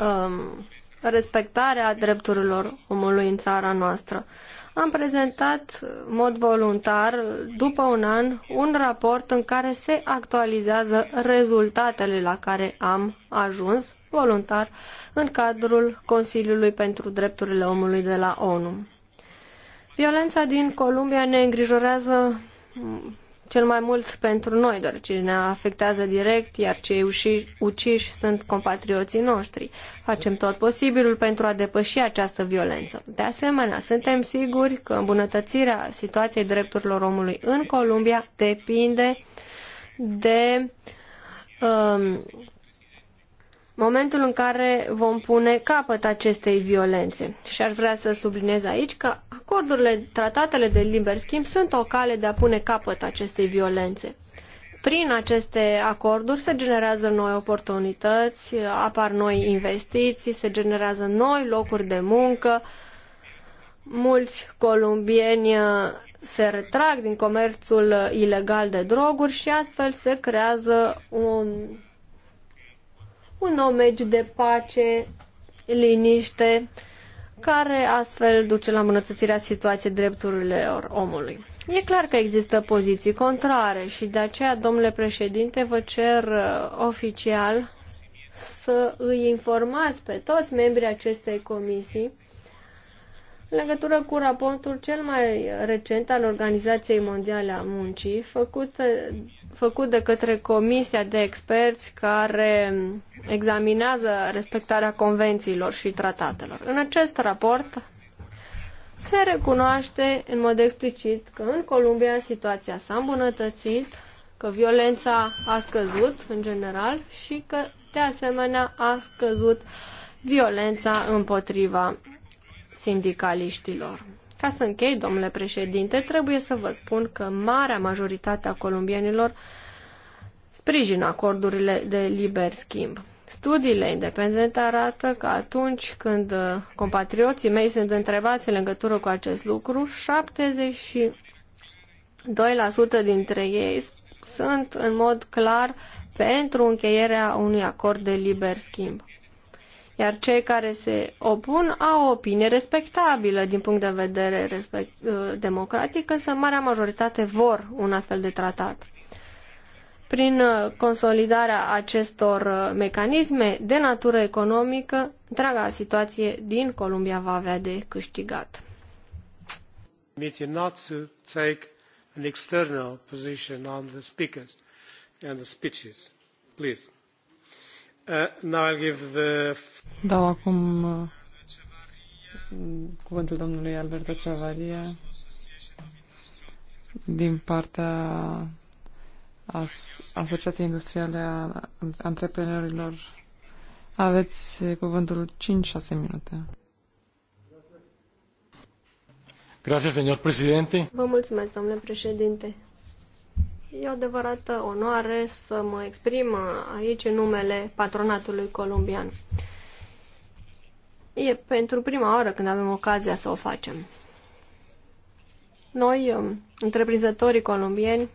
um, respectarea drepturilor omului în țara noastră am prezentat în mod voluntar, după un an, un raport în care se actualizează rezultatele la care am ajuns voluntar în cadrul Consiliului pentru Drepturile Omului de la ONU. Violența din Columbia ne îngrijorează cel mai mult pentru noi, deoarece ne afectează direct, iar cei uși, uciși sunt compatrioții noștri. Facem tot posibilul pentru a depăși această violență. De asemenea, suntem siguri că îmbunătățirea situației drepturilor omului în Columbia depinde de um, momentul în care vom pune capăt acestei violențe. Și ar vrea să subliniez aici că Acordurile, tratatele de liber schimb sunt o cale de a pune capăt acestei violențe. Prin aceste acorduri se generează noi oportunități, apar noi investiții, se generează noi locuri de muncă. Mulți columbieni se retrag din comerțul ilegal de droguri și astfel se creează un, un nou mediu de pace, liniște, care astfel duce la îmbunătățirea situației drepturilor omului. E clar că există poziții contrare și de aceea, domnule președinte, vă cer uh, oficial să îi informați pe toți membrii acestei comisii în legătură cu raportul cel mai recent al Organizației Mondiale a Muncii, făcut uh, făcut de către comisia de experți care examinează respectarea convențiilor și tratatelor. În acest raport se recunoaște în mod explicit că în Columbia situația s-a îmbunătățit, că violența a scăzut în general și că de asemenea a scăzut violența împotriva sindicaliștilor. Ca să închei, domnule președinte, trebuie să vă spun că marea majoritate a columbienilor sprijină acordurile de liber schimb. Studiile independente arată că atunci când uh, compatrioții mei sunt întrebați în legătură cu acest lucru, 72% dintre ei sunt în mod clar pentru încheierea unui acord de liber schimb. Iar cei care se opun au o opinie respectabilă din punct de vedere respect, uh, democratic, însă marea majoritate vor un astfel de tratat. Prin uh, consolidarea acestor uh, mecanisme de natură economică, întreaga situație din Columbia va avea de câștigat. Please. Uh, now I'll give the Dau acum uh, cuvântul domnului Alberto Ceavaria din partea Asociației Industriale a Antreprenorilor. Aveți cuvântul 5-6 minute. Gracias, señor presidente. Vă mulțumesc, domnule președinte. E o adevărată onoare să mă exprim aici în numele patronatului colombian. E pentru prima oară când avem ocazia să o facem. Noi, um, întreprinzătorii colombieni,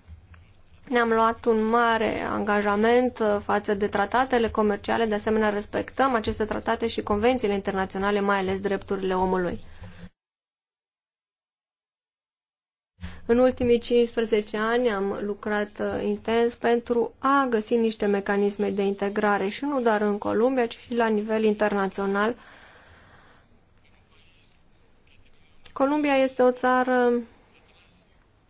ne-am luat un mare angajament uh, față de tratatele comerciale, de asemenea respectăm aceste tratate și convențiile internaționale, mai ales drepturile omului. În ultimii 15 ani am lucrat uh, intens pentru a găsi niște mecanisme de integrare și nu doar în Columbia, ci și la nivel internațional, Columbia este o țară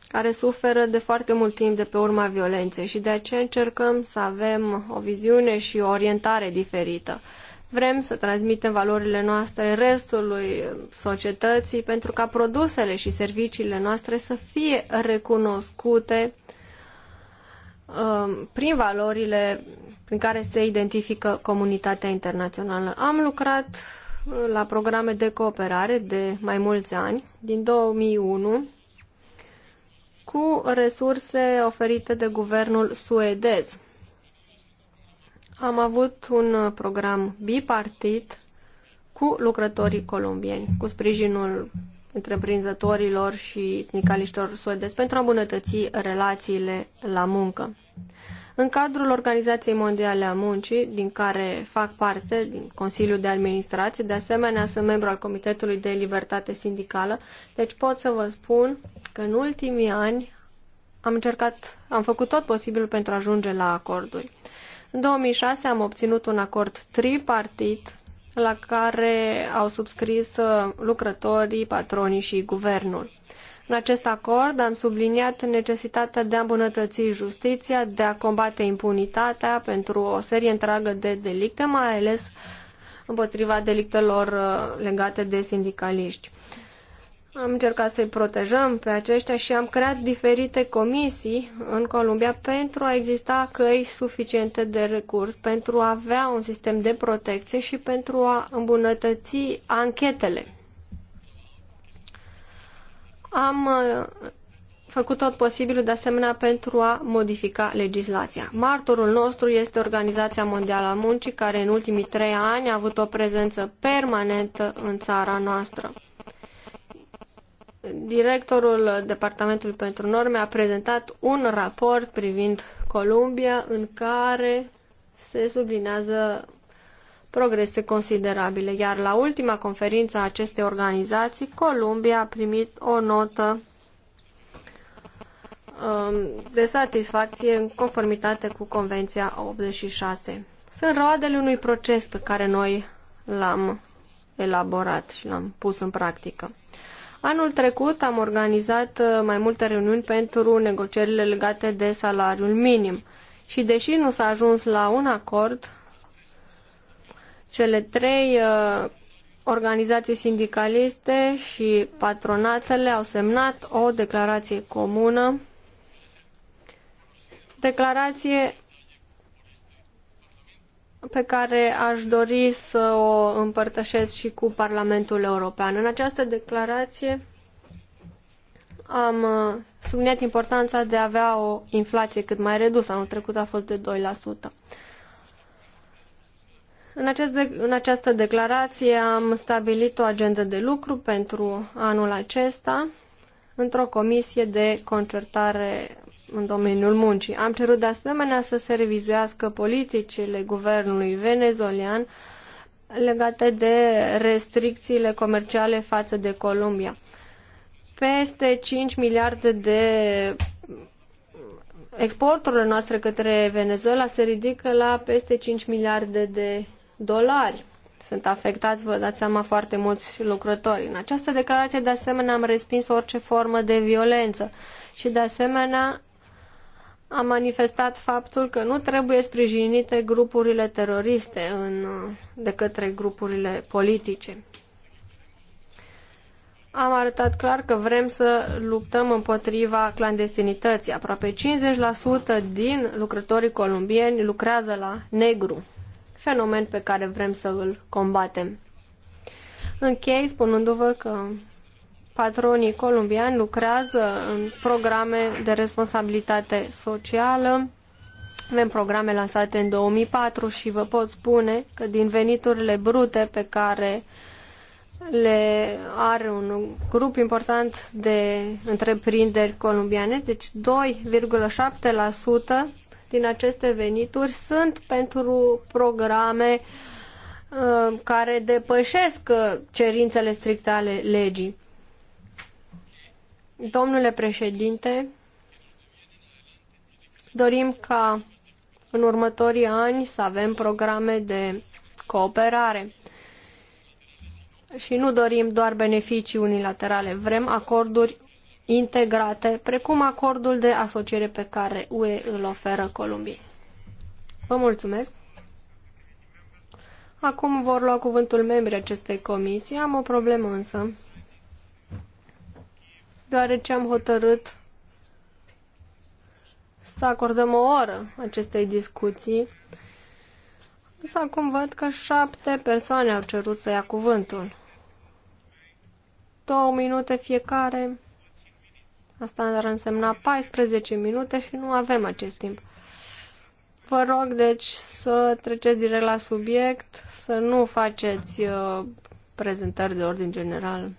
care suferă de foarte mult timp de pe urma violenței și de aceea încercăm să avem o viziune și o orientare diferită. Vrem să transmitem valorile noastre restului societății pentru ca produsele și serviciile noastre să fie recunoscute um, prin valorile prin care se identifică comunitatea internațională. Am lucrat la programe de cooperare de mai mulți ani, din 2001, cu resurse oferite de guvernul suedez. Am avut un program bipartit cu lucrătorii colombieni, cu sprijinul întreprinzătorilor și sindicaliștilor suedezi pentru a îmbunătăți relațiile la muncă. În cadrul Organizației Mondiale a Muncii, din care fac parte, din Consiliul de Administrație, de asemenea sunt membru al Comitetului de Libertate Sindicală, deci pot să vă spun că în ultimii ani am încercat, am făcut tot posibilul pentru a ajunge la acorduri. În 2006 am obținut un acord tripartit la care au subscris uh, lucrătorii, patronii și guvernul. În acest acord am subliniat necesitatea de a îmbunătăți justiția, de a combate impunitatea pentru o serie întreagă de delicte, mai ales împotriva delictelor uh, legate de sindicaliști. Am încercat să-i protejăm pe aceștia și am creat diferite comisii în Columbia pentru a exista căi suficiente de recurs, pentru a avea un sistem de protecție și pentru a îmbunătăți anchetele am uh, făcut tot posibilul de asemenea pentru a modifica legislația. Martorul nostru este Organizația Mondială a Muncii, care în ultimii trei ani a avut o prezență permanentă în țara noastră. Directorul Departamentului pentru Norme a prezentat un raport privind Columbia în care se sublinează progrese considerabile, iar la ultima conferință a acestei organizații, Columbia a primit o notă um, de satisfacție în conformitate cu Convenția 86. Sunt roadele unui proces pe care noi l-am elaborat și l-am pus în practică. Anul trecut am organizat uh, mai multe reuniuni pentru negocierile legate de salariul minim și deși nu s-a ajuns la un acord, cele trei uh, organizații sindicaliste și patronatele au semnat o declarație comună, declarație pe care aș dori să o împărtășesc și cu Parlamentul European. În această declarație am uh, subliniat importanța de a avea o inflație cât mai redusă. Anul trecut a fost de 2%. În, acest de- în această declarație am stabilit o agendă de lucru pentru anul acesta într-o comisie de concertare în domeniul muncii. Am cerut de asemenea să se revizuiască politicile guvernului venezolian legate de restricțiile comerciale față de Columbia. Peste 5 miliarde de exporturile noastre către Venezuela se ridică la peste 5 miliarde de dolari. Sunt afectați, vă dați seama, foarte mulți lucrători. În această declarație, de asemenea, am respins orice formă de violență și, de asemenea, am manifestat faptul că nu trebuie sprijinite grupurile teroriste în, de către grupurile politice. Am arătat clar că vrem să luptăm împotriva clandestinității. Aproape 50% din lucrătorii colombieni lucrează la negru fenomen pe care vrem să îl combatem. Închei spunându-vă că patronii columbiani lucrează în programe de responsabilitate socială. Avem programe lansate în 2004 și vă pot spune că din veniturile brute pe care le are un grup important de întreprinderi columbiane, deci 2,7% din aceste venituri sunt pentru programe uh, care depășesc uh, cerințele stricte ale legii. Domnule președinte, dorim ca în următorii ani să avem programe de cooperare. Și nu dorim doar beneficii unilaterale, vrem acorduri integrate, precum acordul de asociere pe care UE îl oferă Columbiei. Vă mulțumesc! Acum vor lua cuvântul membrii acestei comisii. Am o problemă însă, deoarece am hotărât să acordăm o oră acestei discuții. Însă acum văd că șapte persoane au cerut să ia cuvântul. Două minute fiecare Asta ar însemna 14 minute și nu avem acest timp. Vă rog, deci, să treceți direct la subiect, să nu faceți uh, prezentări de ordin general.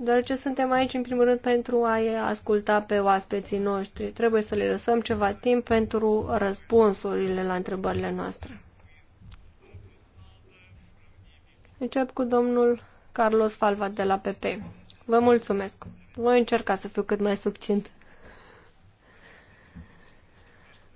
Deoarece suntem aici, în primul rând, pentru a asculta pe oaspeții noștri. Trebuie să le lăsăm ceva timp pentru răspunsurile la întrebările noastre. Încep cu domnul Carlos Falva de la PP. Vă mulțumesc. Voi încerca să fiu cât mai succint.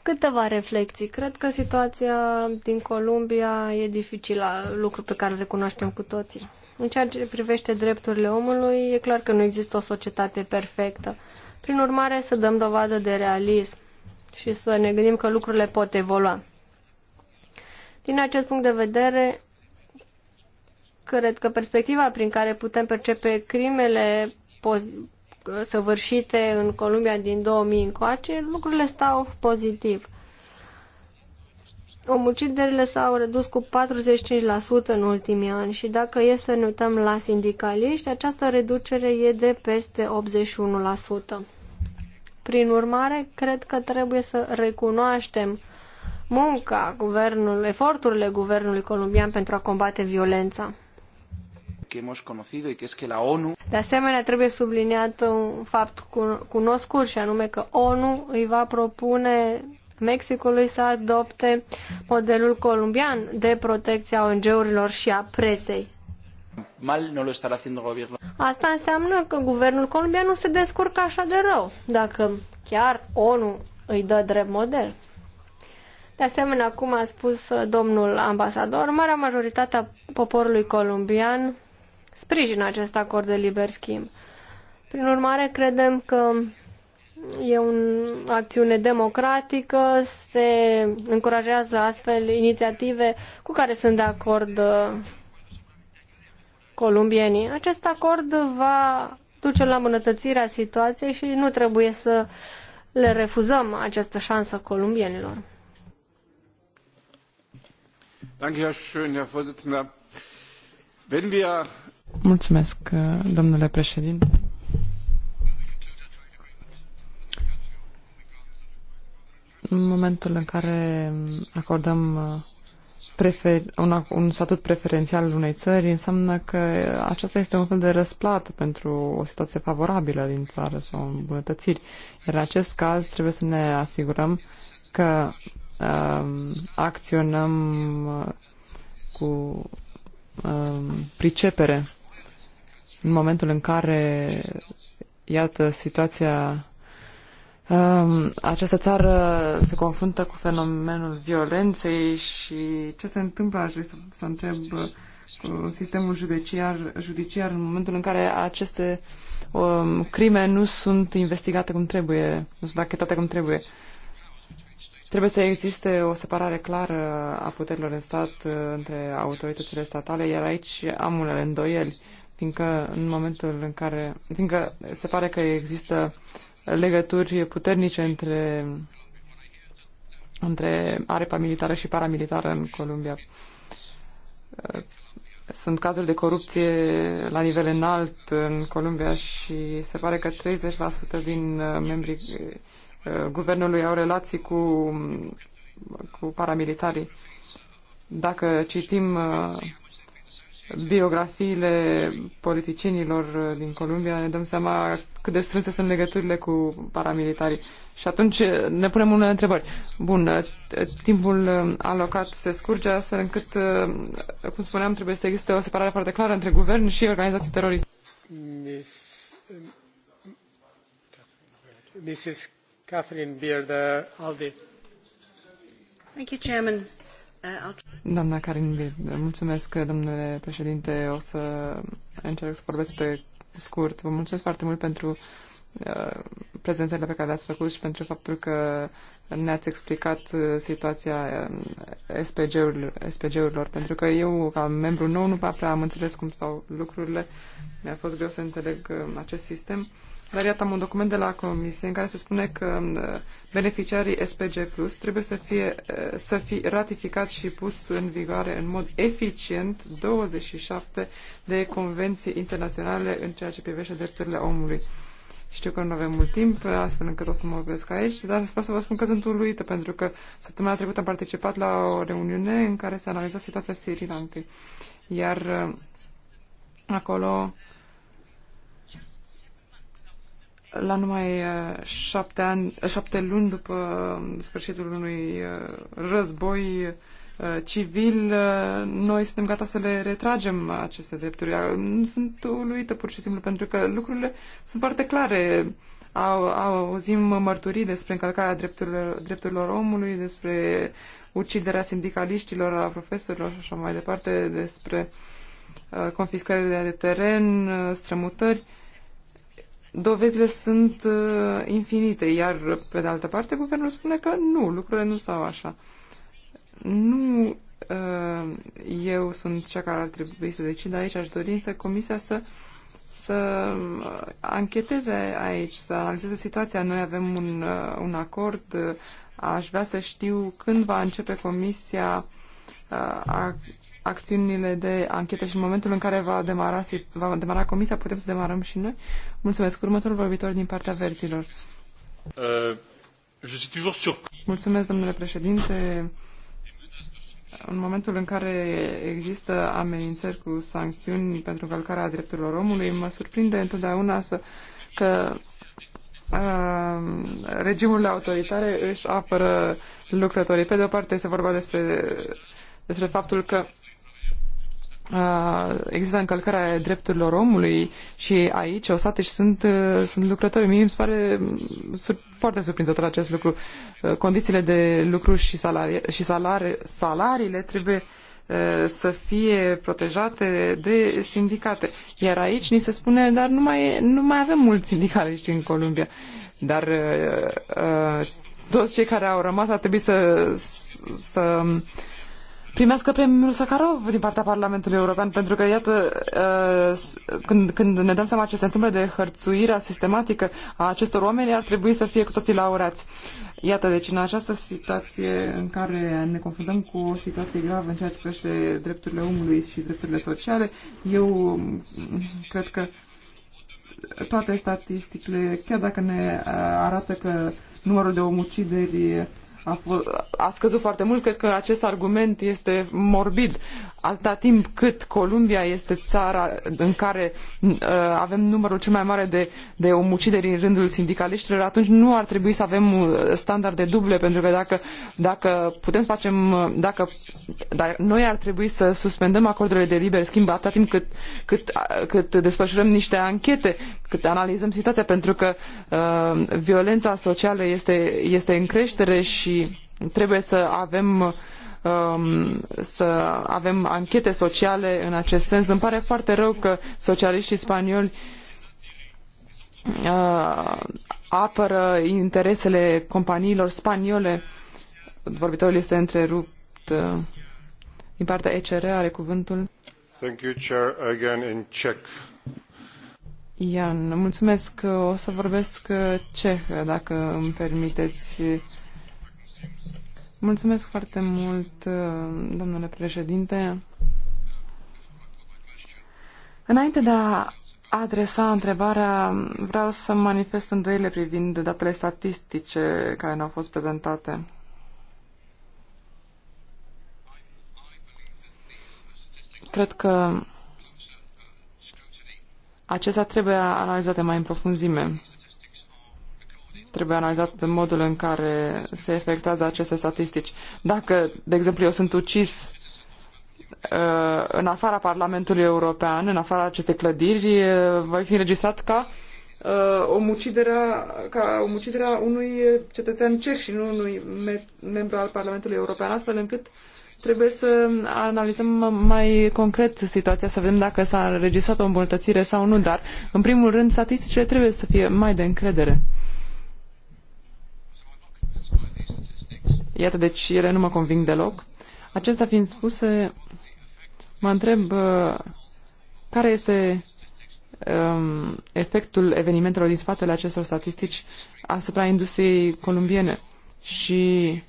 Câteva reflexii. Cred că situația din Columbia e dificilă, lucru pe care îl recunoaștem cu toții. În ceea ce privește drepturile omului, e clar că nu există o societate perfectă. Prin urmare, să dăm dovadă de realism și să ne gândim că lucrurile pot evolua. Din acest punct de vedere, Cred că perspectiva prin care putem percepe crimele săvârșite în Columbia din 2000 încoace, lucrurile stau pozitiv. Omuciderile s-au redus cu 45% în ultimii ani și dacă e să ne uităm la sindicaliști, această reducere e de peste 81%. Prin urmare, cred că trebuie să recunoaștem munca, guvernul, eforturile guvernului colombian pentru a combate violența que hemos conocido y que es que la ONU De asemenea, trebuie subliniat un fapt cunoscut și anume că ONU îi va propune Mexicului să adopte modelul colombian de protecție a ONG-urilor și a presei. Mal no lo estará haciendo gobierno. Asta înseamnă că guvernul colombian nu se descurcă așa de rău, dacă chiar ONU îi dă drept model. De asemenea, cum a spus domnul ambasador, marea majoritate a poporului colombian sprijină acest acord de liber schimb. Prin urmare, credem că e o acțiune democratică, se încurajează astfel inițiative cu care sunt de acord uh, columbienii. Acest acord va duce la îmbunătățirea situației și nu trebuie să le refuzăm această șansă columbienilor. Danke, Herr Schön, Herr Vorsitzender. Wenn wir Mulțumesc, domnule președinte. În momentul în care acordăm prefer, un, un statut preferențial unei țări, înseamnă că aceasta este un fel de răsplată pentru o situație favorabilă din țară sau îmbunătățiri. Iar în acest caz trebuie să ne asigurăm că uh, acționăm uh, cu uh, pricepere în momentul în care, iată, situația um, această țară se confruntă cu fenomenul violenței și ce se întâmplă, aș vrea să, să întreb, cu sistemul judiciar, judiciar în momentul în care aceste um, crime nu sunt investigate cum trebuie, nu sunt achetate cum trebuie. Trebuie să existe o separare clară a puterilor în stat între autoritățile statale, iar aici am unele îndoieli. Uh, fiindcă în momentul în care, fiindcă se pare că există legături puternice între, între arepa militară și paramilitară în Columbia. Sunt cazuri de corupție la nivel înalt în Columbia și se pare că 30% din uh, membrii uh, guvernului au relații cu, cu paramilitarii. Dacă citim uh, biografiile politicienilor din Columbia, ne dăm seama cât de strânse sunt legăturile cu paramilitarii. Și atunci ne punem unele întrebări. Bun, timpul uh, alocat se scurge astfel încât, uh, cum spuneam, trebuie să existe o separare foarte clară între guvern și organizații teroriste. Miss, Mrs. Catherine Beard, Aldi. Thank you, Chairman. Doamna Karin mulțumesc, domnule președinte. O să încerc să vorbesc pe scurt. Vă mulțumesc foarte mult pentru uh, prezențele pe care le-ați făcut și pentru faptul că ne-ați explicat uh, situația uh, SPG-urilor, SPG pentru că eu, ca membru nou, nu prea am înțeles cum stau lucrurile. Mi-a fost greu să înțeleg acest sistem. Dar iată, am un document de la Comisie în care se spune că uh, beneficiarii SPG Plus trebuie să fie, uh, să fie ratificat și pus în vigoare în mod eficient 27 de convenții internaționale în ceea ce privește drepturile omului. Știu că nu avem mult timp, uh, astfel încât o să mă opresc aici, dar vreau să vă spun că sunt uluită, pentru că săptămâna trecută am participat la o reuniune în care se analiza situația Sri Lankei. Iar acolo la numai uh, șapte, ani, șapte luni după um, sfârșitul unui uh, război uh, civil, noi suntem gata să le retragem aceste drepturi. Sunt uluită pur și simplu pentru că lucrurile sunt foarte clare. Au, auzim mărturii despre încălcarea drepturilor, drepturilor omului, despre uciderea sindicaliștilor, a profesorilor și așa mai departe, despre confiscările de teren, strămutări. Uh, dovezile sunt uh, infinite, iar pe de altă parte guvernul spune că nu, lucrurile nu stau așa. Nu uh, eu sunt cea care ar trebui să decid aici, aș dori însă comisia să să uh, ancheteze aici, să analizeze situația. Noi avem un, uh, un acord, aș vrea să știu când va începe comisia uh, a, acțiunile de anchetă și în momentul în care va demara, va demara comisia, putem să demarăm și noi. Mulțumesc. Următorul vorbitor din partea verzilor. Uh, Mulțumesc, domnule președinte. În momentul în care există amenințări cu sancțiuni pentru călcarea drepturilor omului, mă surprinde întotdeauna să, că a, uh, regimurile autoritare își apără lucrătorii. Pe de o parte este vorba despre, despre faptul că Uh, există încălcări ale drepturilor omului și aici și sunt, uh, sunt lucrători. Mie îmi pare mm, foarte surprinzător acest lucru. Uh, condițiile de lucru și, salari, și salari, salariile trebuie să fie protejate de sindicate. Iar aici ni se spune, dar nu mai, nu mai avem mulți sindicaliști în Columbia. Dar uh, uh, toți cei care au rămas ar trebui să, să primească premiul Sakharov din partea Parlamentului European, pentru că, iată, uh, când, când ne dăm seama ce se întâmplă de hărțuirea sistematică a acestor oameni, ar trebui să fie cu toții laureați. Iată, deci, în această situație în care ne confundăm cu o situație gravă în ceea ce privește drepturile omului și drepturile sociale, eu cred că toate statisticile, chiar dacă ne uh, arată că numărul de omucideri a, a scăzut foarte mult. Cred că acest argument este morbid. Atâta timp cât Columbia este țara în care uh, avem numărul cel mai mare de, de omucideri în rândul sindicaliștilor, atunci nu ar trebui să avem uh, standarde duble, pentru că dacă, dacă putem să facem, uh, dacă da, noi ar trebui să suspendăm acordurile de liber schimb atâta timp cât, cât, uh, cât desfășurăm niște anchete, cât analizăm situația, pentru că uh, violența socială este, este în creștere și și trebuie să avem um, să avem anchete sociale în acest sens. Îmi pare foarte rău că socialiștii spanioli uh, apără interesele companiilor spaniole. Vorbitorul este întrerupt. Din partea ECR are cuvântul. Thank you, Chair, again in Czech. Ian, mulțumesc. O să vorbesc uh, cehă, dacă îmi permiteți. Mulțumesc foarte mult, uh, domnule președinte. Înainte de a adresa întrebarea, vreau să manifest îndoiele privind datele statistice care ne-au fost prezentate. Cred că acestea trebuie analizate mai în profunzime trebuie analizat modul în care se efectuează aceste statistici. Dacă, de exemplu, eu sunt ucis uh, în afara Parlamentului European, în afara acestei clădiri, uh, voi fi înregistrat ca uh, o mucidere, ca o a unui cetățean ceh și nu unui membru al Parlamentului European, astfel încât trebuie să analizăm mai concret situația, să vedem dacă s-a înregistrat o îmbunătățire sau nu, dar, în primul rând, statisticile trebuie să fie mai de încredere. Iată, deci ele nu mă conving deloc. Acestea fiind spuse, mă întreb uh, care este um, efectul evenimentelor din spatele acestor statistici asupra industriei columbiene și,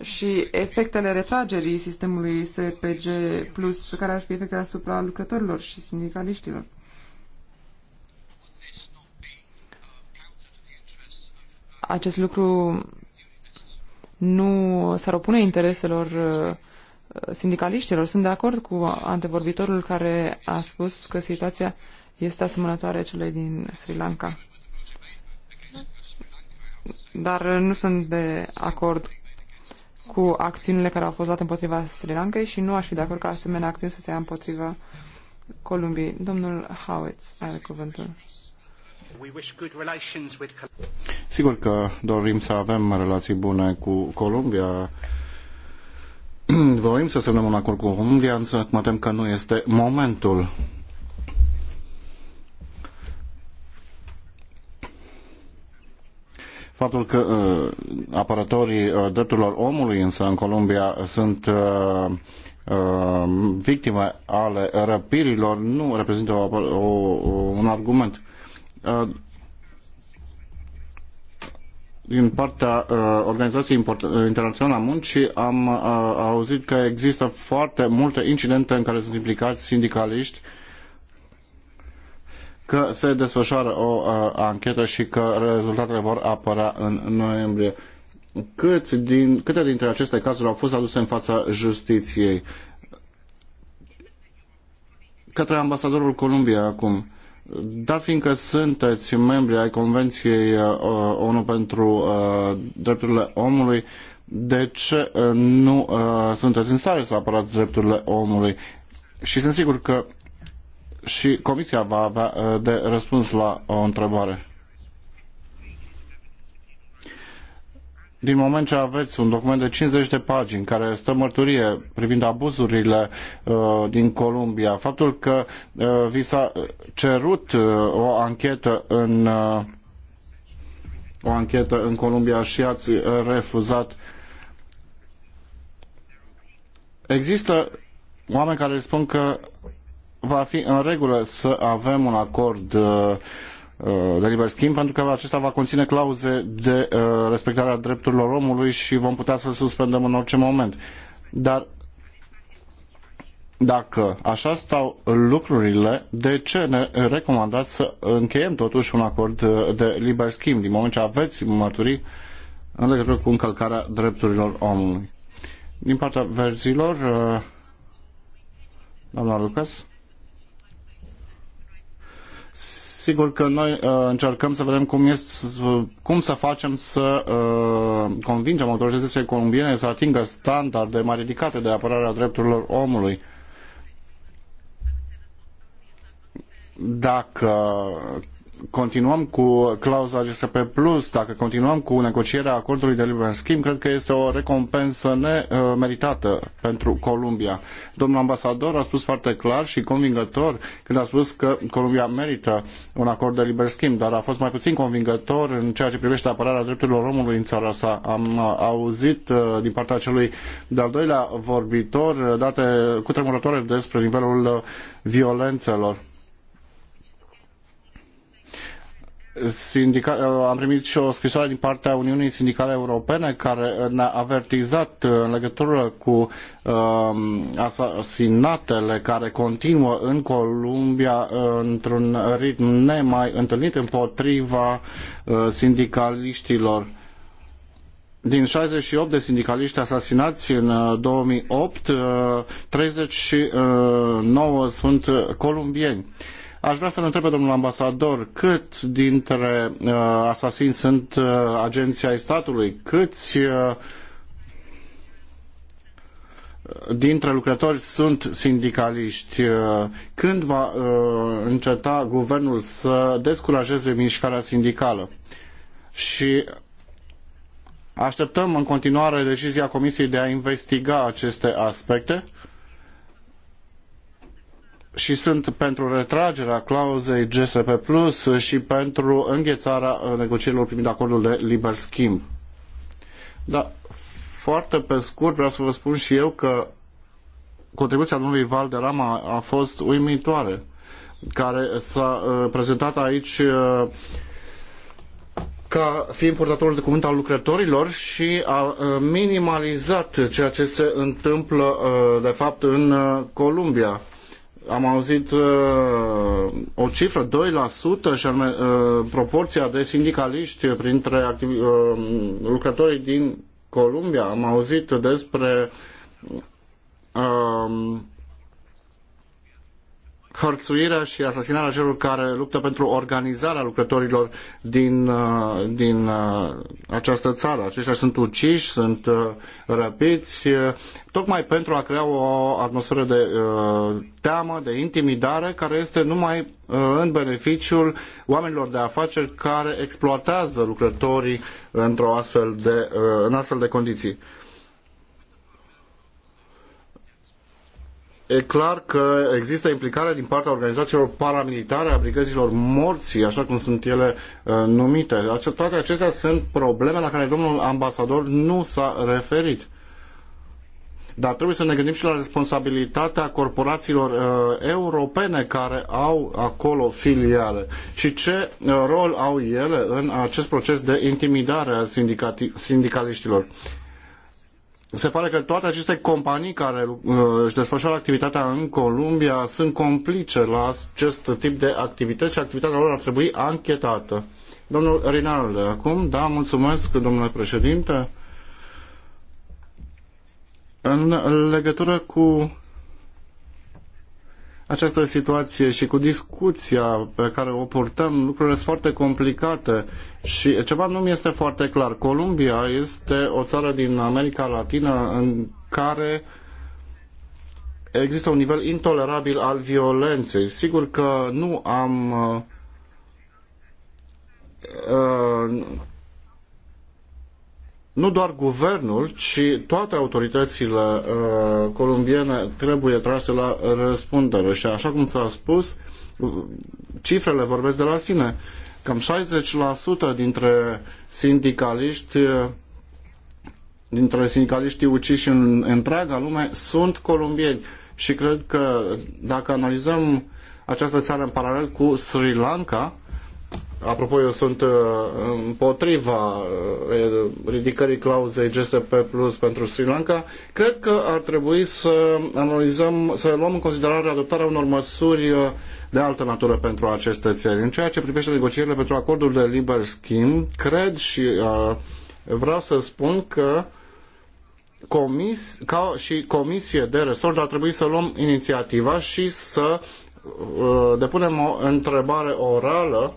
și efectele retragerii sistemului SPG+, plus, care ar fi efectele asupra lucrătorilor și sindicaliștilor. Acest lucru nu s-ar opune intereselor uh, sindicaliștilor. Sunt de acord cu antevorbitorul care a spus că situația este asemănătoare celei din Sri Lanka. Dar nu sunt de acord cu acțiunile care au fost luate împotriva Sri Lankei și nu aș fi de acord ca asemenea acțiuni să se ia împotriva Columbiei. Domnul Howitz are cuvântul. Sigur că dorim să avem relații bune cu Columbia. Dorim să semnăm un acord cu Columbia, însă mă tem că nu este momentul. Faptul că uh, apărătorii uh, drepturilor omului însă în Columbia sunt uh, uh, victime ale răpirilor nu reprezintă o, o, un argument Uh, din partea uh, Organizației Internaționale a Muncii am uh, auzit că există foarte multe incidente în care sunt implicați sindicaliști că se desfășoară o anchetă și că rezultatele vor apărea în noiembrie. Cât din, câte dintre aceste cazuri au fost aduse în fața justiției? Către ambasadorul Columbia acum. Dar fiindcă sunteți membri ai Convenției uh, ONU pentru uh, drepturile omului, de ce uh, nu sunteți în stare să apărați drepturile omului? Și sunt sigur că și Comisia va avea de răspuns la o întrebare. din moment ce aveți un document de 50 de pagini care stă mărturie privind abuzurile uh, din Columbia, faptul că uh, vi s-a cerut uh, o anchetă în uh, o anchetă în Columbia și ați uh, refuzat. Există oameni care spun că va fi în regulă să avem un acord uh, Uh, de liber schimb, pentru că acesta va conține clauze de uh, respectarea drepturilor omului și vom putea să-l suspendăm în orice moment. Dar dacă așa stau lucrurile, de ce ne recomandați să încheiem totuși un acord uh, de liber schimb, din moment ce aveți mărturii în legătură cu încălcarea drepturilor omului? Din partea verzilor, doamna Lucas, Sigur că noi uh, încercăm să vedem cum, este, cum să facem să uh, convingem autoritățile colombiene să atingă standarde mai ridicate de apărare a drepturilor omului. Dacă continuăm cu clauza GSP Plus, dacă continuăm cu negocierea acordului de liber schimb, cred că este o recompensă nemeritată pentru Columbia. Domnul ambasador a spus foarte clar și convingător când a spus că Columbia merită un acord de liber schimb, dar a fost mai puțin convingător în ceea ce privește apărarea drepturilor omului în țara sa. Am auzit uh, din partea celui de-al doilea vorbitor uh, date cutremurătoare despre nivelul uh, violențelor Sindica... Uh, am primit și o scrisoare din partea Uniunii Sindicale Europene care uh, ne-a avertizat uh, în legătură cu um, asasinatele care continuă în Columbia într-un ritm nemai întâlnit împotriva uh, sindicaliștilor. Din 68 de sindicaliști asasinați în 2008, 39 sunt columbieni. Aș vrea să-l întreb pe domnul ambasador cât dintre uh, asasini sunt uh, agenții ai statului, câți uh, dintre lucrători sunt sindicaliști. Uh, când va uh, înceta guvernul să descurajeze mișcarea sindicală? Și așteptăm în continuare decizia Comisiei de a investiga aceste aspecte și sunt pentru retragerea clauzei GSP Plus și pentru înghețarea uh, negocierilor privind acordul de liber schimb. Dar foarte pe scurt vreau să vă spun și eu că contribuția domnului Valderama a fost uimitoare, care s-a uh, prezentat aici uh, ca fiind purtătorul de cuvânt al lucrătorilor și a minimalizat ceea ce se întâmplă de fapt în Columbia am auzit uh, o cifră, 2% și anume uh, proporția de sindicaliști printre activi, uh, lucrătorii din Columbia. Am auzit despre uh, hărțuirea și asasinarea celor care luptă pentru organizarea lucrătorilor din, uh, din uh, această țară. Aceștia sunt uciși, sunt uh, răpiți, tocmai pentru a crea o atmosferă de teamă, de intimidare, care este numai în beneficiul oamenilor de afaceri care exploatează lucrătorii într-o astfel de, în astfel de condiții. e clar că există implicarea din partea organizațiilor paramilitare a brigăzilor morții, așa cum sunt ele numite. Toate acestea sunt probleme la care domnul ambasador nu s-a referit. Dar trebuie să ne gândim și la responsabilitatea corporațiilor uh, europene care au acolo filiale și ce uh, rol au ele în acest proces de intimidare a sindicaliștilor se pare că toate aceste companii care uh, își desfășoară activitatea în Columbia sunt complice la acest tip de activități și activitatea lor ar trebui anchetată. Domnul Rinaldi, acum, da, mulțumesc, domnule președinte. În legătură cu această situație și cu discuția pe care o purtăm, lucrurile sunt foarte complicate și ceva nu mi este foarte clar. Columbia este o țară din America Latină în care există un nivel intolerabil al violenței. Sigur că nu am uh, uh nu doar guvernul, ci toate autoritățile uh, colombiene trebuie trase la răspundere. Și așa cum s-a spus, cifrele vorbesc de la sine. Cam 60% dintre sindicaliști uh, dintre sindicaliștii uciși în întreaga lume sunt colombieni. Și cred că dacă analizăm această țară în paralel cu Sri Lanka, Apropo, eu sunt uh, împotriva uh, ridicării clauzei GSP Plus pentru Sri Lanka. Cred că ar trebui să analizăm, să luăm în considerare adoptarea unor măsuri uh, de altă natură pentru aceste țări. În ceea ce privește negocierile pentru acordul de liber schimb, cred și vreau să spun că comis, ca și comisie de resort ar trebui să luăm inițiativa și să depunem o întrebare orală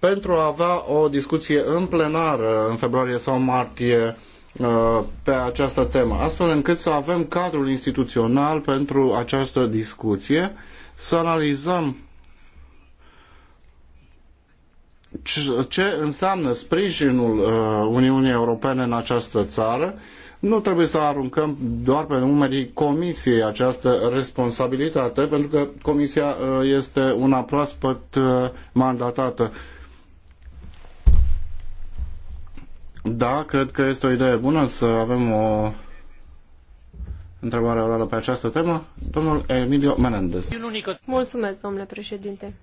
pentru a avea o discuție în plenară în februarie sau martie uh, pe această temă, astfel încât să avem cadrul instituțional pentru această discuție, să analizăm ce înseamnă sprijinul uh, Uniunii Europene în această țară. Nu trebuie să aruncăm doar pe numerii Comisiei această responsabilitate, pentru că Comisia uh, este una proaspăt mandatată. Da, cred că este o idee bună să avem o întrebare orală pe această temă. Domnul Emilio Menendez. Mulțumesc, domnule președinte.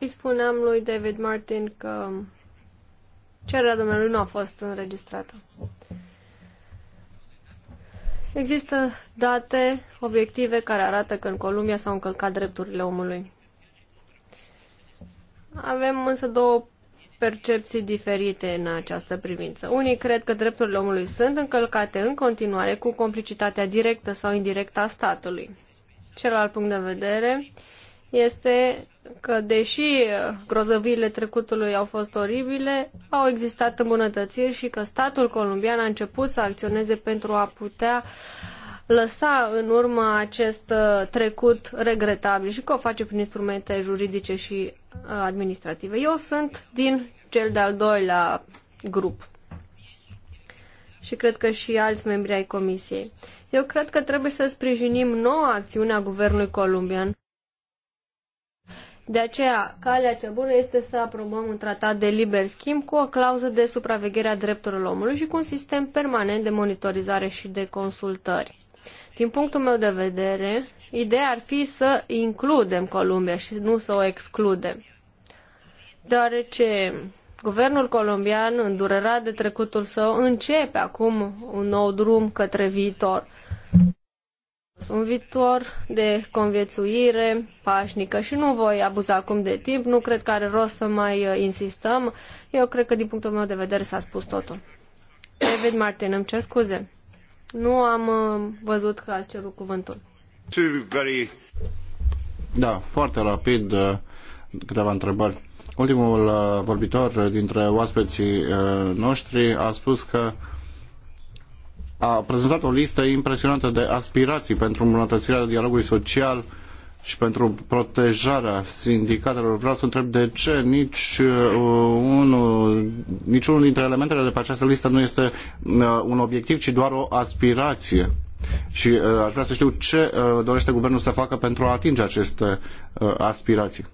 Îi spuneam lui David Martin că cererea domnului nu a fost înregistrată. Există date obiective care arată că în Columbia s-au încălcat drepturile omului. Avem însă două percepții diferite în această privință. Unii cred că drepturile omului sunt încălcate în continuare cu complicitatea directă sau indirectă a statului. Celălalt punct de vedere este că, deși uh, grozăviile trecutului au fost oribile, au existat îmbunătățiri și că statul colombian a început să acționeze pentru a putea uh, lăsa în urmă acest uh, trecut regretabil și că o face prin instrumente juridice și uh, administrative. Eu sunt din cel de-al doilea grup și cred că și alți membri ai comisiei. Eu cred că trebuie să sprijinim noua acțiune a guvernului colombian. De aceea, calea cea bună este să aprobăm un tratat de liber schimb cu o clauză de supraveghere a drepturilor omului și cu un sistem permanent de monitorizare și de consultări. Din punctul meu de vedere, ideea ar fi să includem Columbia și nu să o excludem. Deoarece guvernul colombian, îndurerat de trecutul său, începe acum un nou drum către viitor. Un viitor de conviețuire pașnică și nu voi abuza acum de timp, nu cred că are rost să mai uh, insistăm. Eu cred că din punctul meu de vedere s-a spus totul. David Martin, îmi cer scuze. Nu am uh, văzut că ați cerut cuvântul. Da, foarte rapid uh, câteva întrebări. Ultimul uh, vorbitor dintre oaspeții noștri a spus că a prezentat o listă impresionantă de aspirații pentru îmbunătățirea dialogului social și pentru protejarea sindicatelor. Vreau să întreb de ce nici uh, unul, niciunul dintre elementele de pe această listă nu este uh, un obiectiv, ci doar o aspirație. Și uh, aș vrea să știu ce uh, dorește guvernul să facă pentru a atinge aceste uh, aspirații.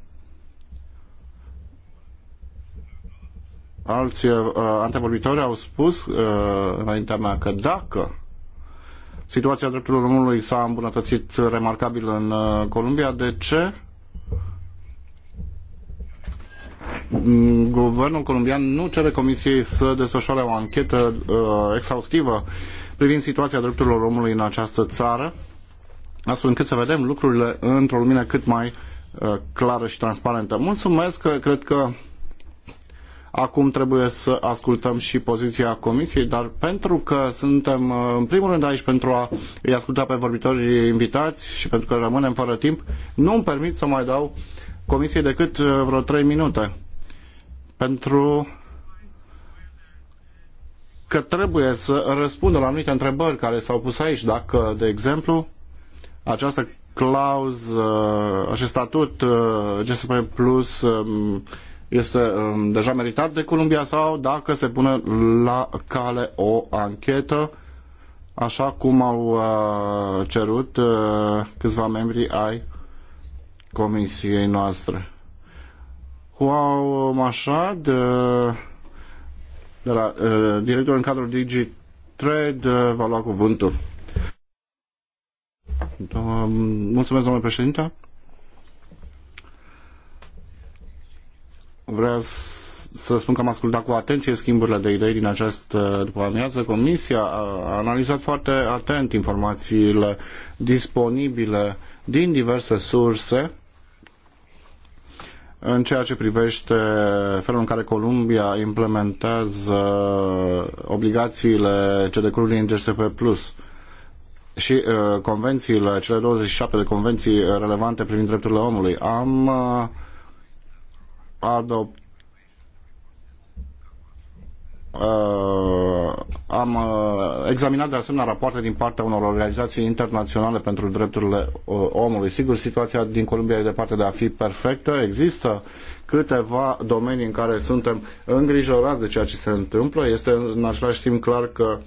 Alți uh, antevorbitori au spus uh, înaintea mea că dacă Situația drepturilor omului s-a îmbunătățit remarcabil în uh, Columbia. De ce? Mm, guvernul colombian nu cere comisiei să desfășoare o anchetă uh, exhaustivă privind situația drepturilor omului în această țară, astfel încât să vedem lucrurile într-o lumină cât mai uh, clară și transparentă. Mulțumesc, cred că Acum trebuie să ascultăm și poziția Comisiei, dar pentru că suntem uh, în primul rând aici pentru a îi asculta pe vorbitorii invitați și pentru că rămânem fără timp, nu îmi permit să mai dau Comisiei decât uh, vreo trei minute. Pentru că trebuie să răspundă la anumite întrebări care s-au pus aici. Dacă, de exemplu, această clauză, acest statut uh, GSP Plus um, este um, deja meritat de Columbia sau dacă se pune la cale o anchetă așa cum au uh, cerut uh, câțiva membri ai comisiei noastre. Wow, um, așa, de la uh, directorul în cadrul Digi Trade, va lua cuvântul. Mulțumesc, domnule președinte. Vreau să spun că am ascultat cu atenție schimburile de idei din această după amiază. Comisia a analizat foarte atent informațiile disponibile din diverse surse în ceea ce privește felul în care Columbia implementează obligațiile ce decurg din GSP Plus și uh, convențiile, cele 27 de convenții relevante privind drepturile omului. Am uh, adopt Uh, am uh, examinat de asemenea rapoarte din partea unor organizații internaționale pentru drepturile uh, omului. Sigur, situația din Columbia e departe de a fi perfectă. Există câteva domenii în care suntem îngrijorați de ceea ce se întâmplă. Este în același timp clar că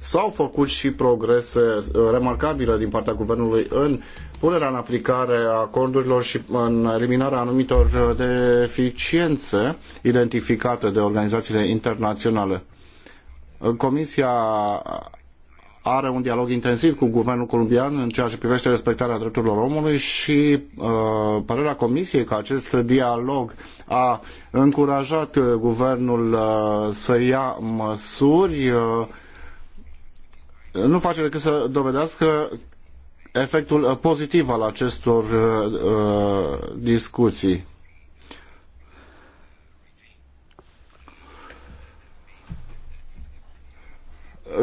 S-au făcut și progrese uh, remarcabile din partea guvernului în punerea în aplicare a acordurilor și în eliminarea anumitor uh, deficiențe identificate de organizațiile internaționale. Uh, Comisia are un dialog intensiv cu guvernul colombian în ceea ce privește respectarea drepturilor omului și uh, părerea Comisiei că acest dialog a încurajat guvernul uh, să ia măsuri uh, nu face decât să dovedească efectul uh, pozitiv al acestor uh, uh, discuții.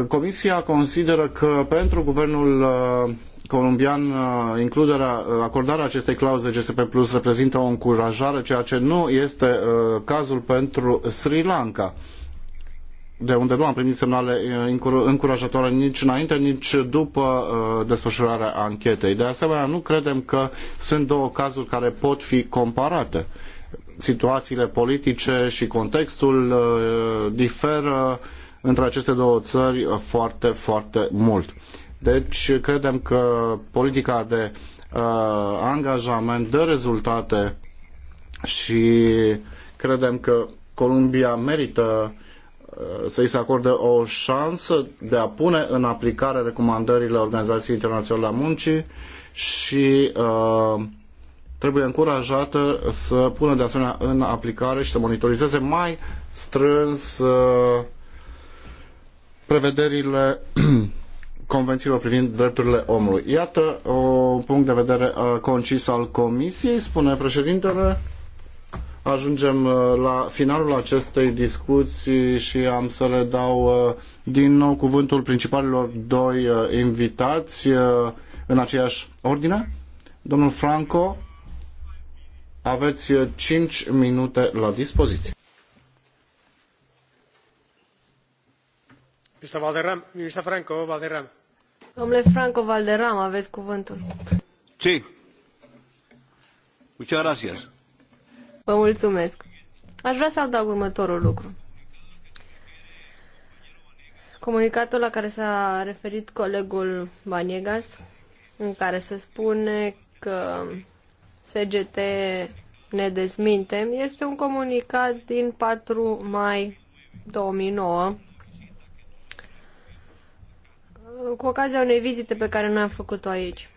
Comisia consideră că pentru guvernul uh, colombian includerea, acordarea acestei clauze GSP Plus reprezintă o încurajare, ceea ce nu este cazul pentru Sri Lanka de unde nu am primit semnale uh, încurajatoare nici înainte, nici după uh, desfășurarea anchetei. De asemenea, nu credem că sunt două cazuri care pot fi comparate. Situațiile politice și contextul uh, diferă între aceste două țări foarte, foarte mult. Deci, credem că politica de angajament dă rezultate și credem că Columbia merită să-i se acorde o șansă de a pune în aplicare recomandările Organizației Internaționale a Muncii și uh, trebuie încurajată să pună de asemenea în aplicare și să monitorizeze mai strâns uh, prevederile convențiilor privind drepturile omului. Iată un punct de vedere uh, concis al Comisiei, spune președintele ajungem uh, la finalul acestei discuții și am să le dau uh, din nou cuvântul principalilor doi uh, invitați în aceeași ordine. Domnul Franco, aveți cinci minute la dispoziție. Mr. Valderam, Mr. Franco Valderam. Domnule Franco Valderam, aveți cuvântul. Sí. Muchas gracias. Vă mulțumesc. Aș vrea să adaug următorul lucru. Comunicatul la care s-a referit colegul Baniegas, în care se spune că SGT ne dezminte, este un comunicat din 4 mai 2009, cu ocazia unei vizite pe care noi am făcut-o aici.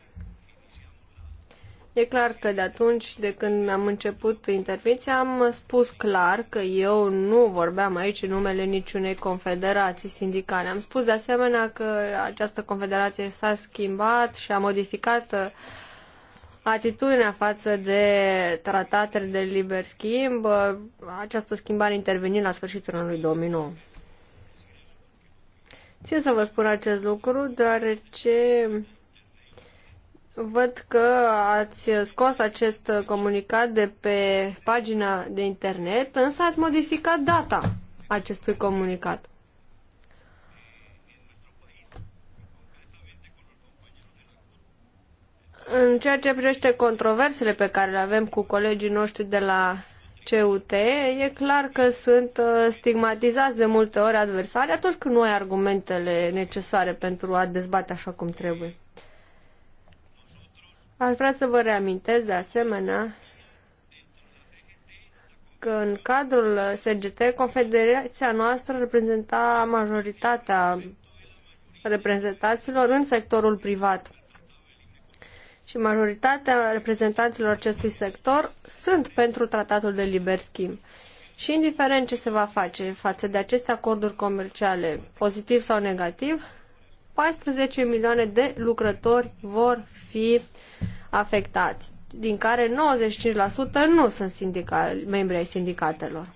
E clar că de atunci, de când am început intervenția, am spus clar că eu nu vorbeam aici în numele niciunei confederații sindicale. Am spus de asemenea că această confederație s-a schimbat și a modificat uh, atitudinea față de tratatele de liber schimb. Uh, această schimbare intervenind la sfârșitul anului 2009. Ce să vă spun acest lucru, deoarece Văd că ați scos acest comunicat de pe pagina de internet, însă ați modificat data acestui comunicat. În ceea ce privește controversele pe care le avem cu colegii noștri de la CUT, e clar că sunt uh, stigmatizați de multe ori adversari atunci când nu ai argumentele necesare pentru a dezbate așa cum trebuie. Aș vrea să vă reamintesc de asemenea că în cadrul SGT confederația noastră reprezenta majoritatea reprezentanților în sectorul privat. Și majoritatea reprezentanților acestui sector sunt pentru tratatul de liber schimb. Și indiferent ce se va face față de aceste acorduri comerciale, pozitiv sau negativ, 14 milioane de lucrători vor fi afectați, din care 95% nu sunt membri ai sindicatelor.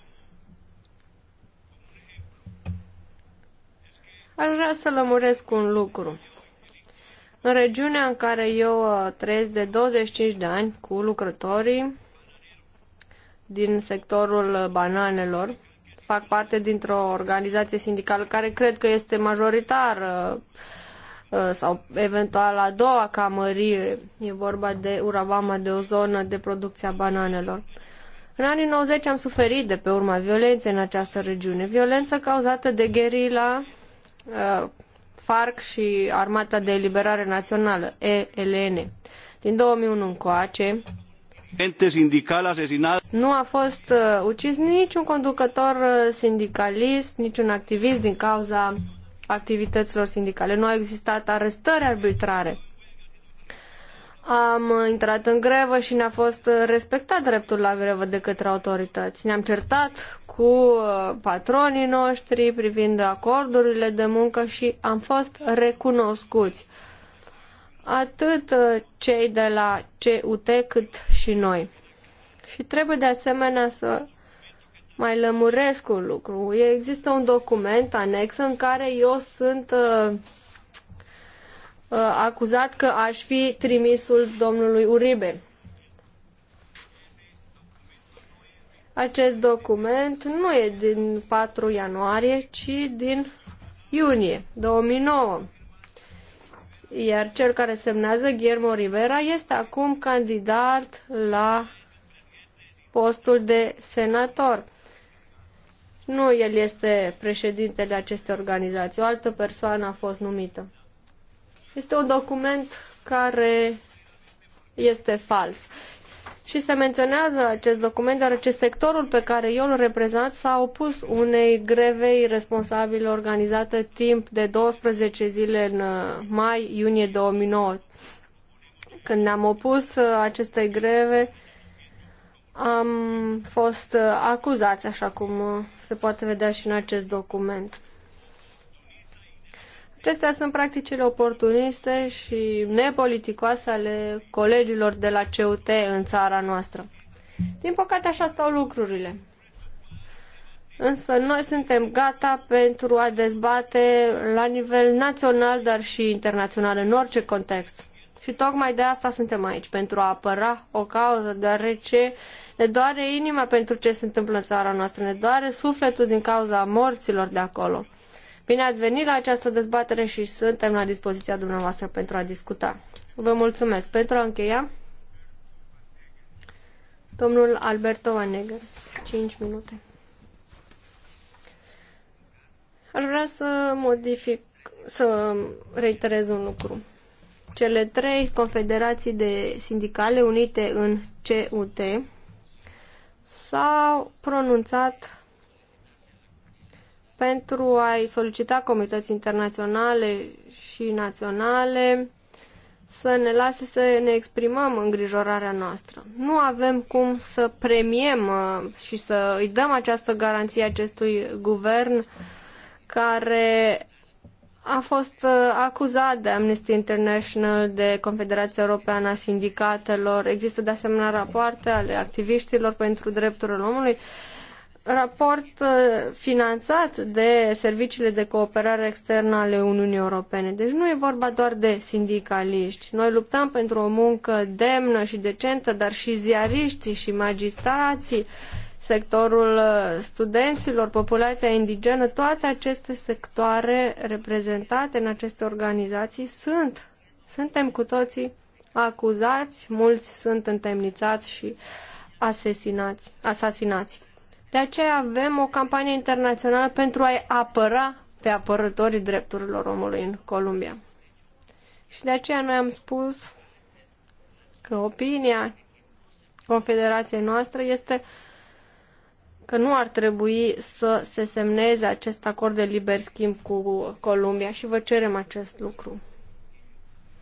Aș vrea să lămuresc un lucru. În regiunea în care eu uh, trăiesc de 25 de ani cu lucrătorii din sectorul uh, bananelor, fac parte dintr-o organizație sindicală care cred că este majoritară uh, sau eventual a doua ca mărire. E vorba de Uravama, de o zonă de producție a bananelor. În anii 90 am suferit de pe urma violenței în această regiune, violență cauzată de gherila, uh, FARC și Armata de Eliberare Națională, ELN. Din 2001 încoace, nu a fost uh, ucis niciun conducător uh, sindicalist, niciun activist din cauza activităților sindicale. Nu au existat arestări arbitrare. Am intrat în grevă și ne-a fost uh, respectat dreptul la grevă de către autorități. Ne-am certat cu uh, patronii noștri privind acordurile de muncă și am fost recunoscuți atât uh, cei de la CUT cât și noi. Și trebuie de asemenea să mai lămuresc un lucru. Există un document anex în care eu sunt uh, uh, acuzat că aș fi trimisul domnului Uribe. Acest document nu e din 4 ianuarie, ci din iunie 2009. Iar cel care semnează, Guillermo Rivera, este acum candidat la postul de senator. Nu el este președintele acestei organizații, o altă persoană a fost numită. Este un document care este fals. Și se menționează acest document, deoarece sectorul pe care eu îl reprezent s-a opus unei grevei responsabile organizată timp de 12 zile în uh, mai-iunie 2009. Când ne-am opus uh, acestei greve, am fost uh, acuzați, așa cum se poate vedea și în acest document. Acestea sunt practicile oportuniste și nepoliticoase ale colegilor de la CUT în țara noastră. Din păcate așa stau lucrurile. Însă noi suntem gata pentru a dezbate la nivel național, dar și internațional, în orice context. Și tocmai de asta suntem aici, pentru a apăra o cauză, deoarece ne doare inima pentru ce se întâmplă în țara noastră, ne doare sufletul din cauza morților de acolo. Bine ați venit la această dezbatere și suntem la dispoziția dumneavoastră pentru a discuta. Vă mulțumesc. Pentru a încheia, domnul Alberto Vanegers, 5 minute. Aș vrea să modific, să reiterez un lucru. Cele trei confederații de sindicale unite în CUT s-au pronunțat pentru a-i solicita comunității internaționale și naționale să ne lase să ne exprimăm îngrijorarea noastră. Nu avem cum să premiem uh, și să îi dăm această garanție acestui guvern care a fost uh, acuzat de Amnesty International, de Confederația Europeană a Sindicatelor. Există de asemenea rapoarte ale activiștilor pentru drepturile omului raport uh, finanțat de serviciile de cooperare externă ale Uniunii Europene. Deci nu e vorba doar de sindicaliști. Noi luptăm pentru o muncă demnă și decentă, dar și ziariștii și magistrații, sectorul uh, studenților, populația indigenă, toate aceste sectoare reprezentate în aceste organizații sunt, suntem cu toții acuzați, mulți sunt întemnițați și asesinați, asasinați. De aceea avem o campanie internațională pentru a-i apăra pe apărătorii drepturilor omului în Columbia. Și de aceea noi am spus că opinia Confederației noastre este că nu ar trebui să se semneze acest acord de liber schimb cu Columbia și vă cerem acest lucru.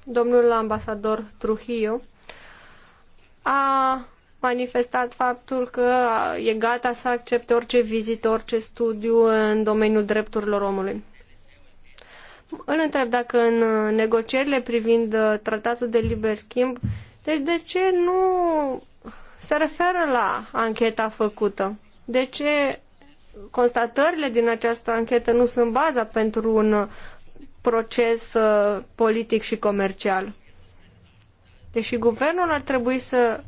Domnul ambasador Trujillo a manifestat faptul că e gata să accepte orice vizită, orice studiu în domeniul drepturilor omului. Îl întreb dacă în negocierile privind uh, tratatul de liber schimb, deci de ce nu se referă la ancheta făcută? De ce constatările din această anchetă nu sunt baza pentru un proces uh, politic și comercial? Deși guvernul ar trebui să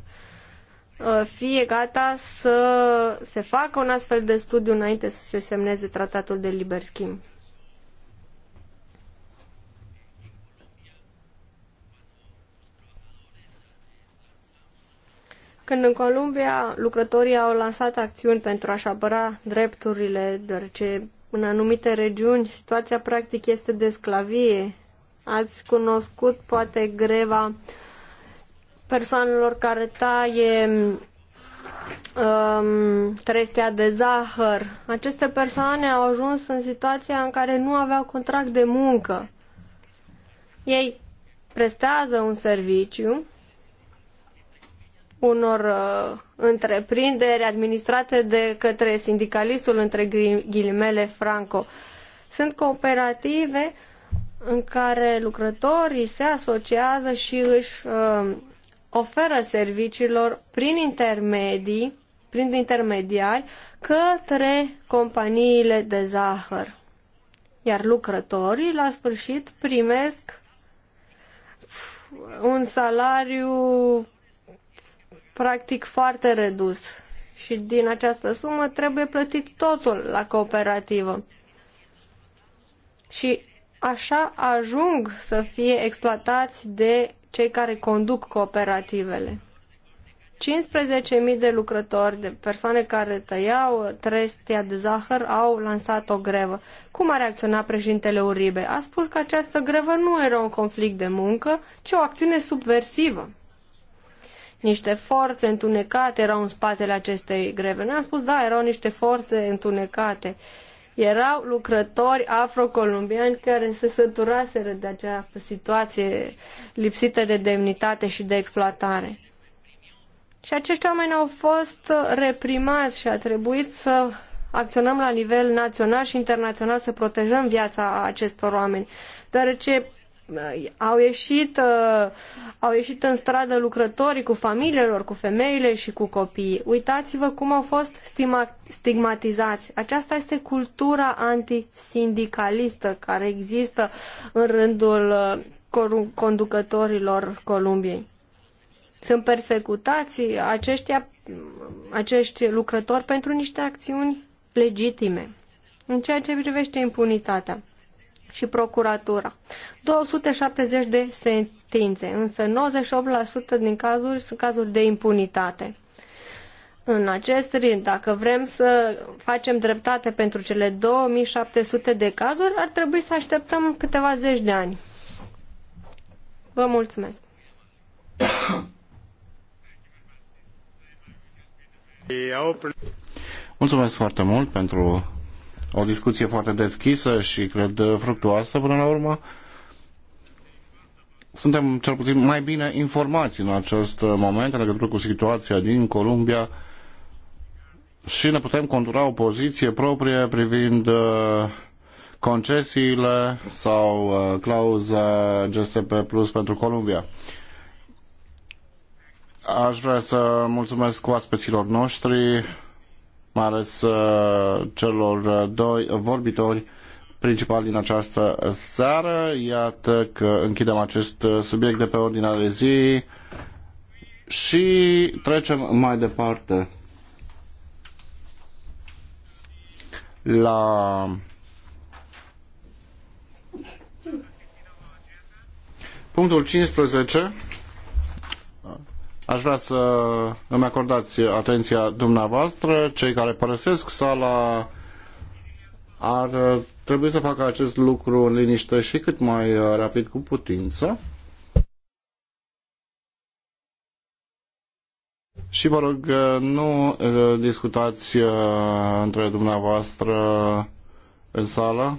Uh, fie gata să se facă un astfel de studiu înainte să se semneze tratatul de liber schimb. Când în Columbia lucrătorii au lansat acțiuni pentru a-și apăra drepturile, deoarece în anumite regiuni situația practic este de sclavie. Ați cunoscut poate greva uh, persoanelor care taie um, trestea de zahăr. Aceste persoane au ajuns în situația în care nu aveau contract de muncă. Ei prestează un serviciu unor uh, întreprinderi administrate de către sindicalistul între ghilimele Franco. Sunt cooperative în care lucrătorii se asociază și își uh, oferă serviciilor prin intermedii, prin intermediari, către companiile de zahăr. Iar lucrătorii, la sfârșit, primesc un salariu practic foarte redus. Și din această sumă trebuie plătit totul la cooperativă. Și așa ajung să fie exploatați de cei care conduc cooperativele. 15.000 de lucrători, de persoane care tăiau trestia de zahăr, au lansat o grevă. Cum a reacționat președintele Uribe? A spus că această grevă nu era un conflict de muncă, ci o acțiune subversivă. Niște forțe întunecate erau în spatele acestei greve. Noi am spus, da, erau niște forțe întunecate. Uh, erau lucrători afrocolumbiani care se săturaseră de această situație lipsită de demnitate și de exploatare. Și acești oameni au fost reprimați și a trebuit să acționăm la nivel național și internațional să protejăm viața acestor oameni, deoarece Uh, au ieșit, uh, au ieșit în stradă lucrătorii cu familiilor, cu femeile și cu copiii. Uitați-vă cum au fost stima, stigmatizați. Aceasta este cultura antisindicalistă care există în rândul uh, conducătorilor Columbiei. Sunt persecutați aceștia, acești lucrători pentru niște acțiuni legitime. În ceea ce privește impunitatea și procuratura. 270 de sentințe, însă 98% din cazuri sunt cazuri de impunitate. În acest rând, dacă vrem să facem dreptate pentru cele 2700 de cazuri, ar trebui să așteptăm câteva zeci de ani. Vă mulțumesc! Mulțumesc foarte mult pentru o discuție foarte deschisă și, cred, fructuoasă până la urmă. Suntem cel puțin mai bine informați în acest moment în legătură cu situația din Columbia și ne putem contura o poziție proprie privind uh, concesiile sau uh, clauza GSP Plus pentru Columbia. Aș vrea să mulțumesc oaspeților noștri, mai ales uh, celor uh, doi vorbitori principali din această seară. Iată că închidem acest uh, subiect de pe ordinea de zi și trecem mai departe la punctul 15 Aș vrea să îmi acordați atenția dumneavoastră. Cei care părăsesc sala ar trebui să facă acest lucru în liniște și cât mai rapid cu putință. Și vă rog, nu eh, discutați eh, între dumneavoastră în sală.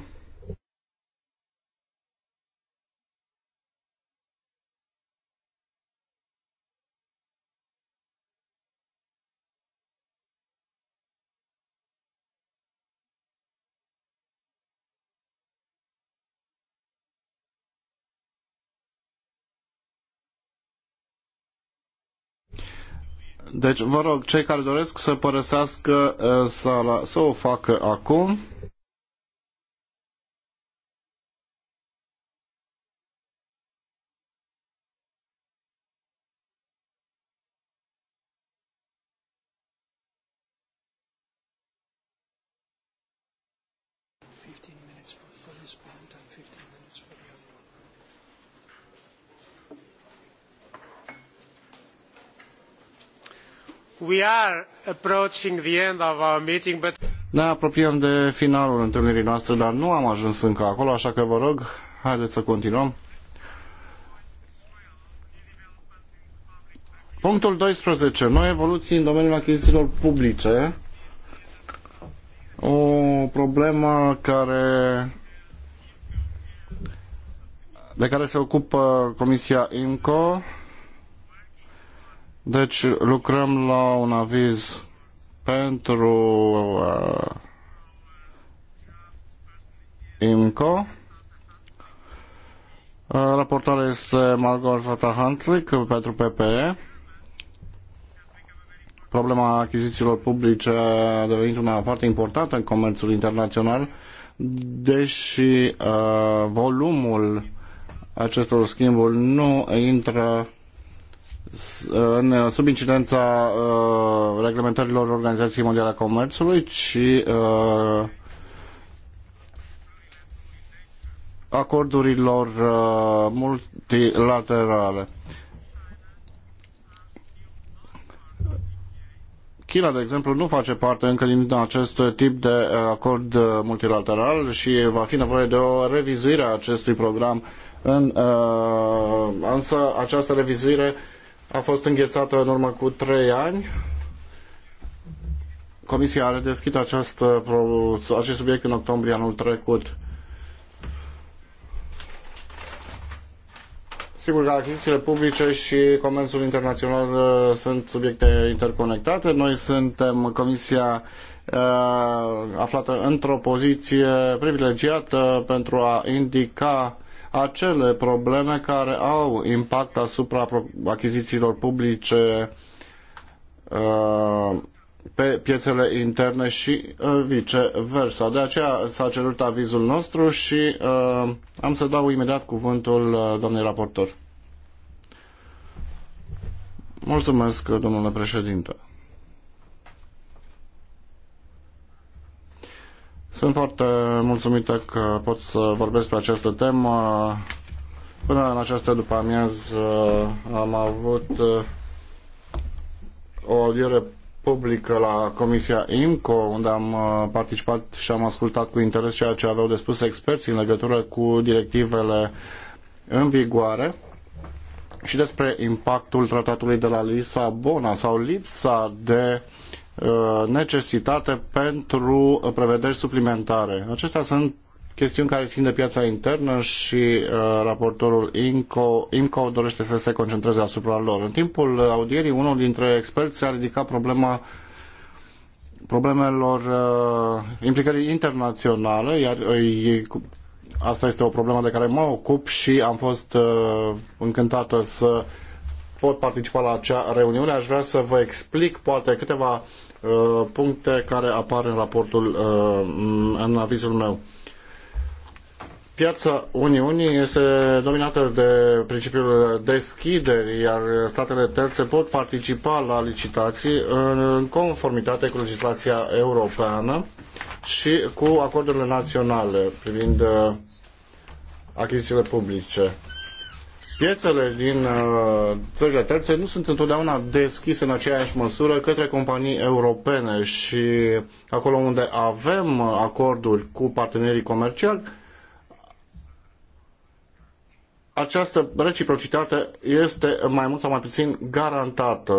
Deci, vă rog, cei care doresc să părăsească uh, sala să o facă acum. we are approaching the end of our meeting, but... Ne apropiem de finalul întâlnirii noastre, dar nu am ajuns încă acolo, așa că vă rog, haideți să continuăm. Punctul 12. Noi evoluții în domeniul achizițiilor publice. O problemă care de care se ocupă Comisia IMCO deci lucrăm la un aviz pentru uh, IMCO. Uh, Raportarea este Margot Fata Hantlick pentru PPE. Problema achizițiilor publice a devenit una foarte importantă în comerțul internațional, deși uh, volumul acestor schimburi nu intră în, sub incidența uh, reglementărilor Organizației Mondiale a Comerțului, și uh, acordurilor uh, multilaterale. China, de exemplu, nu face parte încă din acest tip de uh, acord uh, multilateral și va fi nevoie de o revizuire a acestui program. În, uh, însă această revizuire a fost înghețată în urmă cu trei ani. Comisia a redeschis acest, acest subiect în octombrie anul trecut. Sigur că achizițiile publice și comerțul internațional uh, sunt subiecte interconectate. Noi suntem Comisia uh, aflată într-o poziție privilegiată pentru a indica acele probleme care au impact asupra achizițiilor publice uh, pe piețele interne și uh, viceversa. De aceea s-a cerut avizul nostru și uh, am să dau imediat cuvântul doamnei raportor. Mulțumesc, domnule președinte. Sunt foarte mulțumită că pot să vorbesc pe această temă. Până în această după amiază uh, am avut uh, o audiere publică la Comisia IMCO, unde am uh, participat și am ascultat cu interes ceea ce aveau de spus experții în legătură cu directivele în vigoare și despre impactul tratatului de la Lisabona sau lipsa de Uh, necesitate pentru prevederi suplimentare. Acestea sunt chestiuni care țin de piața internă și uh, raportorul IMCO, IMCO dorește să se concentreze asupra lor. În timpul audierii, unul dintre experți a ridicat problema problemelor uh, implicării internaționale, iar uh, asta este o problemă de care mă ocup și am fost uh, încântată să uh, pot participa la acea reuniune. Aș vrea să vă explic poate câteva uh, puncte care apar în raportul, uh, în avizul meu. Piața Uniunii este dominată de principiul deschiderii, iar statele terțe pot participa la licitații în conformitate cu legislația europeană și cu acordurile naționale privind uh, achizițiile publice. Piețele din uh, țările terțe nu sunt întotdeauna deschise în aceeași măsură către companii europene și acolo unde avem acorduri cu partenerii comerciali, această reciprocitate este mai mult sau mai puțin garantată.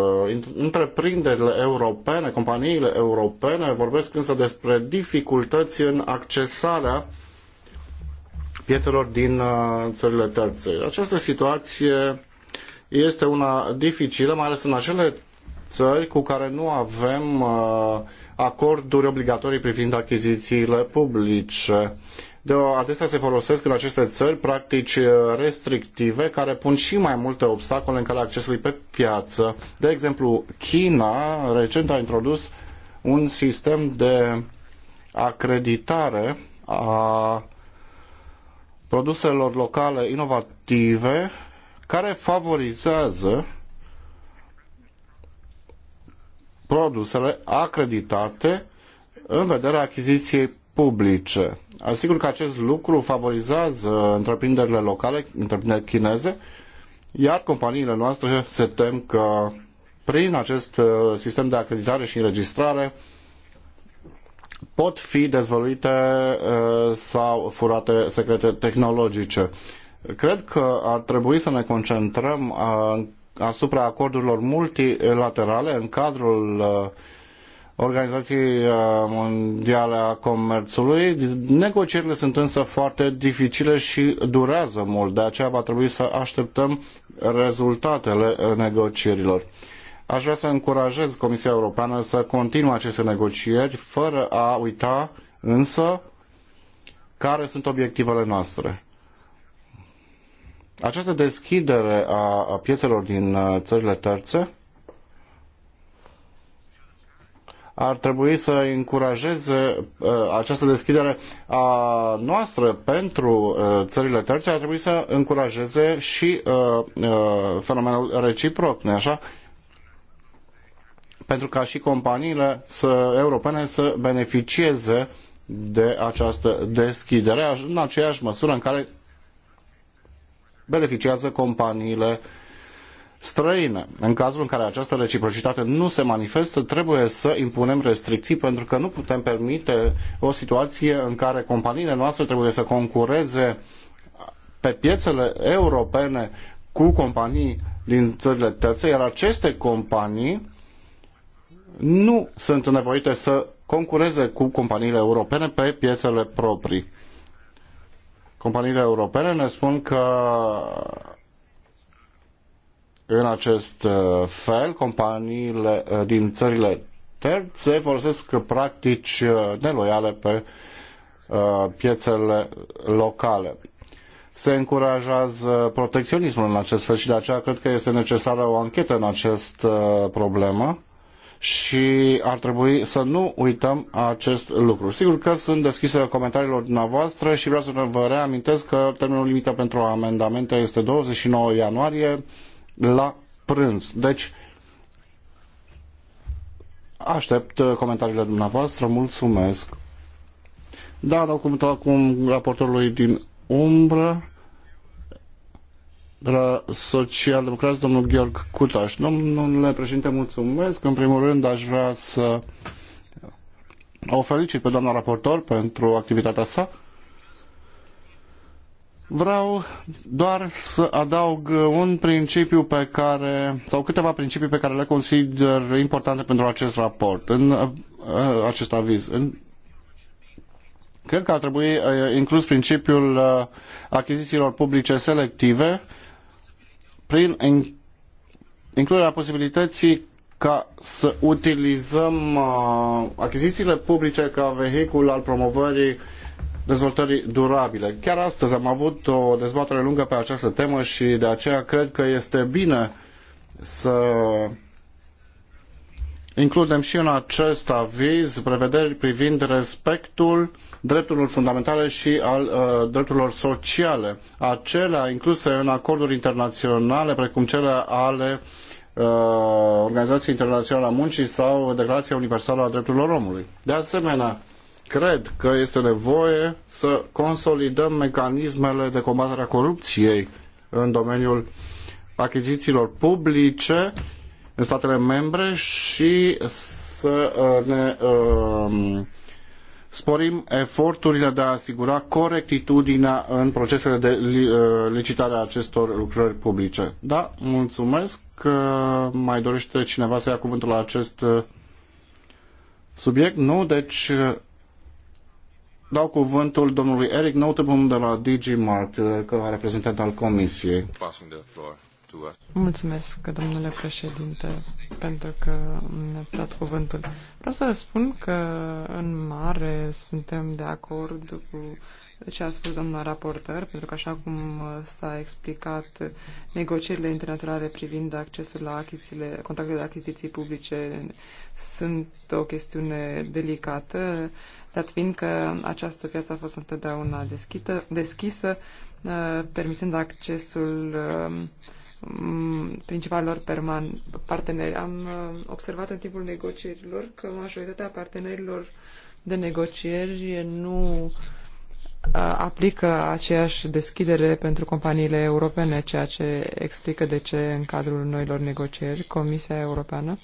Întreprinderile europene, companiile europene vorbesc însă despre dificultăți în accesarea piețelor din uh, țările terțe. Această situație este una dificilă, mai ales în acele țări cu care nu avem uh, acorduri obligatorii privind achizițiile publice. De adesea se folosesc în aceste țări practici uh, restrictive care pun și mai multe obstacole în calea accesului pe piață. De exemplu, China recent a introdus un sistem de acreditare a produselor locale inovative care favorizează produsele acreditate în vederea achiziției publice. Asigur că acest lucru favorizează întreprinderile locale, întreprinderile chineze, iar companiile noastre se tem că prin acest uh, sistem de acreditare și înregistrare pot fi dezvăluite uh, sau furate secrete tehnologice. Cred că ar trebui să ne concentrăm uh, asupra acordurilor multilaterale în cadrul uh, Organizației Mondiale a Comerțului. Negocierile sunt însă foarte dificile și durează mult, de aceea va trebui să așteptăm rezultatele negocierilor. Aș vrea să încurajez Comisia Europeană să continue aceste negocieri fără a uita însă care sunt obiectivele noastre. Această deschidere a piețelor din uh, țările terțe ar trebui să încurajeze uh, această deschidere a noastră pentru uh, țările terțe, ar trebui să încurajeze și fenomenul reciproc, nu așa? pentru ca și companiile să, europene să beneficieze de această deschidere în aceeași măsură în care beneficiază companiile străine. În cazul în care această reciprocitate nu se manifestă, trebuie să impunem restricții pentru că nu putem permite o situație în care companiile noastre trebuie să concureze pe piețele europene cu companii din țările terțe, iar aceste companii nu sunt nevoite să concureze cu companiile europene pe piețele proprii. Companiile europene ne spun că în acest uh, fel companiile uh, din țările terțe folosesc practici uh, neloiale pe piețele locale. Se încurajează protecționismul în acest fel și de aceea cred că este necesară o anchetă în această problemă și ar trebui să nu uităm acest lucru. Sigur că sunt deschise comentariilor dumneavoastră și vreau să vă reamintesc că termenul limită pentru amendamente este 29 ianuarie la prânz. Deci, aștept comentariile dumneavoastră. Mulțumesc! Da, dau cuvântul acum raportorului din umbră social-democrați, domnul Gheorghe Cutaș. Domnule președinte, mulțumesc. În primul rând aș vrea să o felicit pe doamna raportor pentru activitatea sa. Vreau doar să adaug un principiu pe care, sau câteva principii pe care le consider importante pentru acest raport, în uh, acest aviz. În, cred că ar trebui uh, inclus principiul uh, achizițiilor publice selective, prin includerea posibilității ca să utilizăm uh, achizițiile publice ca vehicul al promovării dezvoltării durabile. Chiar astăzi am avut o dezbatere lungă pe această temă și de aceea cred că este bine să includem și în acest aviz prevederi privind respectul uh, drepturilor fundamentale și al uh, drepturilor sociale, acelea incluse în acorduri internaționale, precum cele ale uh, Organizației Internaționale a Muncii sau Declarația Universală a Drepturilor Omului. De asemenea, cred că este nevoie să consolidăm mecanismele de combatere a corupției în domeniul achizițiilor publice în statele membre și să uh, ne uh, sporim eforturile de a asigura corectitudinea în procesele de uh, licitare a acestor lucrări publice. Da, mulțumesc. Mai dorește cineva să ia cuvântul la acest uh, subiect? Nu, deci uh, dau cuvântul domnului Eric Notebaum de la DG Mark, ca reprezentant al Comisiei. Passing the floor. Mulțumesc, domnule președinte, pentru că mi-ați dat cuvântul. Vreau să spun că, în mare, suntem de acord cu ce a spus doamna raportor, pentru că, așa cum s-a explicat, negocierile internaționale privind accesul la achizițiile, contractele de achiziții publice sunt o chestiune delicată, dat fiind că această piață a fost întotdeauna deschită, deschisă, uh, permițând accesul uh, Mm, principalilor parteneri. Am uh, observat în timpul negocierilor că majoritatea partenerilor de negocieri nu uh, aplică aceeași deschidere pentru companiile europene, ceea ce explică de ce în cadrul noilor negocieri Comisia Europeană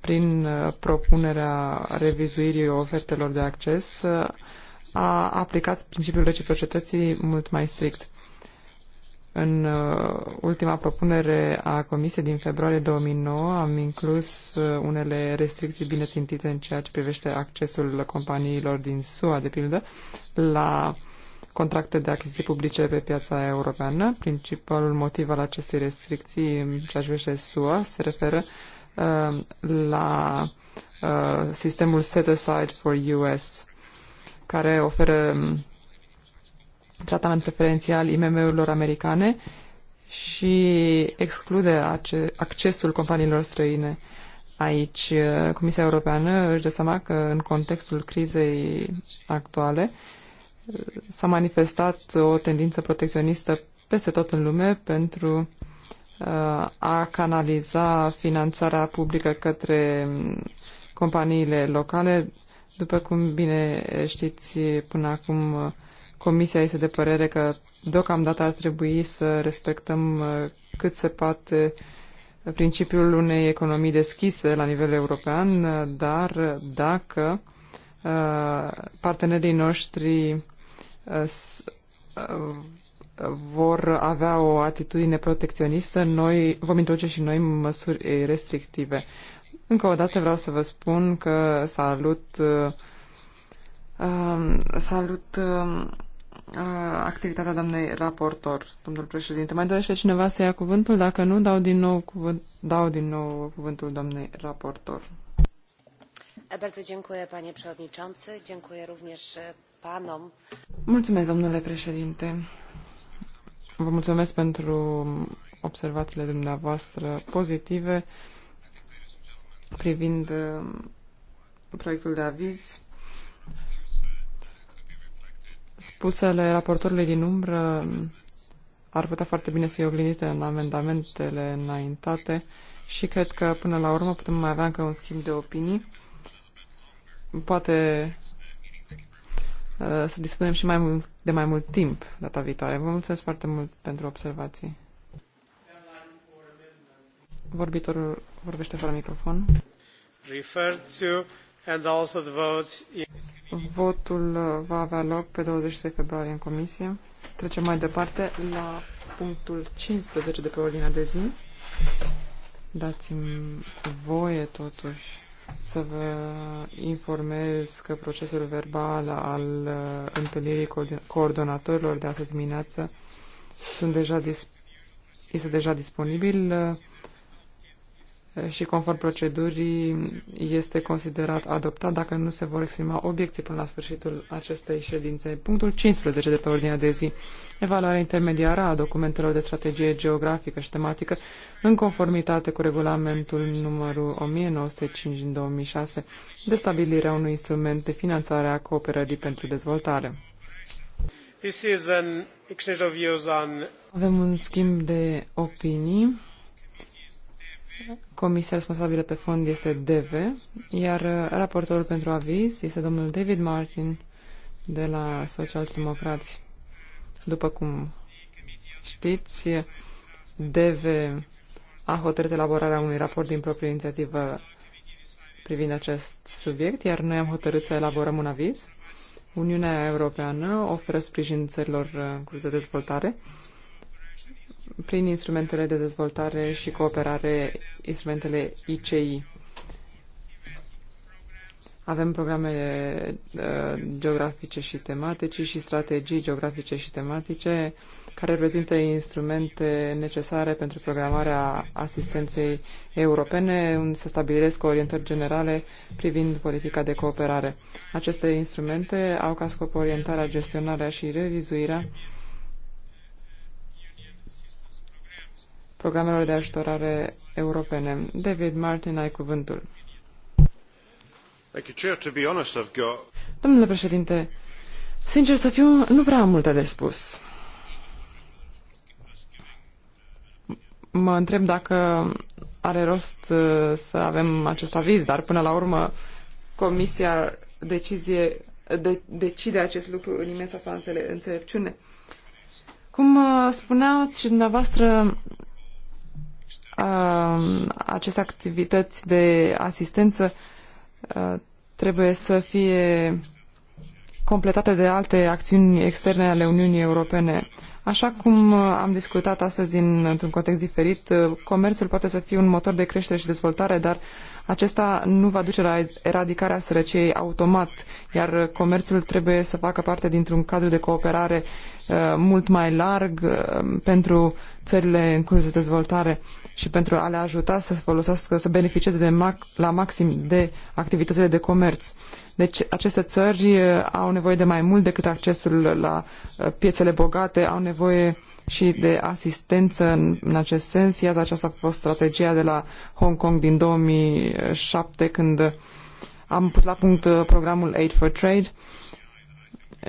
prin uh, propunerea revizuirii ofertelor de acces, a aplicat principiul reciprocității mult mai strict. În uh, ultima propunere a Comisiei din februarie 2009 am inclus uh, unele restricții bine țintite în ceea ce privește accesul companiilor din SUA, de pildă, la contracte de achiziții publice pe piața europeană. Principalul motiv al acestei restricții în ceea ce privește SUA se referă uh, la uh, sistemul Set Aside for US, care oferă um, tratament preferențial IMM-urilor americane și exclude accesul companiilor străine. Aici, uh, Comisia Europeană își dă seama că în contextul crizei actuale uh, s-a manifestat o tendință protecționistă peste tot în lume pentru uh, a canaliza finanțarea publică către mm, companiile locale. După cum bine știți, până acum Comisia este de părere că deocamdată ar trebui să respectăm uh, cât se poate principiul unei economii deschise la nivel european, uh, dar dacă uh, partenerii noștri vor avea o atitudine protecționistă, noi vom introduce și noi măsuri restrictive. Încă o dată vreau să vă spun că salut um, salut um, activitatea doamnei raportor, domnul președinte. Mai dorește cineva să ia cuvântul? Dacă nu, dau din nou, cuvânt, dau din nou cuvântul doamnei raportor. Bardzo dziękuję, panie przewodniczący. Dziękuję również panom. Mulțumesc, domnule președinte. Vă mulțumesc pentru observațiile dumneavoastră pozitive privind proiectul de aviz spusele raportorului din umbră ar putea foarte bine să fie oglindite în amendamentele înaintate și cred că până la urmă putem mai avea încă un schimb de opinii. Poate uh, să dispunem și mai mult, de mai mult timp data viitoare. Vă mulțumesc foarte mult pentru observații. Vorbitorul vorbește fără microfon. to Votul uh, va avea loc pe 23 februarie în comisie. Trecem mai departe la punctul 15 de pe ordinea de zi. Dați-mi voie totuși să vă informez că procesul verbal al uh, întâlnirii coordonatorilor de astăzi dimineață sunt deja este deja disponibil și conform procedurii este considerat adoptat dacă nu se vor exprima obiecții până la sfârșitul acestei ședințe. Punctul 15 de pe ordinea de zi. Evaluarea intermediară a documentelor de strategie geografică și tematică în conformitate cu regulamentul numărul 1905 din 2006 de stabilirea unui instrument de finanțare a cooperării pentru dezvoltare. Avem un schimb de opinii Comisia responsabilă pe fond este DV, iar uh, raportorul pentru aviz este domnul David Martin de la Social Democrați. După cum știți, DV a hotărât elaborarea unui raport din proprie inițiativă privind acest subiect, iar noi am hotărât să elaborăm un aviz. Uniunea Europeană oferă sprijin țărilor uh, în curs de dezvoltare prin instrumentele de dezvoltare și cooperare, instrumentele ICI. Avem programe uh, geografice și tematice și strategii geografice și tematice care reprezintă instrumente necesare pentru programarea asistenței europene, unde se stabilesc orientări generale privind politica de cooperare. Aceste instrumente au ca scop orientarea, gestionarea și revizuirea uh, programelor de ajutorare europene. David Martin, ai cuvântul. Domnule președinte, sincer să fiu, nu prea am multe de spus. Mă întreb dacă are rost uh, să avem acest aviz, dar până la urmă Comisia decizie, de, decide acest lucru în imensa sa înțelepciune. Cum uh, spuneați și dumneavoastră, aceste activități de asistență trebuie să fie completate de alte acțiuni externe ale Uniunii Europene. Așa cum uh, am discutat astăzi în, într-un context diferit, uh, comerțul poate să fie un motor de creștere și dezvoltare, dar acesta nu va duce la eradicarea sărăciei automat, iar uh, comerțul trebuie să facă parte dintr-un cadru de cooperare mult mai larg pentru țările în curs de dezvoltare și pentru a le ajuta să folosească, să beneficieze de mac, la maxim de activitățile de comerț. Deci aceste țări uh, au nevoie de mai mult decât accesul la uh, piețele bogate, au nevoie și de asistență în, în acest sens. Iată, aceasta a fost strategia de la Hong Kong din 2007, când am pus la punct uh, programul Aid for Trade.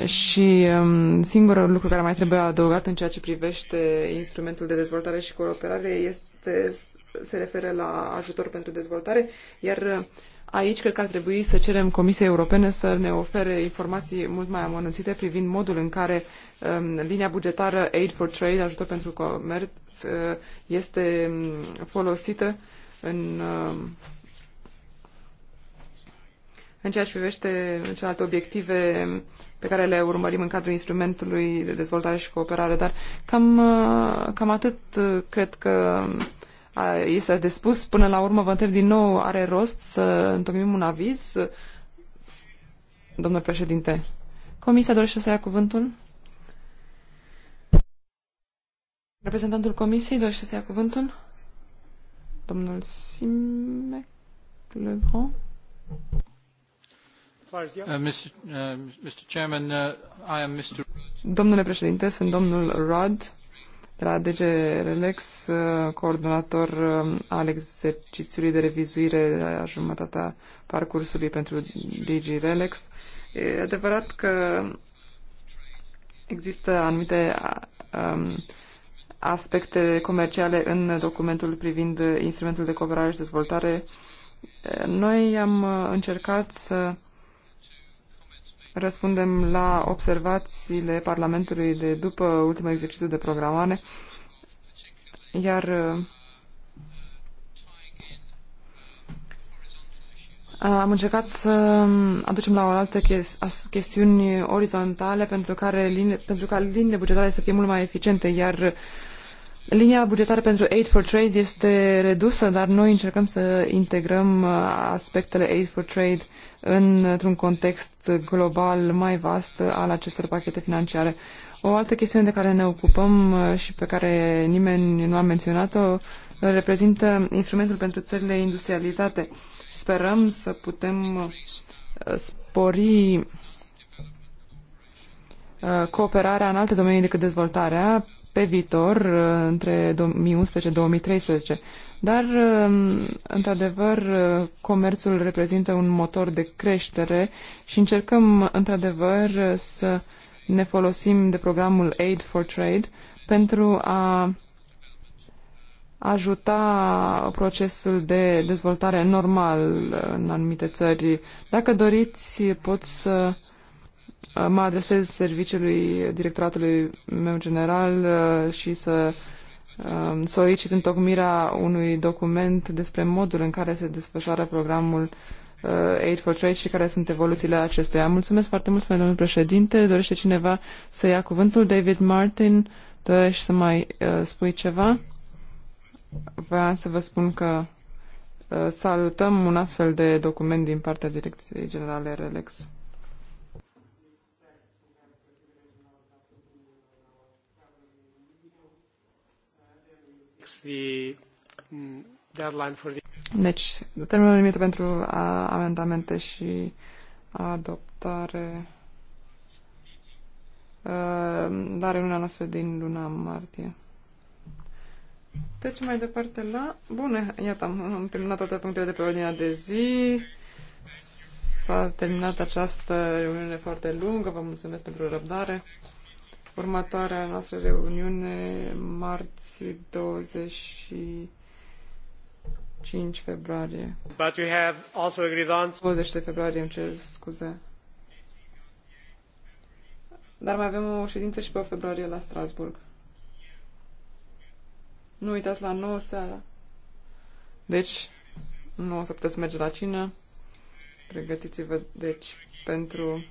Și um, singurul lucru care mai trebuie adăugat în ceea ce privește instrumentul de dezvoltare și cooperare este se referă la ajutor pentru dezvoltare, iar Aici cred că ar trebui să cerem Comisiei Europene să ne ofere informații mult mai amănunțite privind modul în care um, linia bugetară Aid for Trade, ajutor pentru comerț, uh, este um, folosită în, uh, în ceea ce privește celelalte obiective pe care le urmărim în cadrul instrumentului de dezvoltare și cooperare, dar cam, uh, cam atât uh, cred că um, este de spus. Până la urmă vă întreb din nou, are rost să întocmim un aviz? Domnul președinte, comisia dorește să ia cuvântul? Reprezentantul comisiei dorește să ia cuvântul? Domnul Simec Lebrun? Uh, uh, uh, Domnule președinte, sunt domnul Rudd de la DG Relax, uh, coordonator uh, al exercițiului de revizuire a jumătatea parcursului pentru DG Relax. E adevărat că există anumite um, aspecte comerciale în documentul privind instrumentul de cooperare și dezvoltare. Noi am uh, încercat să răspundem la observațiile Parlamentului de după ultimul exercițiu de programare, iar uh, am încercat să um, aducem la o altă chestiuni orizontale pentru, care, pentru ca liniile bugetare să fie mult mai eficiente, iar Linia bugetară pentru Aid for Trade este redusă, dar noi încercăm să integrăm uh, aspectele Aid for Trade într-un context global mai vast uh, al acestor pachete financiare. O altă chestiune de care ne ocupăm uh, și pe care nimeni nu a menționat-o reprezintă instrumentul pentru țările industrializate. Sperăm să putem spori cooperarea în alte domenii decât dezvoltarea pe viitor, uh, între 2011-2013. Dar, um, într-adevăr, uh, comerțul reprezintă un motor de creștere și încercăm, într-adevăr, uh, să ne folosim de programul Aid for Trade pentru a ajuta procesul de dezvoltare normal în anumite țări. Dacă doriți, pot să Uh, mă adresez serviciului directoratului meu general uh, și să um, solicit întocmirea unui document despre modul în care se desfășoară programul uh, Aid for Trade și care sunt evoluțiile acestuia. Mulțumesc foarte mult, spune domnul președinte. Dorește cineva să ia cuvântul? David Martin, dorești să mai uh, spui ceva? Vreau să vă spun că uh, salutăm un astfel de document din partea Direcției Generale Relex. the mm, deadline for the... Deci, termenul limită pentru amendamente și adoptare la reuniunea noastră din luna martie. Trecem mai departe la... bună, iată, am terminat toate punctele de pe ordinea de zi. S-a terminat această reuniune foarte lungă. Vă mulțumesc pentru răbdare. Următoarea noastră reuniune, marți 25 februarie. But you have also agreed on... 20 februarie, îmi cer scuze. Dar mai avem o ședință și pe februarie la Strasburg. Nu uitați la 9 seara. Deci, nu o să puteți merge la cină. Pregătiți-vă, deci, pentru